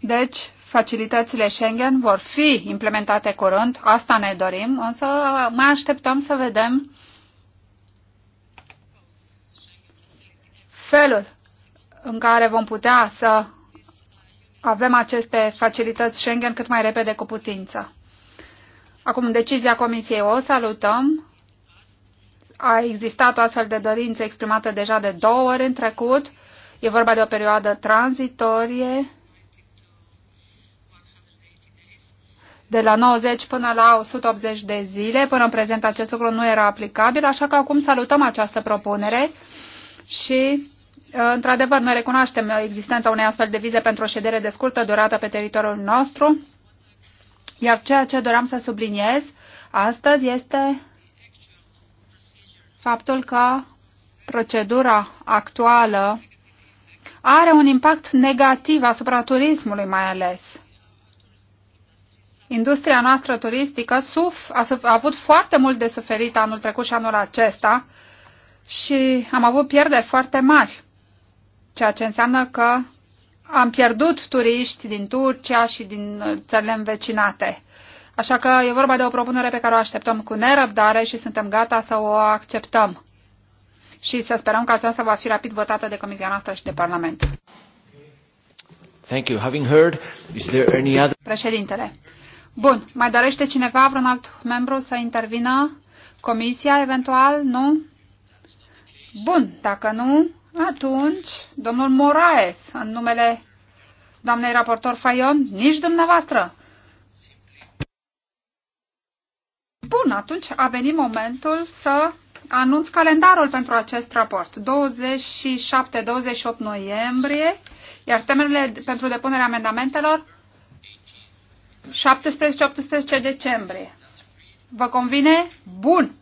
Deci, facilitățile Schengen vor fi implementate curând, asta ne dorim, însă mai așteptăm să vedem felul în care vom putea să avem aceste facilități Schengen cât mai repede cu putință. Acum, decizia Comisiei o salutăm. A existat o astfel de dorință exprimată deja de două ori în trecut. E vorba de o perioadă tranzitorie de la 90 până la 180 de zile. Până în prezent acest lucru nu era aplicabil, așa că acum salutăm această propunere și Într-adevăr, noi recunoaștem existența unei astfel de vize pentru o ședere de scurtă durată pe teritoriul nostru, iar ceea ce doream să subliniez astăzi este faptul că procedura actuală are un impact negativ asupra turismului mai ales. Industria noastră turistică suf, a, suf, a avut foarte mult de suferit anul trecut și anul acesta și am avut pierderi foarte mari ceea ce înseamnă că am pierdut turiști din Turcia și din uh, țările învecinate. Așa că e vorba de o propunere pe care o așteptăm cu nerăbdare și suntem gata să o acceptăm. Și să sperăm că aceasta va fi rapid votată de Comisia noastră și de Parlament. Thank you. Having heard, is there any other... Președintele. Bun. Mai dorește cineva, vreun alt membru, să intervină? Comisia, eventual? Nu? Bun. Dacă nu, atunci, domnul Moraes, în numele doamnei raportor Fayon, nici dumneavoastră. Bun, atunci a venit momentul să anunț calendarul pentru acest raport. 27-28 noiembrie, iar temerile pentru depunerea amendamentelor 17-18 decembrie. Vă convine? Bun!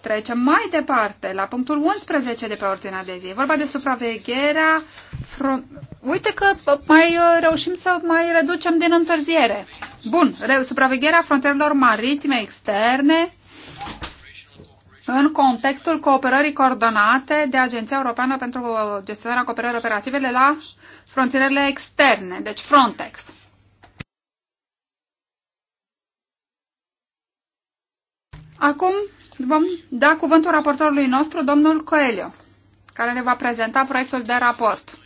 Trecem mai departe, la punctul 11 de pe ordinea de zi. vorba de supravegherea... Front... Uite că mai uh, reușim să mai reducem din întârziere. Bun, supravegherea frontierelor maritime externe în contextul cooperării coordonate de Agenția Europeană pentru uh, gestionarea cooperării operativele la frontierele externe, deci Frontex. Acum vom da cuvântul raportorului nostru, domnul Coelho, care ne va prezenta proiectul de raport.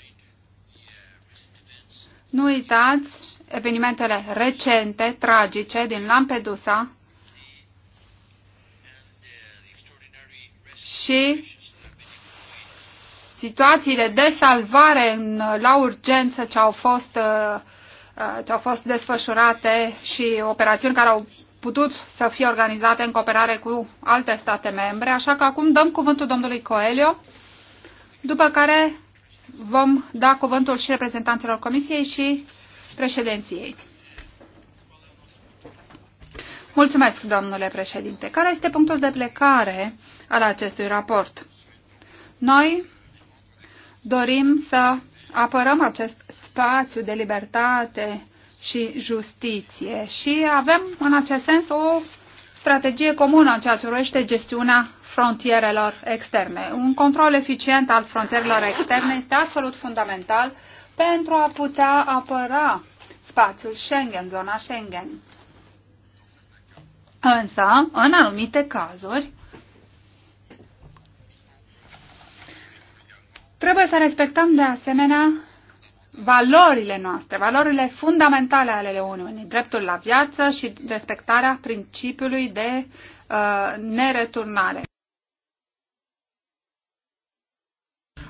Nu uitați evenimentele recente, tragice, din Lampedusa și situațiile de salvare în, la urgență ce au fost, uh, uh, ce au fost desfășurate și operațiuni care au putut să fie organizate în cooperare cu alte state membre, așa că acum dăm cuvântul domnului Coelio, după care vom da cuvântul și reprezentanților Comisiei și președinției. Mulțumesc, domnule președinte. Care este punctul de plecare al acestui raport? Noi dorim să apărăm acest spațiu de libertate, și justiție. Și avem în acest sens o strategie comună în ceea ce urmește gestiunea frontierelor externe. Un control eficient al frontierelor externe este absolut fundamental pentru a putea apăra spațiul Schengen, zona Schengen. Însă, în anumite cazuri, trebuie să respectăm de asemenea valorile noastre, valorile fundamentale ale Uniunii, dreptul la viață și respectarea principiului de uh, nereturnare.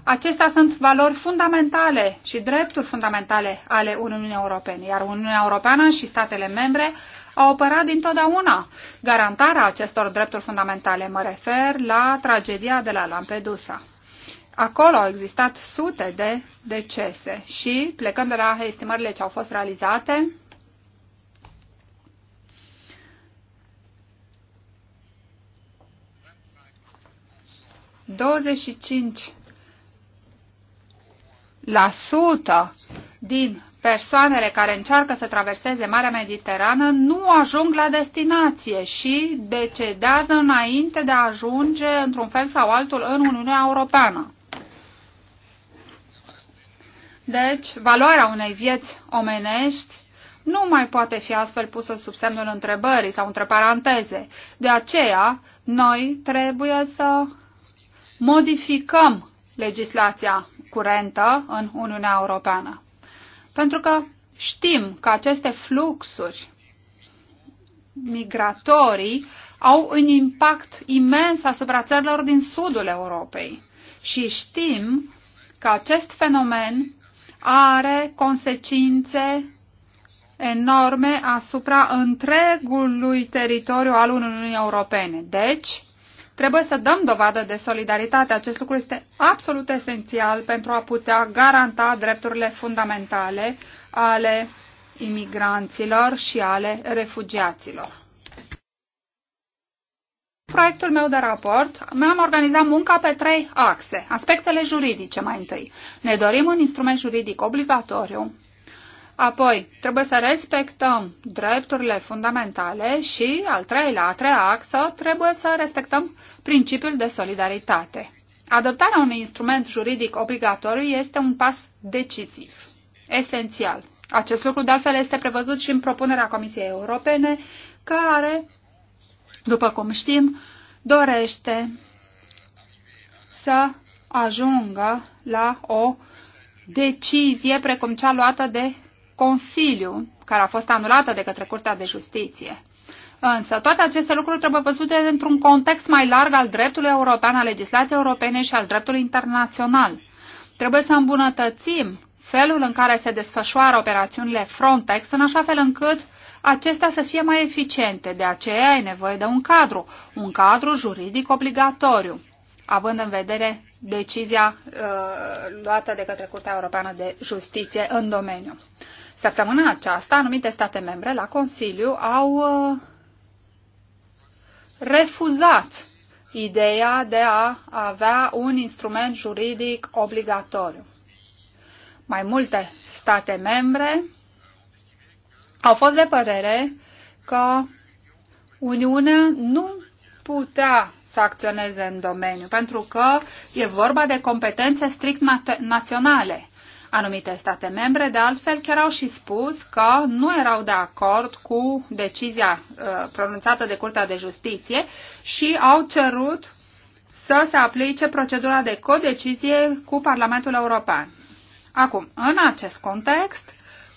Acestea sunt valori fundamentale și drepturi fundamentale ale Uniunii Europene, iar Uniunea Europeană și statele membre au apărat dintotdeauna garantarea acestor drepturi fundamentale. Mă refer la tragedia de la Lampedusa. Acolo au existat sute de decese și, plecând de la estimările ce au fost realizate, ...25% din persoanele care încearcă să traverseze Marea Mediterană nu ajung la destinație și decedează înainte de a ajunge într-un fel sau altul în Uniunea Europeană. Deci, valoarea unei vieți omenești nu mai poate fi astfel pusă sub semnul întrebării sau între paranteze. De aceea, noi trebuie să modificăm legislația curentă în Uniunea Europeană. Pentru că știm că aceste fluxuri migratorii au un impact imens asupra țărilor din sudul Europei. Și știm că acest fenomen are consecințe enorme asupra întregului teritoriu al Uniunii Europene. Deci, trebuie să dăm dovadă de solidaritate. Acest lucru este absolut esențial pentru a putea garanta drepturile fundamentale ale imigranților și ale refugiaților proiectul meu de raport, mi-am organizat munca pe trei axe. Aspectele juridice mai întâi. Ne dorim un instrument juridic obligatoriu. Apoi, trebuie să respectăm drepturile fundamentale și, al treilea, a treia axă, trebuie să respectăm principiul de solidaritate. Adoptarea unui instrument juridic obligatoriu este un pas decisiv, esențial. Acest lucru, de altfel, este prevăzut și în propunerea Comisiei Europene, care după cum știm, dorește să ajungă la o decizie precum cea luată de Consiliu, care a fost anulată de către Curtea de Justiție. Însă toate aceste lucruri trebuie văzute într-un context mai larg al dreptului european, al legislației europene și al dreptului internațional. Trebuie să îmbunătățim felul în care se desfășoară operațiunile Frontex, în așa fel încât acestea să fie mai eficiente. De aceea e nevoie de un cadru, un cadru juridic obligatoriu, având în vedere decizia uh, luată de către Curtea Europeană de Justiție în domeniu. Săptămâna aceasta, anumite state membre la Consiliu au uh, refuzat ideea de a avea un instrument juridic obligatoriu. Mai multe state membre au fost de părere că Uniunea nu putea să acționeze în domeniu, pentru că e vorba de competențe strict naționale. Anumite state membre, de altfel, chiar au și spus că nu erau de acord cu decizia uh, pronunțată de Curtea de Justiție și au cerut să se aplice procedura de codecizie cu Parlamentul European. Acum, în acest context,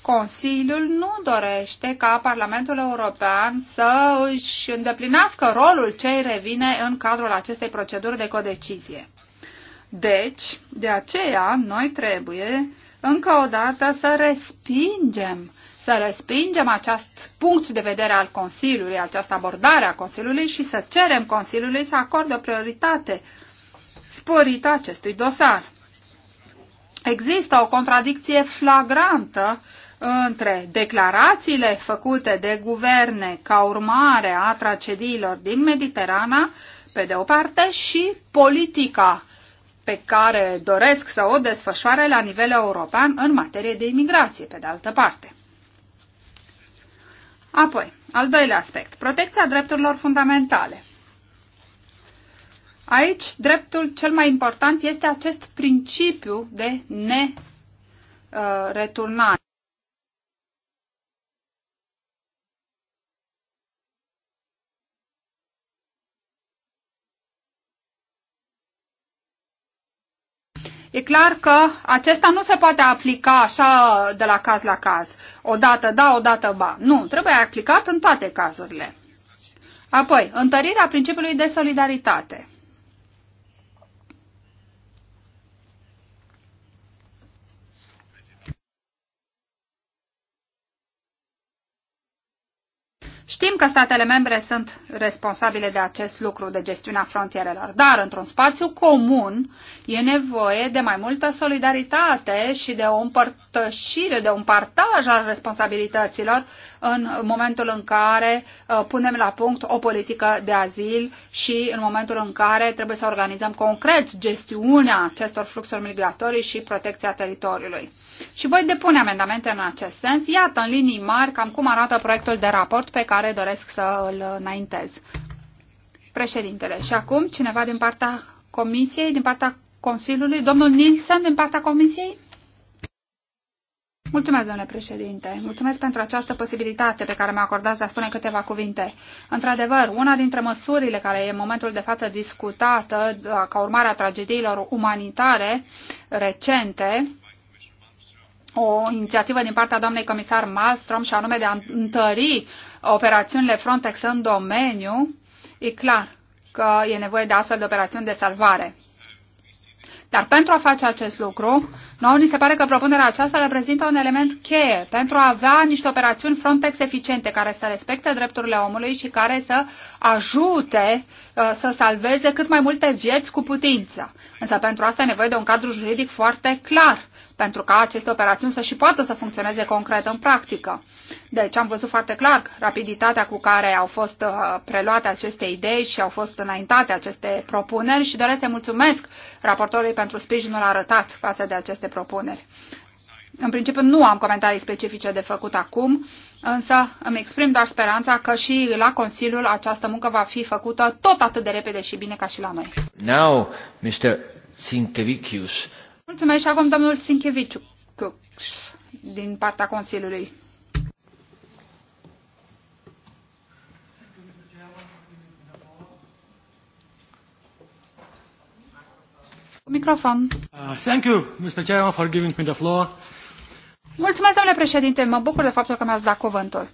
Consiliul nu dorește ca Parlamentul European să își îndeplinească rolul ce îi revine în cadrul acestei proceduri de codecizie. Deci, de aceea, noi trebuie încă o dată să respingem, să respingem acest punct de vedere al Consiliului, această abordare a Consiliului și să cerem Consiliului să acorde o prioritate sporită acestui dosar. Există o contradicție flagrantă între declarațiile făcute de guverne ca urmare a tragediilor din Mediterana, pe de o parte, și politica pe care doresc să o desfășoare la nivel european în materie de imigrație, pe de altă parte. Apoi, al doilea aspect, protecția drepturilor fundamentale. Aici, dreptul cel mai important este acest principiu de nereturnare. Uh, E clar că acesta nu se poate aplica așa de la caz la caz. O dată da, o dată ba. Nu, trebuie aplicat în toate cazurile. Apoi, întărirea principiului de solidaritate. Știm că statele membre sunt responsabile de acest lucru, de gestiunea frontierelor, dar într-un spațiu comun e nevoie de mai multă solidaritate și de o împărtășire, de un partaj al responsabilităților în momentul în care uh, punem la punct o politică de azil și în momentul în care trebuie să organizăm concret gestiunea acestor fluxuri migratorii și protecția teritoriului. Și voi depune amendamente în acest sens. Iată, în linii mari, cam cum arată proiectul de raport pe care care doresc să îl înaintez. Președintele. Și acum cineva din partea Comisiei, din partea Consiliului, domnul Nilsson din partea Comisiei? Mulțumesc, domnule președinte. Mulțumesc pentru această posibilitate pe care mi a acordat de a spune câteva cuvinte. Într-adevăr, una dintre măsurile care e în momentul de față discutată uh, ca urmare a tragediilor umanitare recente, o inițiativă din partea doamnei comisar Malmström și anume de a întări uh, operațiunile Frontex în domeniu, e clar că e nevoie de astfel de operațiuni de salvare. Dar pentru a face acest lucru, nouă ni se pare că propunerea aceasta reprezintă un element cheie pentru a avea niște operațiuni Frontex eficiente care să respecte drepturile omului și care să ajute uh, să salveze cât mai multe vieți cu putință. Însă pentru asta e nevoie de un cadru juridic foarte clar pentru ca aceste operațiuni să și poată să funcționeze concret în practică. Deci am văzut foarte clar rapiditatea cu care au fost uh, preluate aceste idei și au fost înaintate aceste propuneri și doresc să mulțumesc raportorului pentru sprijinul arătat față de aceste propuneri. În principiu nu am comentarii specifice de făcut acum, însă îmi exprim doar speranța că și la Consiliul această muncă va fi făcută tot atât de repede și bine ca și la noi. Now, Mr. Mulțumesc și acum domnul Sincheviciu din partea Consiliului. Microfon. Uh, thank you, Mr. Chairman, for giving me the floor. Mulțumesc, domnule președinte. Mă bucur de faptul că mi-ați dat cuvântul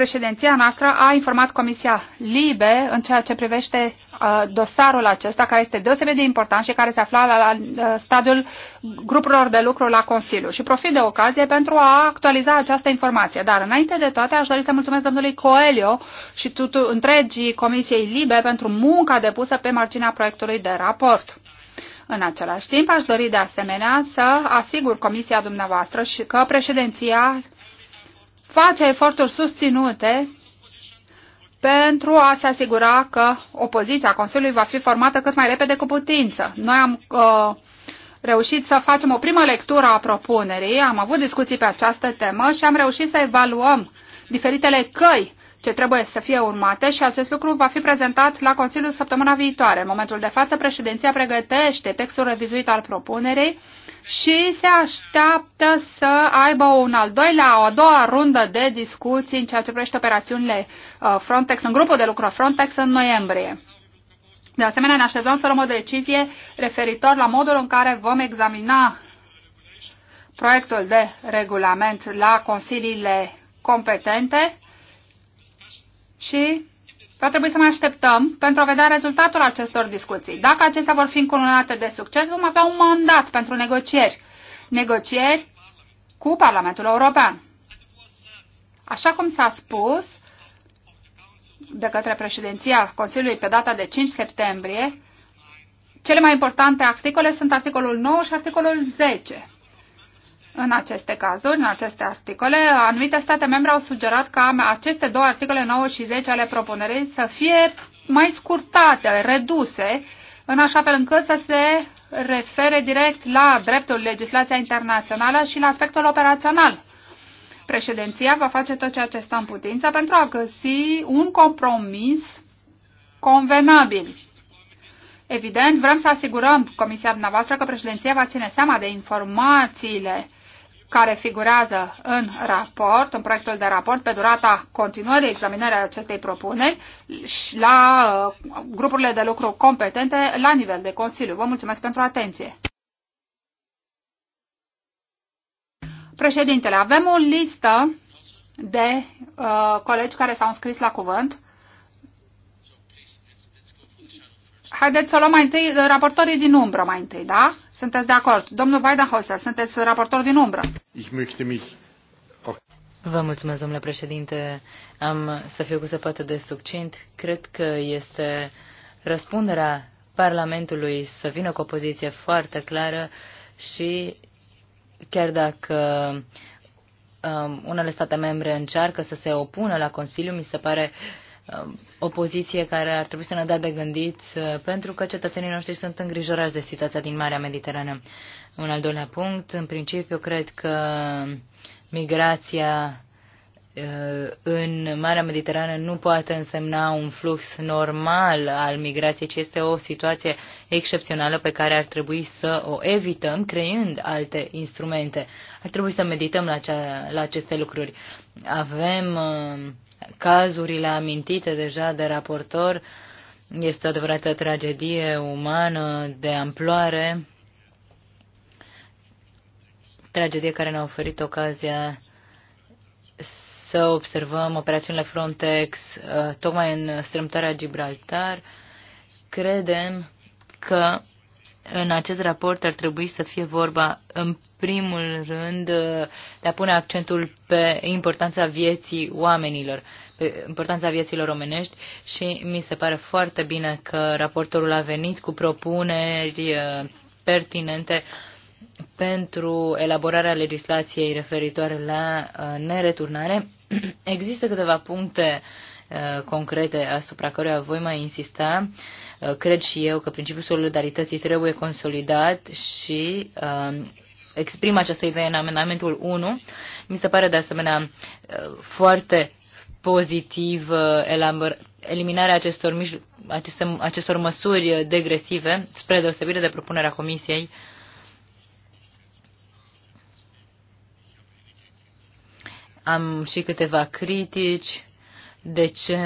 președinția noastră a informat Comisia Libe în ceea ce privește uh, dosarul acesta, care este deosebit de important și care se afla la, la uh, stadiul grupurilor de lucru la Consiliu. Și profit de ocazie pentru a actualiza această informație. Dar înainte de toate, aș dori să mulțumesc domnului Coelio și tutu- întregii Comisiei Libe pentru munca depusă pe marginea proiectului de raport. În același timp, aș dori de asemenea să asigur Comisia dumneavoastră și că președinția face eforturi susținute pentru a se asigura că opoziția Consiliului va fi formată cât mai repede cu putință. Noi am uh, reușit să facem o primă lectură a propunerii, am avut discuții pe această temă și am reușit să evaluăm diferitele căi ce trebuie să fie urmate și acest lucru va fi prezentat la Consiliul săptămâna viitoare. În momentul de față, președinția pregătește textul revizuit al propunerii și se așteaptă să aibă un al doilea, o a doua rundă de discuții în ceea ce privește operațiunile uh, Frontex, în grupul de lucru Frontex în noiembrie. De asemenea, ne așteptăm să luăm o decizie referitor la modul în care vom examina proiectul de regulament la consiliile competente și va trebui să mai așteptăm pentru a vedea rezultatul acestor discuții. Dacă acestea vor fi încununate de succes, vom avea un mandat pentru negocieri. Negocieri cu Parlamentul European. Așa cum s-a spus de către președinția Consiliului pe data de 5 septembrie, cele mai importante articole sunt articolul 9 și articolul 10. În aceste cazuri, în aceste articole, anumite state membre au sugerat ca aceste două articole 9 și 10 ale propunerii să fie mai scurtate, reduse, în așa fel încât să se refere direct la dreptul legislația internațională și la aspectul operațional. Președinția va face tot ceea ce stă în putință pentru a găsi un compromis convenabil. Evident, vrem să asigurăm Comisia dumneavoastră că președinția va ține seama de informațiile care figurează în raport, în proiectul de raport, pe durata continuării examinării acestei propuneri și la uh, grupurile de lucru competente la nivel de Consiliu. Vă mulțumesc pentru atenție. Președintele, avem o listă de uh, colegi care s-au înscris la cuvânt. Haideți să luăm mai întâi raportorii din umbră mai întâi, da? Sunteți de acord. Domnul Weidenhauser, sunteți raportor din umbră. Vă mulțumesc, domnule președinte. Am să fiu cu se poate de succint. Cred că este răspunderea Parlamentului să vină cu o poziție foarte clară și chiar dacă um, unele state membre încearcă să se opună la Consiliu, mi se pare uh, Um, o poziție care ar trebui să ne dea de gândit, uh, pentru că cetățenii noștri sunt îngrijorați de situația din Marea Mediterană. Un al doilea punct, în principiu, cred că migrația uh, în Marea Mediterană nu poate însemna un flux normal al migrației, ci este o situație excepțională pe care ar trebui să o evităm creând alte instrumente. Ar trebui să medităm la, cea, la aceste lucruri. Avem uh, cazurile amintite deja de raportor. Este o adevărată tragedie umană de amploare, tragedie care ne-a oferit ocazia să observăm operațiunile Frontex uh, tocmai în strâmtoarea Gibraltar. Credem că în acest raport ar trebui să fie vorba în primul rând uh, de a pune accentul pe importanța vieții oamenilor, pe importanța vieților omenești și mi se pare foarte bine că raportorul a venit cu propuneri uh, pertinente pentru elaborarea legislației referitoare la uh, nereturnare. Există câteva puncte concrete asupra căruia voi mai insista. Cred și eu că principiul solidarității trebuie consolidat și exprim această idee în amendamentul 1. Mi se pare de asemenea uh, foarte pozitiv uh, eliminarea acestor, aceste, acestor măsuri degresive, spre deosebire de propunerea Comisiei. Am și câteva critici de ce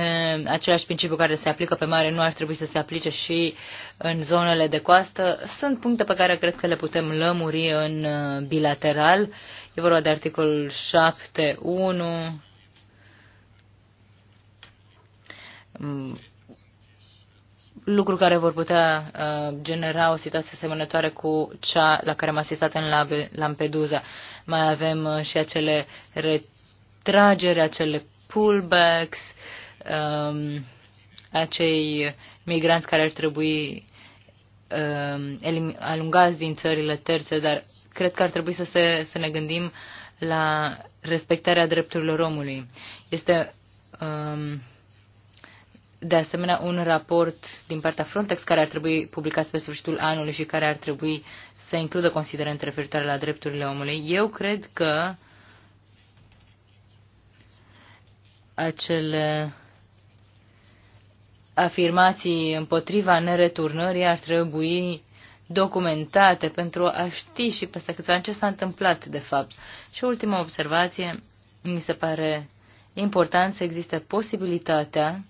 același principiu care se aplică pe mare nu ar trebui să se aplice și în zonele de coastă. Sunt puncte pe care cred că le putem lămuri în uh, bilateral. E vorba de articolul 7.1 mm. lucru care vor putea uh, genera o situație asemănătoare cu cea la care am asistat în Lampedusa. Mai avem uh, și acele retrageri, acele pullbacks, um, acei migranți care ar trebui um, alungați din țările terțe, dar cred că ar trebui să, se, să ne gândim la respectarea drepturilor omului. Este um, de asemenea un raport din partea Frontex care ar trebui publicat pe sfârșitul anului și care ar trebui să includă considerente referitoare la drepturile omului. Eu cred că uh, acele afirmații împotriva nereturnării ar trebui documentate pentru a ști și peste câțiva ani ce s-a întâmplat, de fapt. Și ultima observație, mi se pare important să existe posibilitatea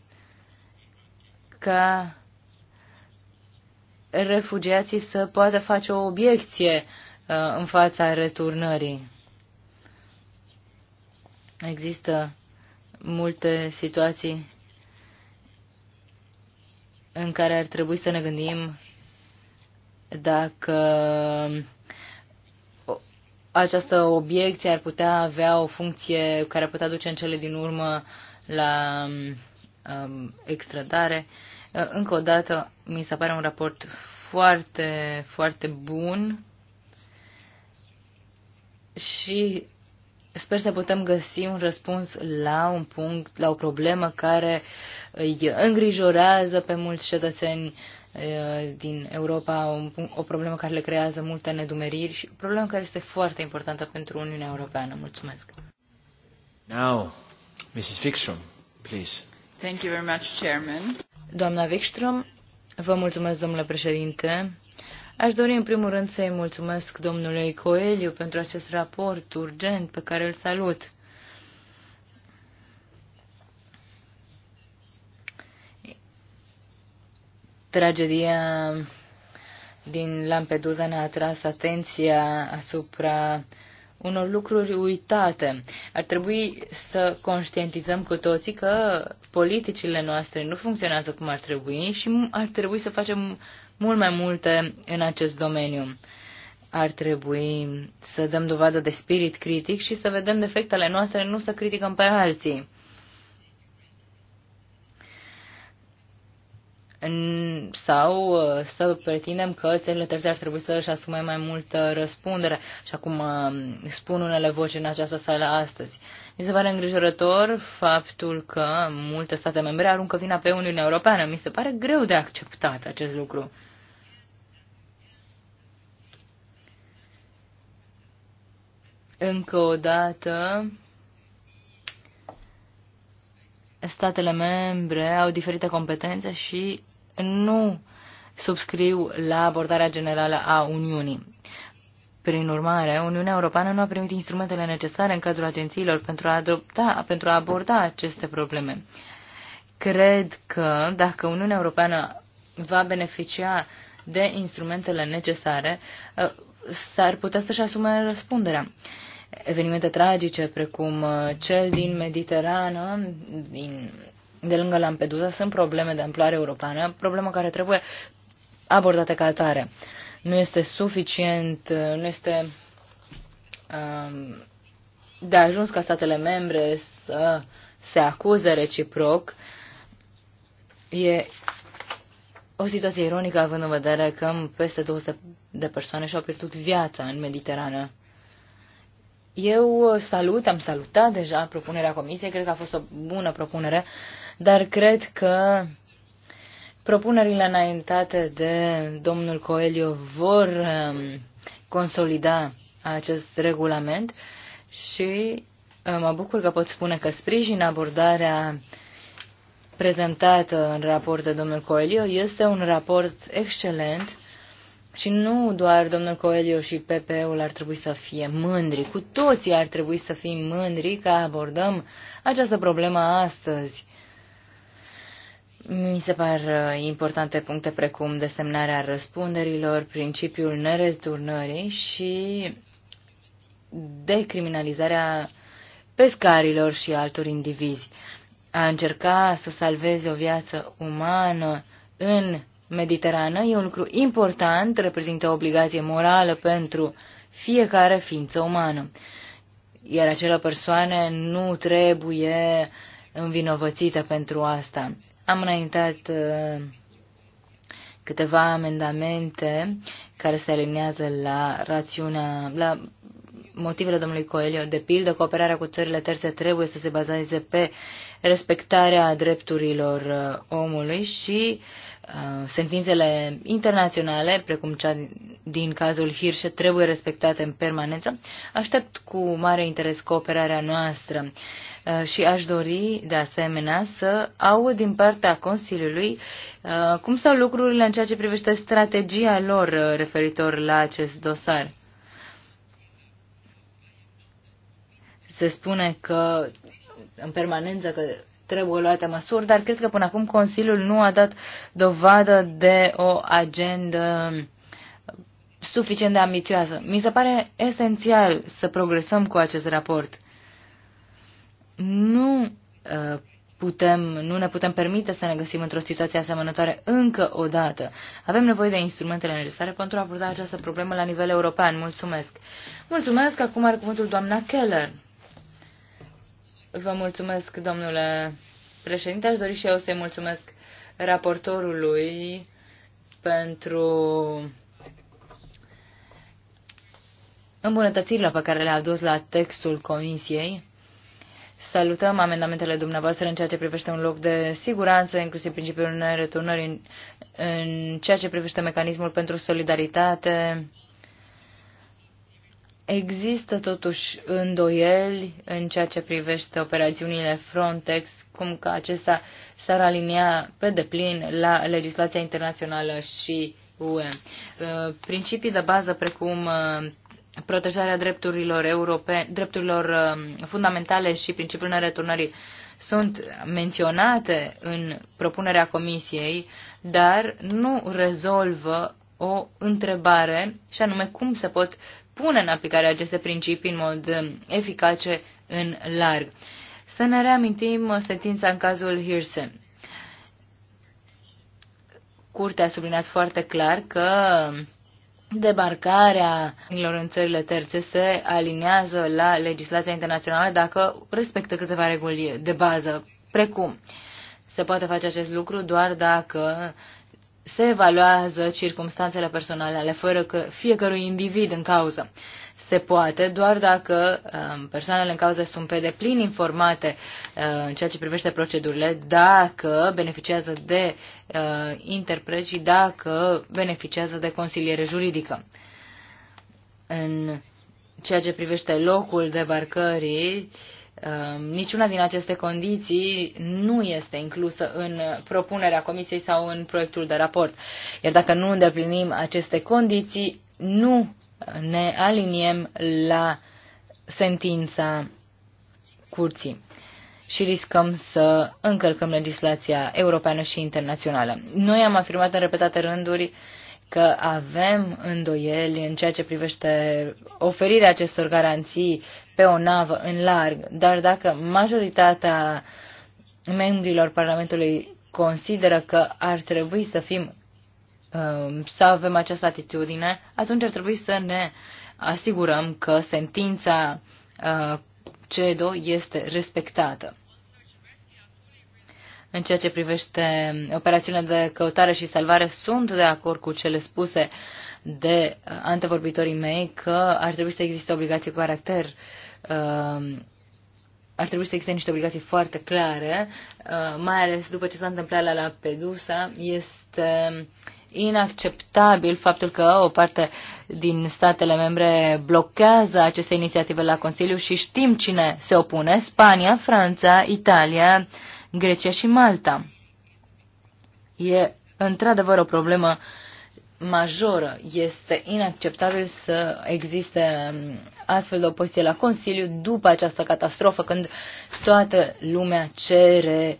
ca refugiații să poată face o obiecție uh, în fața returnării. Există multe situații în care ar trebui să ne gândim dacă această obiecție ar putea avea o funcție care ar putea duce în cele din urmă la um, extradare. Uh, încă o dată, mi se pare un raport foarte, foarte bun și Sper să putem găsi un răspuns la un punct, la o problemă care îi îngrijorează pe mulți cetățeni din Europa, o problemă care le creează multe nedumeriri și o problemă care este foarte importantă pentru Uniunea Europeană. Mulțumesc. Now, Mrs. Fickstrom, please. Thank you very much, Chairman. Doamna Wikström, vă mulțumesc, domnule președinte. Aș dori în primul rând să-i mulțumesc domnului Coeliu pentru acest raport urgent pe care îl salut. Tragedia din Lampedusa ne-a atras atenția asupra unor lucruri uitate. Ar trebui să conștientizăm cu toții că politicile noastre nu funcționează cum ar trebui și ar trebui să facem mult mai multe în acest domeniu. Ar trebui să dăm dovadă de spirit critic și să vedem defectele noastre, nu să criticăm pe alții. sau uh, să pretindem că țările terțe ar trebui să își asume mai multă răspundere, așa cum uh, spun unele voci în această sală astăzi. Mi se pare îngrijorător faptul că multe state membre aruncă vina pe Uniunea Europeană. Mi se pare greu de acceptat acest lucru. Încă o dată, statele membre au diferite competențe și nu subscriu la abordarea generală a Uniunii. Prin urmare, Uniunea Europeană nu a primit instrumentele necesare în cadrul agențiilor pentru a, adopta, pentru a aborda aceste probleme. Cred că dacă Uniunea Europeană va beneficia de instrumentele necesare, uh, s-ar putea să-și asume răspunderea. Evenimente tragice, precum uh, cel din Mediterană, din, de lângă Lampedusa, sunt probleme de amploare europeană, problemă care trebuie abordate ca atare. Uh, nu este suficient, nu este um, de ajuns ca statele membre să se acuze reciproc. E o situație ironică având în vedere că peste 200 de persoane și-au pierdut viața în Mediterană. Eu salut, am salutat deja propunerea comisiei, cred că a fost o bună propunere, dar cred că Propunerile înaintate de domnul Coelio vor um, consolida acest regulament și uh, mă bucur că pot spune că sprijin abordarea prezentată în raport de domnul Coelio. Este un raport excelent și nu doar domnul Coelio și PPE-ul ar trebui să fie mândri, cu toții ar trebui să fim mândri că abordăm această problemă astăzi. Mi se par uh, importante puncte precum desemnarea răspunderilor, principiul nerezturnării și decriminalizarea pescarilor și altor indivizi. A încerca să salvezi o viață umană în Mediterană e un lucru important, reprezintă o obligație morală pentru fiecare ființă umană. Iar acele persoane nu trebuie învinovățite pentru asta. Am înaintat uh, câteva amendamente care se alinează la rațiunea, la motivele domnului Coelho. De pildă, cooperarea cu țările terțe trebuie să se bazeze pe respectarea drepturilor uh, omului și uh, sentințele internaționale, precum cea din cazul Hirșe, trebuie respectate în permanență. Aștept cu mare interes cooperarea noastră. Uh, și aș dori, de asemenea, să aud din partea Consiliului uh, cum stau lucrurile în ceea ce privește strategia lor uh, referitor la acest dosar. Se spune că în permanență că trebuie luate măsuri, dar cred că până acum Consiliul nu a dat dovadă de o agendă suficient de ambițioasă. Mi se pare esențial să progresăm cu acest raport nu uh, putem, nu ne putem permite să ne găsim într-o situație asemănătoare încă o dată. Avem nevoie de instrumentele necesare pentru a aborda această problemă la nivel european. Mulțumesc! Mulțumesc! Acum are cuvântul doamna Keller. Vă mulțumesc, domnule președinte. Aș dori și eu să-i mulțumesc raportorului pentru îmbunătățirile pe care le-a adus la textul comisiei. Salutăm amendamentele dumneavoastră în ceea ce privește un loc de siguranță, inclusiv principiul nereturnării, în, în ceea ce privește mecanismul pentru solidaritate. Există totuși îndoieli în ceea ce privește operațiunile Frontex, cum că acesta s-ar alinea pe deplin la legislația internațională și UE. Uh, principii de bază precum uh, protejarea drepturilor, europe, drepturilor um, fundamentale și principiul nereturnării sunt menționate în propunerea comisiei, dar nu rezolvă o întrebare, și anume cum se pot pune în aplicare aceste principii în mod um, eficace în larg. Să ne reamintim uh, sentința în cazul Hirse. Curtea a subliniat foarte clar că um, debarcarea lor în țările terțe se aliniază la legislația internațională dacă respectă câteva reguli de bază, precum se poate face acest lucru doar dacă se evaluează circumstanțele personale ale fără că fiecărui individ în cauză se poate doar dacă um, persoanele în cauză sunt pe deplin informate uh, în ceea ce privește procedurile, dacă beneficiază de uh, interpret și dacă beneficiază de consiliere juridică. În ceea ce privește locul debarcării, um, niciuna din aceste condiții nu este inclusă în propunerea comisiei sau în proiectul de raport. Iar dacă nu îndeplinim aceste condiții, nu ne aliniem la sentința curții și riscăm să încălcăm legislația europeană și internațională. Noi am afirmat în repetate rânduri că avem îndoieli în ceea ce privește oferirea acestor garanții pe o navă în larg, dar dacă majoritatea membrilor Parlamentului consideră că ar trebui să fim Um, să avem această atitudine, atunci ar trebui să ne asigurăm că sentința uh, CEDO este respectată. În ceea ce privește operațiunile de căutare și salvare, sunt de acord cu cele spuse de uh, antevorbitorii mei că ar trebui să existe obligații cu caracter um, ar trebui să existe niște obligații foarte clare, uh, mai ales după ce s-a întâmplat la Lampedusa, este inacceptabil faptul că o parte din statele membre blochează aceste inițiative la Consiliu și știm cine se opune, Spania, Franța, Italia, Grecia și Malta. E într-adevăr o problemă majoră. Este inacceptabil să existe um, astfel de opoziție la Consiliu după această catastrofă când toată lumea cere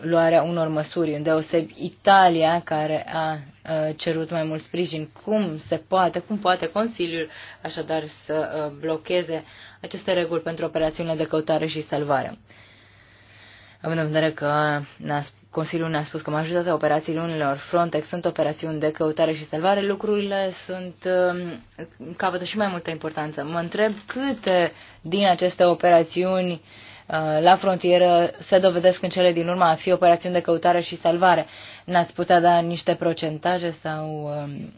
luarea unor măsuri, îndeoseb Italia, care a Uh, cerut mai mult sprijin. Cum se poate, cum poate Consiliul așadar să uh, blocheze aceste reguli pentru operațiunile de căutare și salvare? Având în vedere că Consiliul ne-a spus că majoritatea operațiunilor Frontex sunt operațiuni de căutare și salvare, lucrurile sunt uh, capătă și mai multă importanță. Mă întreb câte din aceste operațiuni uh, Uh, la frontieră se dovedesc în cele din urmă a fi operațiuni de căutare și salvare. N-ați putea da niște procentaje sau um,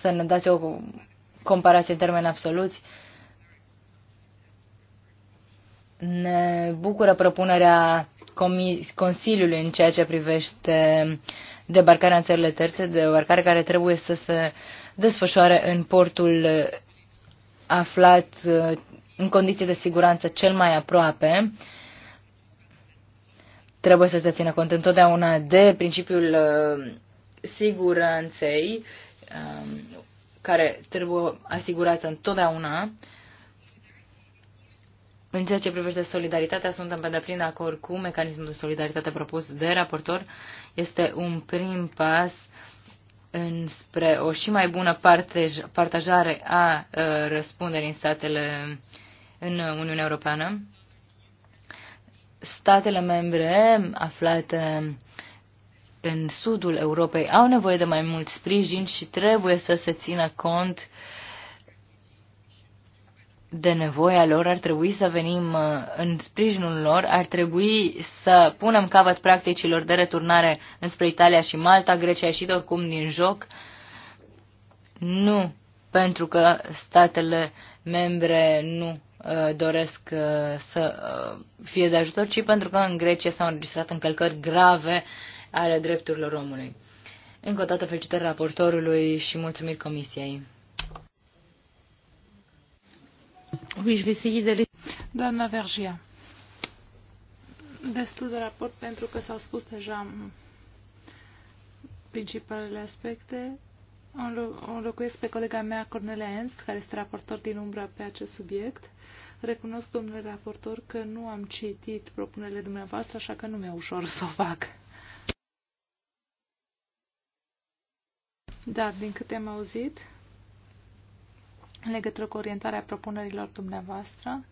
să ne dați o comparație în termeni absoluți? Ne bucură propunerea Consiliului în ceea ce privește debarcarea în țările terțe, debarcare care trebuie să se desfășoare în portul aflat uh, în condiții de siguranță cel mai aproape. Trebuie să se țină cont întotdeauna de principiul uh, siguranței um, care trebuie asigurată întotdeauna. În ceea ce privește solidaritatea, suntem pe deplin acord cu mecanismul de solidaritate propus de raportor. Este un prim pas înspre o și mai bună partajare a uh, răspunderii în statele în Uniunea Europeană. Statele membre aflate în sudul Europei au nevoie de mai mult sprijin și trebuie să se țină cont de nevoia lor, ar trebui să venim uh, în sprijinul lor, ar trebui să punem capăt practicilor de returnare înspre Italia și Malta, Grecia și oricum din joc. Nu pentru că statele membre nu uh, doresc uh, să uh, fie de ajutor, ci pentru că în Grecia s-au înregistrat încălcări grave ale drepturilor omului. Încă o dată felicitări raportorului și mulțumiri comisiei. Doamna Vergia. Destul de raport pentru că s-au spus deja principalele aspecte. Înlocuiesc pe colega mea, Cornelia Enst, care este raportor din umbră pe acest subiect. Recunosc, domnule raportor, că nu am citit propunerile dumneavoastră, așa că nu mi-e ușor să o fac. Da, din câte am auzit, în legătură cu orientarea propunerilor dumneavoastră,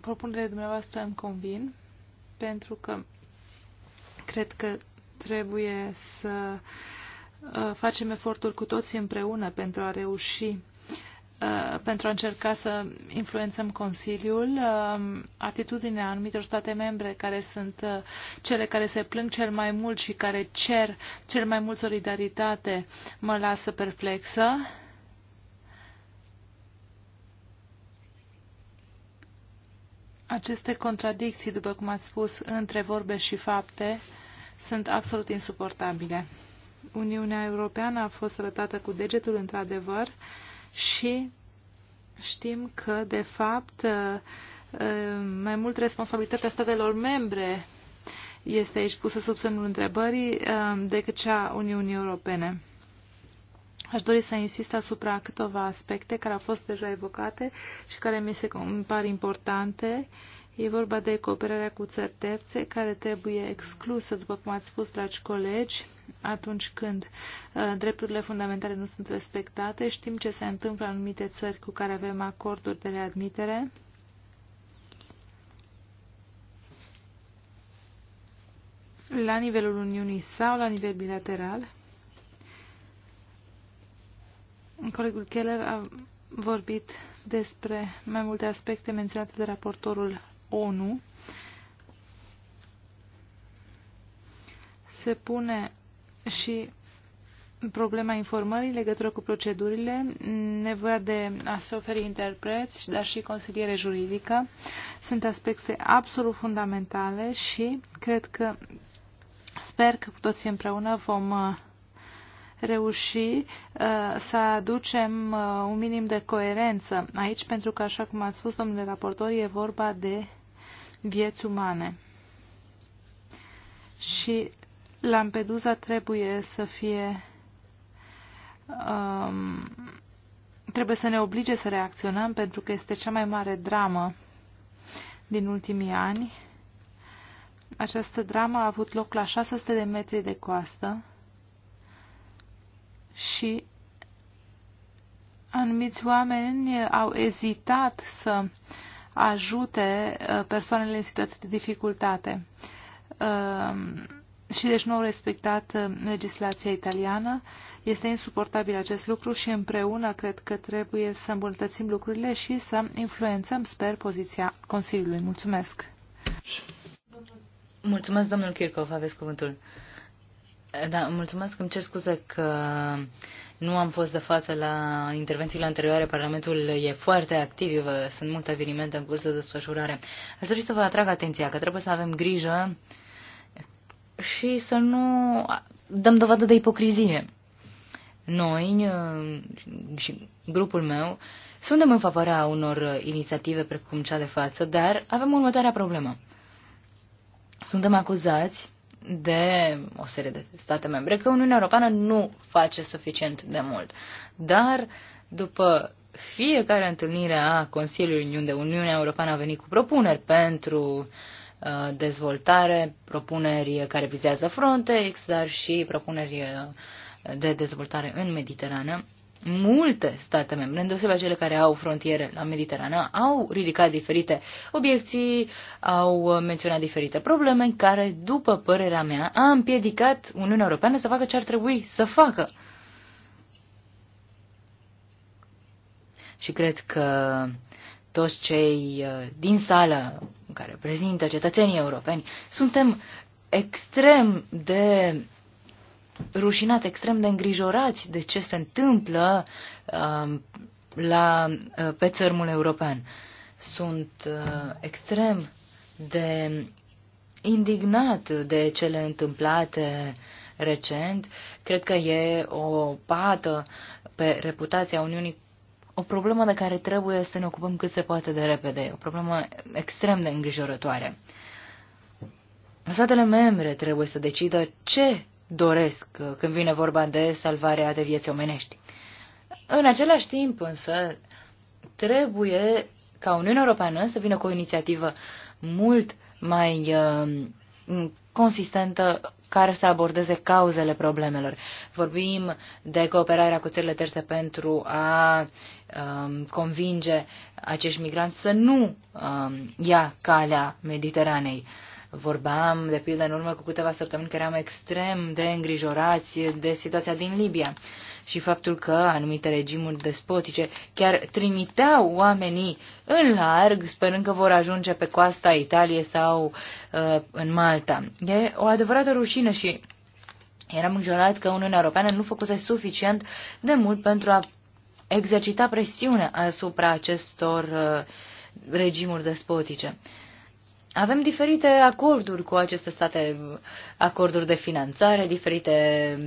propunerile dumneavoastră îmi convin, pentru că cred că Trebuie să uh, facem efortul cu toții împreună pentru a reuși uh, pentru a încerca să influențăm Consiliul. Uh, atitudinea anumitor state membre care sunt cele care se plâng cel mai mult și care cer cel mai mult solidaritate mă lasă perplexă. Aceste contradicții, după cum ați spus, între vorbe și fapte, uh, sunt absolut insuportabile. Uniunea Europeană a fost rătată cu degetul, într-adevăr, și știm că, de fapt, uh, uh, mai mult responsabilitatea statelor membre este aici pusă sub semnul întrebării uh, decât cea Uniunii Europene. Aș dori să insist asupra câteva aspecte care au fost deja evocate și care mi se par importante E vorba de cooperarea cu țări terțe, care trebuie exclusă, după cum ați spus, dragi colegi, atunci când uh, drepturile fundamentale nu sunt respectate. Știm ce se întâmplă în anumite țări cu care avem acorduri de readmitere. la nivelul Uniunii sau la nivel bilateral. Colegul Keller a vorbit despre mai multe aspecte menționate de raportorul ONU se pune și problema informării în legătură cu procedurile, nevoia de a se oferi interpreți, dar și consiliere juridică. Sunt aspecte absolut fundamentale și cred că sper că cu toții împreună vom uh, reuși uh, să aducem uh, un minim de coerență aici, pentru că, așa cum ați spus, domnule raportor, e vorba de vieți umane. Și Lampedusa trebuie să fie um, trebuie să ne oblige să reacționăm pentru că este cea mai mare dramă din ultimii ani. Această dramă a avut loc la 600 de metri de coastă și anumiți oameni au ezitat să uh, ajute uh, persoanele în situații de dificultate. Uh, și deci nu au respectat uh, legislația italiană. Este insuportabil acest lucru și împreună cred că trebuie să îmbunătățim lucrurile și să influențăm, sper, poziția Consiliului. Mulțumesc! Mulțumesc, domnul Kirchhoff, aveți cuvântul. Da, mulțumesc, îmi cer scuze că nu am fost de față la intervențiile anterioare. Parlamentul e foarte activ. Sunt multe evenimente în curs de desfășurare. Aș dori să vă atrag atenția că trebuie să avem grijă și să nu dăm dovadă de ipocrizie. Noi uh, și grupul meu suntem în favoarea unor inițiative precum cea de față, dar avem următoarea problemă. Suntem acuzați de o serie de state membre că Uniunea Europeană nu face suficient de mult. Dar după fiecare întâlnire a Consiliului unde Uniunea Europeană a venit cu propuneri pentru uh, dezvoltare, propuneri care vizează Frontex, dar și propuneri uh, de dezvoltare în Mediterană, multe state membre, îndeosebă cele care au frontiere la Mediterana, au ridicat diferite obiecții, au menționat diferite probleme care, după părerea mea, a împiedicat Uniunea Europeană să facă ce ar trebui să facă. Și cred că toți cei uh, din sală care prezintă cetățenii europeni suntem extrem de rușinați, extrem de îngrijorați de ce se întâmplă uh, la, uh, pe țărmul european. Sunt uh, extrem de indignat de cele întâmplate recent. Cred că e o pată pe reputația Uniunii o problemă de care trebuie să ne ocupăm cât se poate de repede, o problemă extrem de îngrijorătoare. Statele membre trebuie să decidă ce doresc uh, când vine vorba de salvarea de vieți omenești. În același timp însă trebuie ca Uniunea Europeană să vină cu o inițiativă mult mai uh, consistentă care să abordeze cauzele problemelor. Vorbim de cooperarea cu țările terțe pentru a um, convinge acești migranți să nu um, ia calea Mediteranei. Uh, Vorbeam, de pildă, în urmă cu câteva săptămâni că eram extrem de îngrijorați de situația din Libia și faptul că anumite regimuri despotice chiar trimiteau oamenii în larg, sperând că vor ajunge pe coasta Italiei sau uh, în Malta. E o adevărată rușine și eram îngrijorat că Uniunea Europeană nu făcuse suficient de mult pentru a exercita presiune asupra acestor uh, regimuri despotice. Uh, avem diferite acorduri cu aceste state, acorduri de finanțare, diferite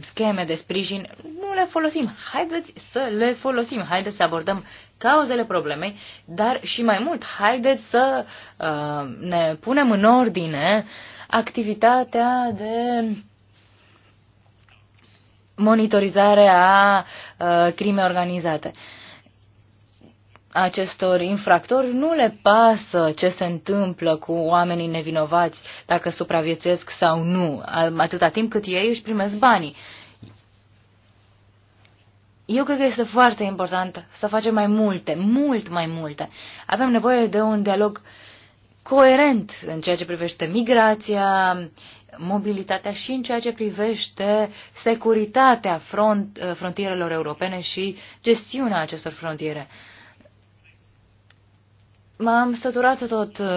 scheme de sprijin. Nu le folosim. Haideți să le folosim. Haideți să abordăm cauzele problemei, dar și mai mult, haideți să uh, ne punem în ordine activitatea de monitorizare a uh, crimei organizate. Uh, acestor infractori nu le pasă ce se întâmplă cu oamenii nevinovați, dacă supraviețuiesc sau nu, atâta timp cât ei își primesc banii. Eu cred că este foarte important să facem mai multe, mult mai multe. Avem nevoie de un dialog coerent în ceea ce privește migrația, mobilitatea și în ceea ce privește securitatea front, eh, frontierelor europene și gestiunea acestor frontiere. Uh, M-am săturat să tot uh,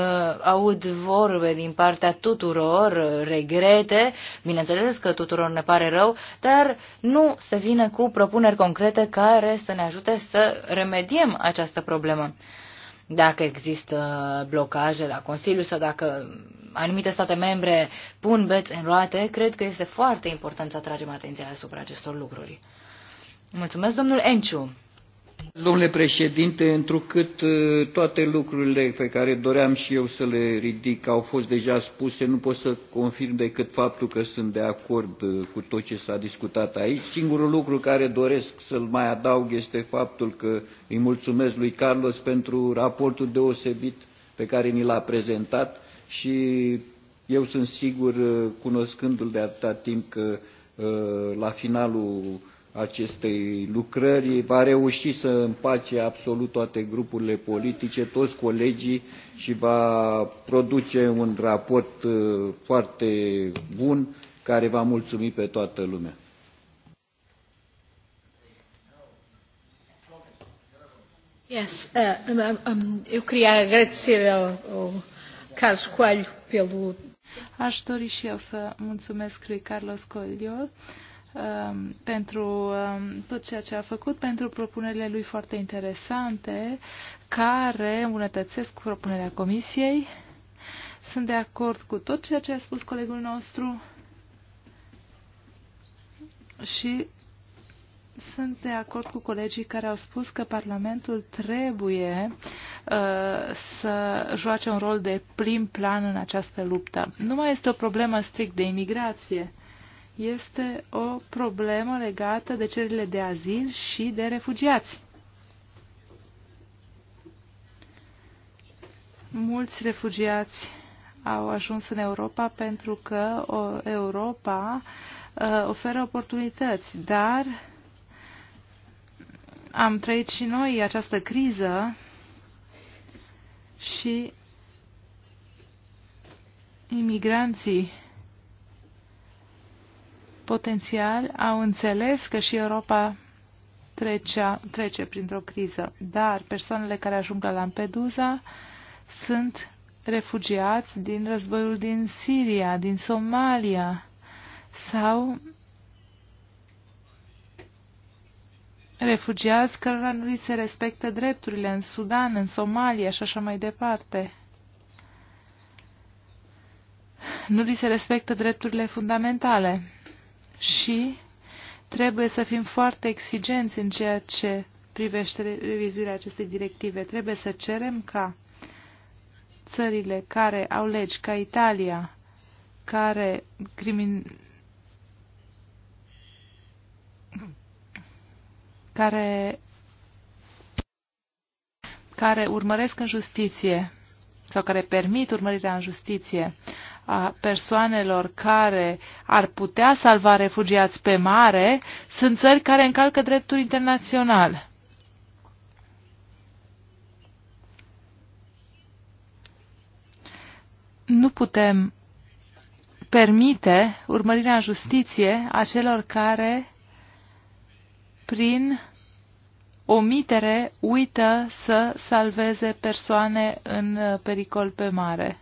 aud vorbe din partea tuturor, uh, regrete, bineînțeles că tuturor ne pare rău, dar nu se vine cu propuneri concrete care să ne ajute să remediem această problemă. Dacă există blocaje la Consiliu sau dacă anumite state membre pun bet în roate, cred că este foarte important să atragem atenția asupra acestor lucruri. Mulțumesc, domnul Enciu! Domnule președinte, întrucât uh, toate lucrurile pe care doream și eu să le ridic au fost deja spuse, nu pot să confirm decât faptul că sunt de acord uh, cu tot ce s-a discutat aici. Singurul lucru care doresc să-l mai adaug este faptul că îi mulțumesc lui Carlos pentru raportul deosebit pe care ni l-a prezentat și eu sunt sigur, uh, cunoscându-l de atâta timp, că la finalul acestei lucrări va reuși să împace absolut toate grupurile politice, toți colegii și va produce un raport uh, foarte bun care va mulțumi pe toată lumea. Yes, uh, um, um, um, eu queria agradecer ao, ao Carlos Coelho pelo. Aș dori și eu să mulțumesc lui Carlos Coelho Um, pentru um, tot ceea ce a făcut, pentru propunerile lui foarte interesante, care îmbunătățesc propunerea comisiei. Sunt de acord cu tot ceea ce a spus colegul nostru și sunt de acord cu colegii care au spus că Parlamentul trebuie uh, să joace un rol de prim plan în această luptă. Nu mai este o problemă strict de imigrație este o problemă legată de cererile de azil și de refugiați. Mulți refugiați au ajuns în Europa pentru că Europa uh, oferă oportunități, dar am trăit și noi această criză și imigranții potențial au înțeles că și Europa trecea, trece printr-o criză, dar persoanele care ajung la Lampedusa sunt refugiați din războiul din Siria, din Somalia sau refugiați cărora nu li se respectă drepturile în Sudan, în Somalia și așa mai departe. Nu li se respectă drepturile fundamentale și trebuie să fim foarte exigenți în ceea ce privește revizuirea acestei directive. Trebuie să cerem ca țările care au legi ca Italia, care crimin... care care urmăresc în justiție sau care permit urmărirea în justiție a persoanelor care ar putea salva refugiați pe mare sunt țări care încalcă dreptul internațional. Nu putem permite urmărirea în justiție a celor care, prin omitere, uită să salveze persoane în pericol pe mare.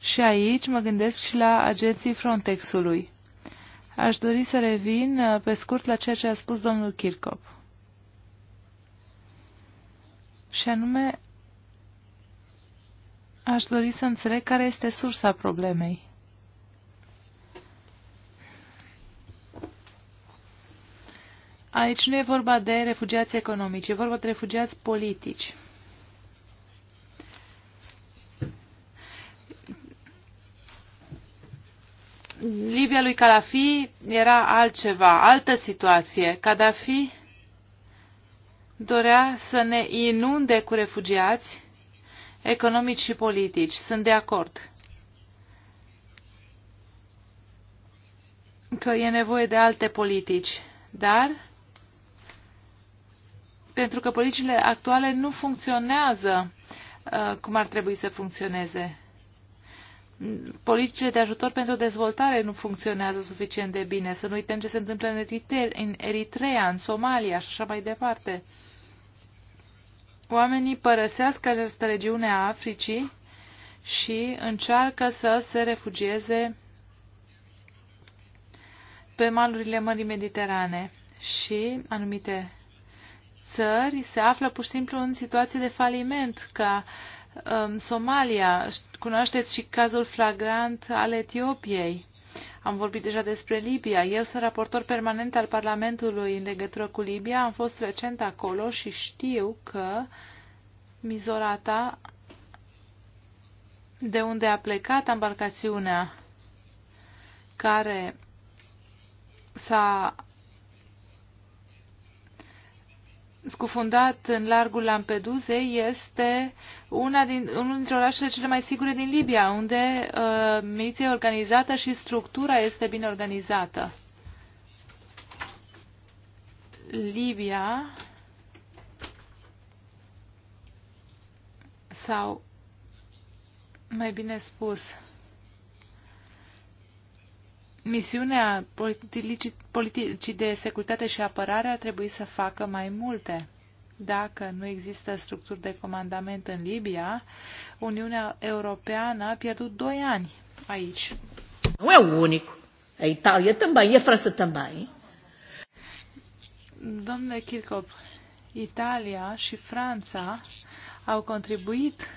Și aici mă gândesc și la agenții Frontexului. Aș dori să revin uh, pe scurt la ceea ce a spus domnul Kirchhoff. Și anume, aș dori să înțeleg care este sursa problemei. Aici nu e vorba de refugiați economici, e vorba de refugiați politici. Libia lui Calafi era altceva, altă situație. Gaddafi dorea să ne inunde cu refugiați economici și politici. Sunt de acord că e nevoie de alte politici, dar pentru că politicile actuale nu funcționează uh, cum ar trebui să funcționeze politicile de ajutor pentru dezvoltare nu funcționează suficient de bine. Să nu uităm ce se întâmplă în, Eritre în Eritrea, în Somalia și așa mai departe. Oamenii părăsesc această regiune a Africii și încearcă să se refugieze pe malurile Mării Mediterane și anumite țări se află pur și simplu în situație de faliment ca uh, Somalia, cunoașteți și cazul flagrant al Etiopiei. Am vorbit deja despre Libia. Eu sunt raportor permanent al Parlamentului în legătură cu Libia. Am fost recent acolo și știu că Mizorata, de unde a plecat embarcațiunea care s-a scufundat în largul Lampedusei este una din, unul dintre orașele cele mai sigure din Libia, unde uh, miliția e organizată și structura este bine organizată. Libia sau mai bine spus, misiunea politicii de securitate și apărare ar trebui să facă mai multe. Dacă nu există structuri de comandament în Libia, Uniunea Europeană a pierdut doi ani aici. Nu e unic. Italia, Itália também, e a França também. Domnule Kirchhoff, Italia și Franța au contribuit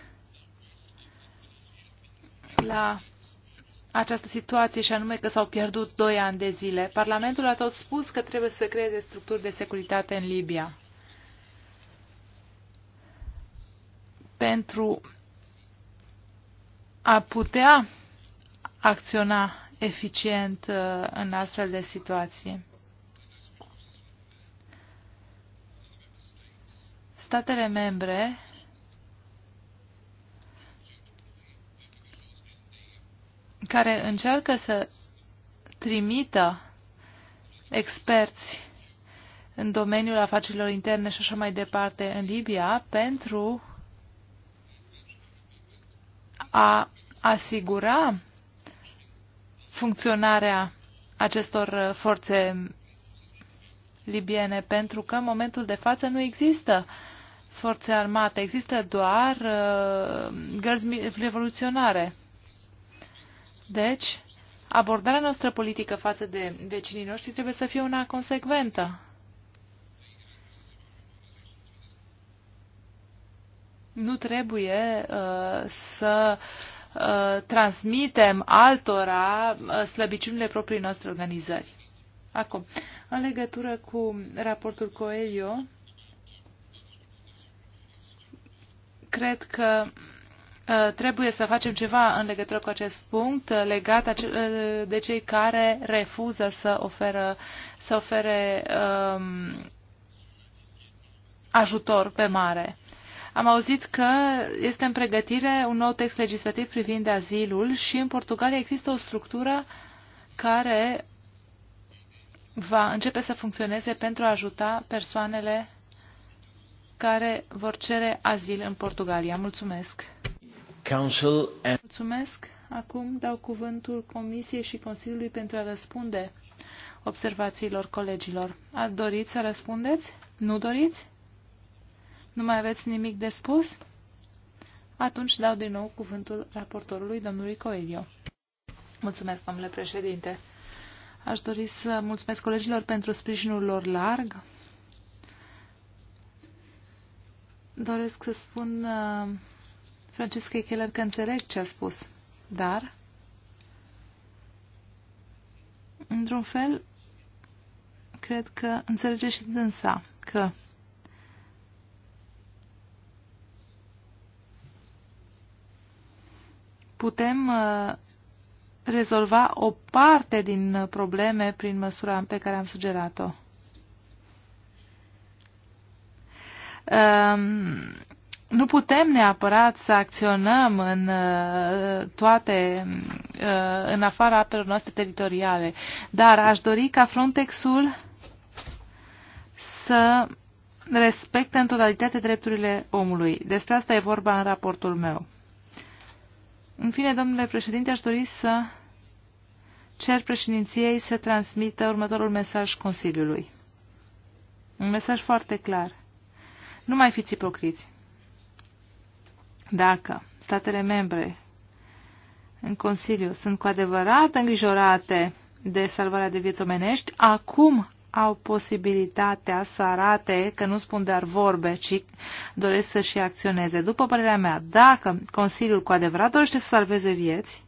la această situație și anume că s-au pierdut doi ani de zile. Parlamentul a tot spus că trebuie să creeze structuri de securitate în Libia. Pentru a putea acționa eficient uh, în astfel de situații. Statele membre care încearcă să trimită experți în domeniul afacerilor interne și așa mai departe în Libia pentru a asigura funcționarea acestor forțe libiene, pentru că în momentul de față nu există forțe armate, există doar uh, gărzi revoluționare. Deci, abordarea noastră politică față de vecinii noștri trebuie să fie una consecventă. Nu trebuie uh, să uh, transmitem altora uh, slăbiciunile proprii noastre organizări. Acum, în legătură cu raportul Coelho, cred că Uh, trebuie să facem ceva în legătură cu acest punct uh, legat uh, de cei care refuză să, oferă, să ofere um, ajutor pe mare. Am auzit că este în pregătire un nou text legislativ privind azilul și în Portugalia există o structură care va începe să funcționeze pentru a ajuta persoanele care vor cere azil în Portugalia. Mulțumesc! Mulțumesc. Acum dau cuvântul Comisiei și Consiliului pentru a răspunde observațiilor colegilor. Ați dorit să răspundeți? Nu doriți? Nu mai aveți nimic de spus? Atunci dau din nou cuvântul raportorului domnului Coelho. Mulțumesc, domnule președinte. Aș dori să mulțumesc colegilor pentru sprijinul lor larg. Doresc să spun uh, Francesca Keller că înțeleg ce a spus, dar într-un fel cred că înțelege și dânsa că putem uh, rezolva o parte din uh, probleme prin măsura pe care am sugerat-o. Um, nu putem neapărat să acționăm în uh, toate, uh, în afara apelor noastre teritoriale, dar aș dori ca Frontexul să respecte în totalitate drepturile omului. Despre asta e vorba în raportul meu. În fine, domnule președinte, aș dori să cer președinției să transmită următorul mesaj Consiliului. Un mesaj foarte clar. Nu mai fiți ipocriți. Dacă statele membre în Consiliu sunt cu adevărat îngrijorate de salvarea de vieți omenești, acum au posibilitatea să arate că nu spun doar vorbe, ci doresc să și acționeze. După părerea mea, dacă Consiliul cu adevărat dorește să salveze vieți,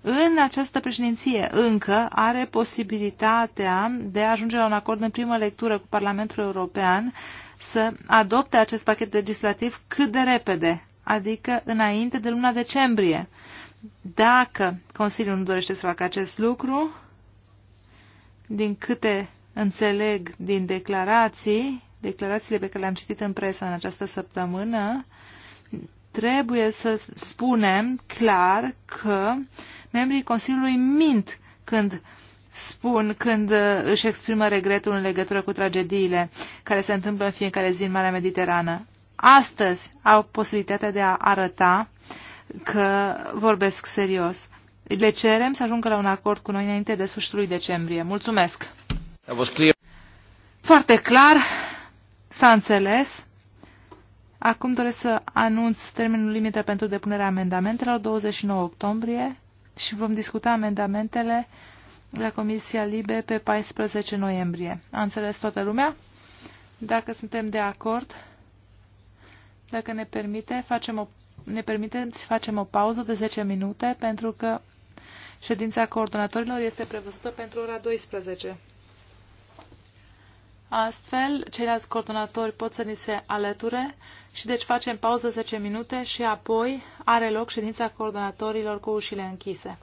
în această președinție încă are posibilitatea de a ajunge la un acord în primă lectură cu Parlamentul European să adopte acest pachet legislativ cât de repede, adică înainte de luna decembrie. Dacă Consiliul nu dorește să facă acest lucru, din câte înțeleg din declarații, declarațiile pe care le-am citit în presă în această săptămână, trebuie să spunem clar că membrii Consiliului mint când uh, spun când uh, își exprimă regretul în legătură cu tragediile care se întâmplă în fiecare zi în Marea Mediterană. Astăzi au posibilitatea de a arăta că vorbesc serios. Le cerem să ajungă la un acord cu noi înainte de sfârșitul lui decembrie. Mulțumesc! Foarte clar, s-a înțeles. Acum doresc să anunț termenul limită pentru depunerea amendamentelor, 29 octombrie, și vom discuta amendamentele la Comisia Libe pe 14 noiembrie. A înțeles toată lumea? Dacă suntem de acord, dacă ne permite, facem o, ne să facem o pauză de 10 minute pentru că ședința coordonatorilor este prevăzută pentru ora 12. Astfel, ceilalți coordonatori pot să ni se alăture și deci facem pauză 10 minute și apoi are loc ședința coordonatorilor cu ușile închise.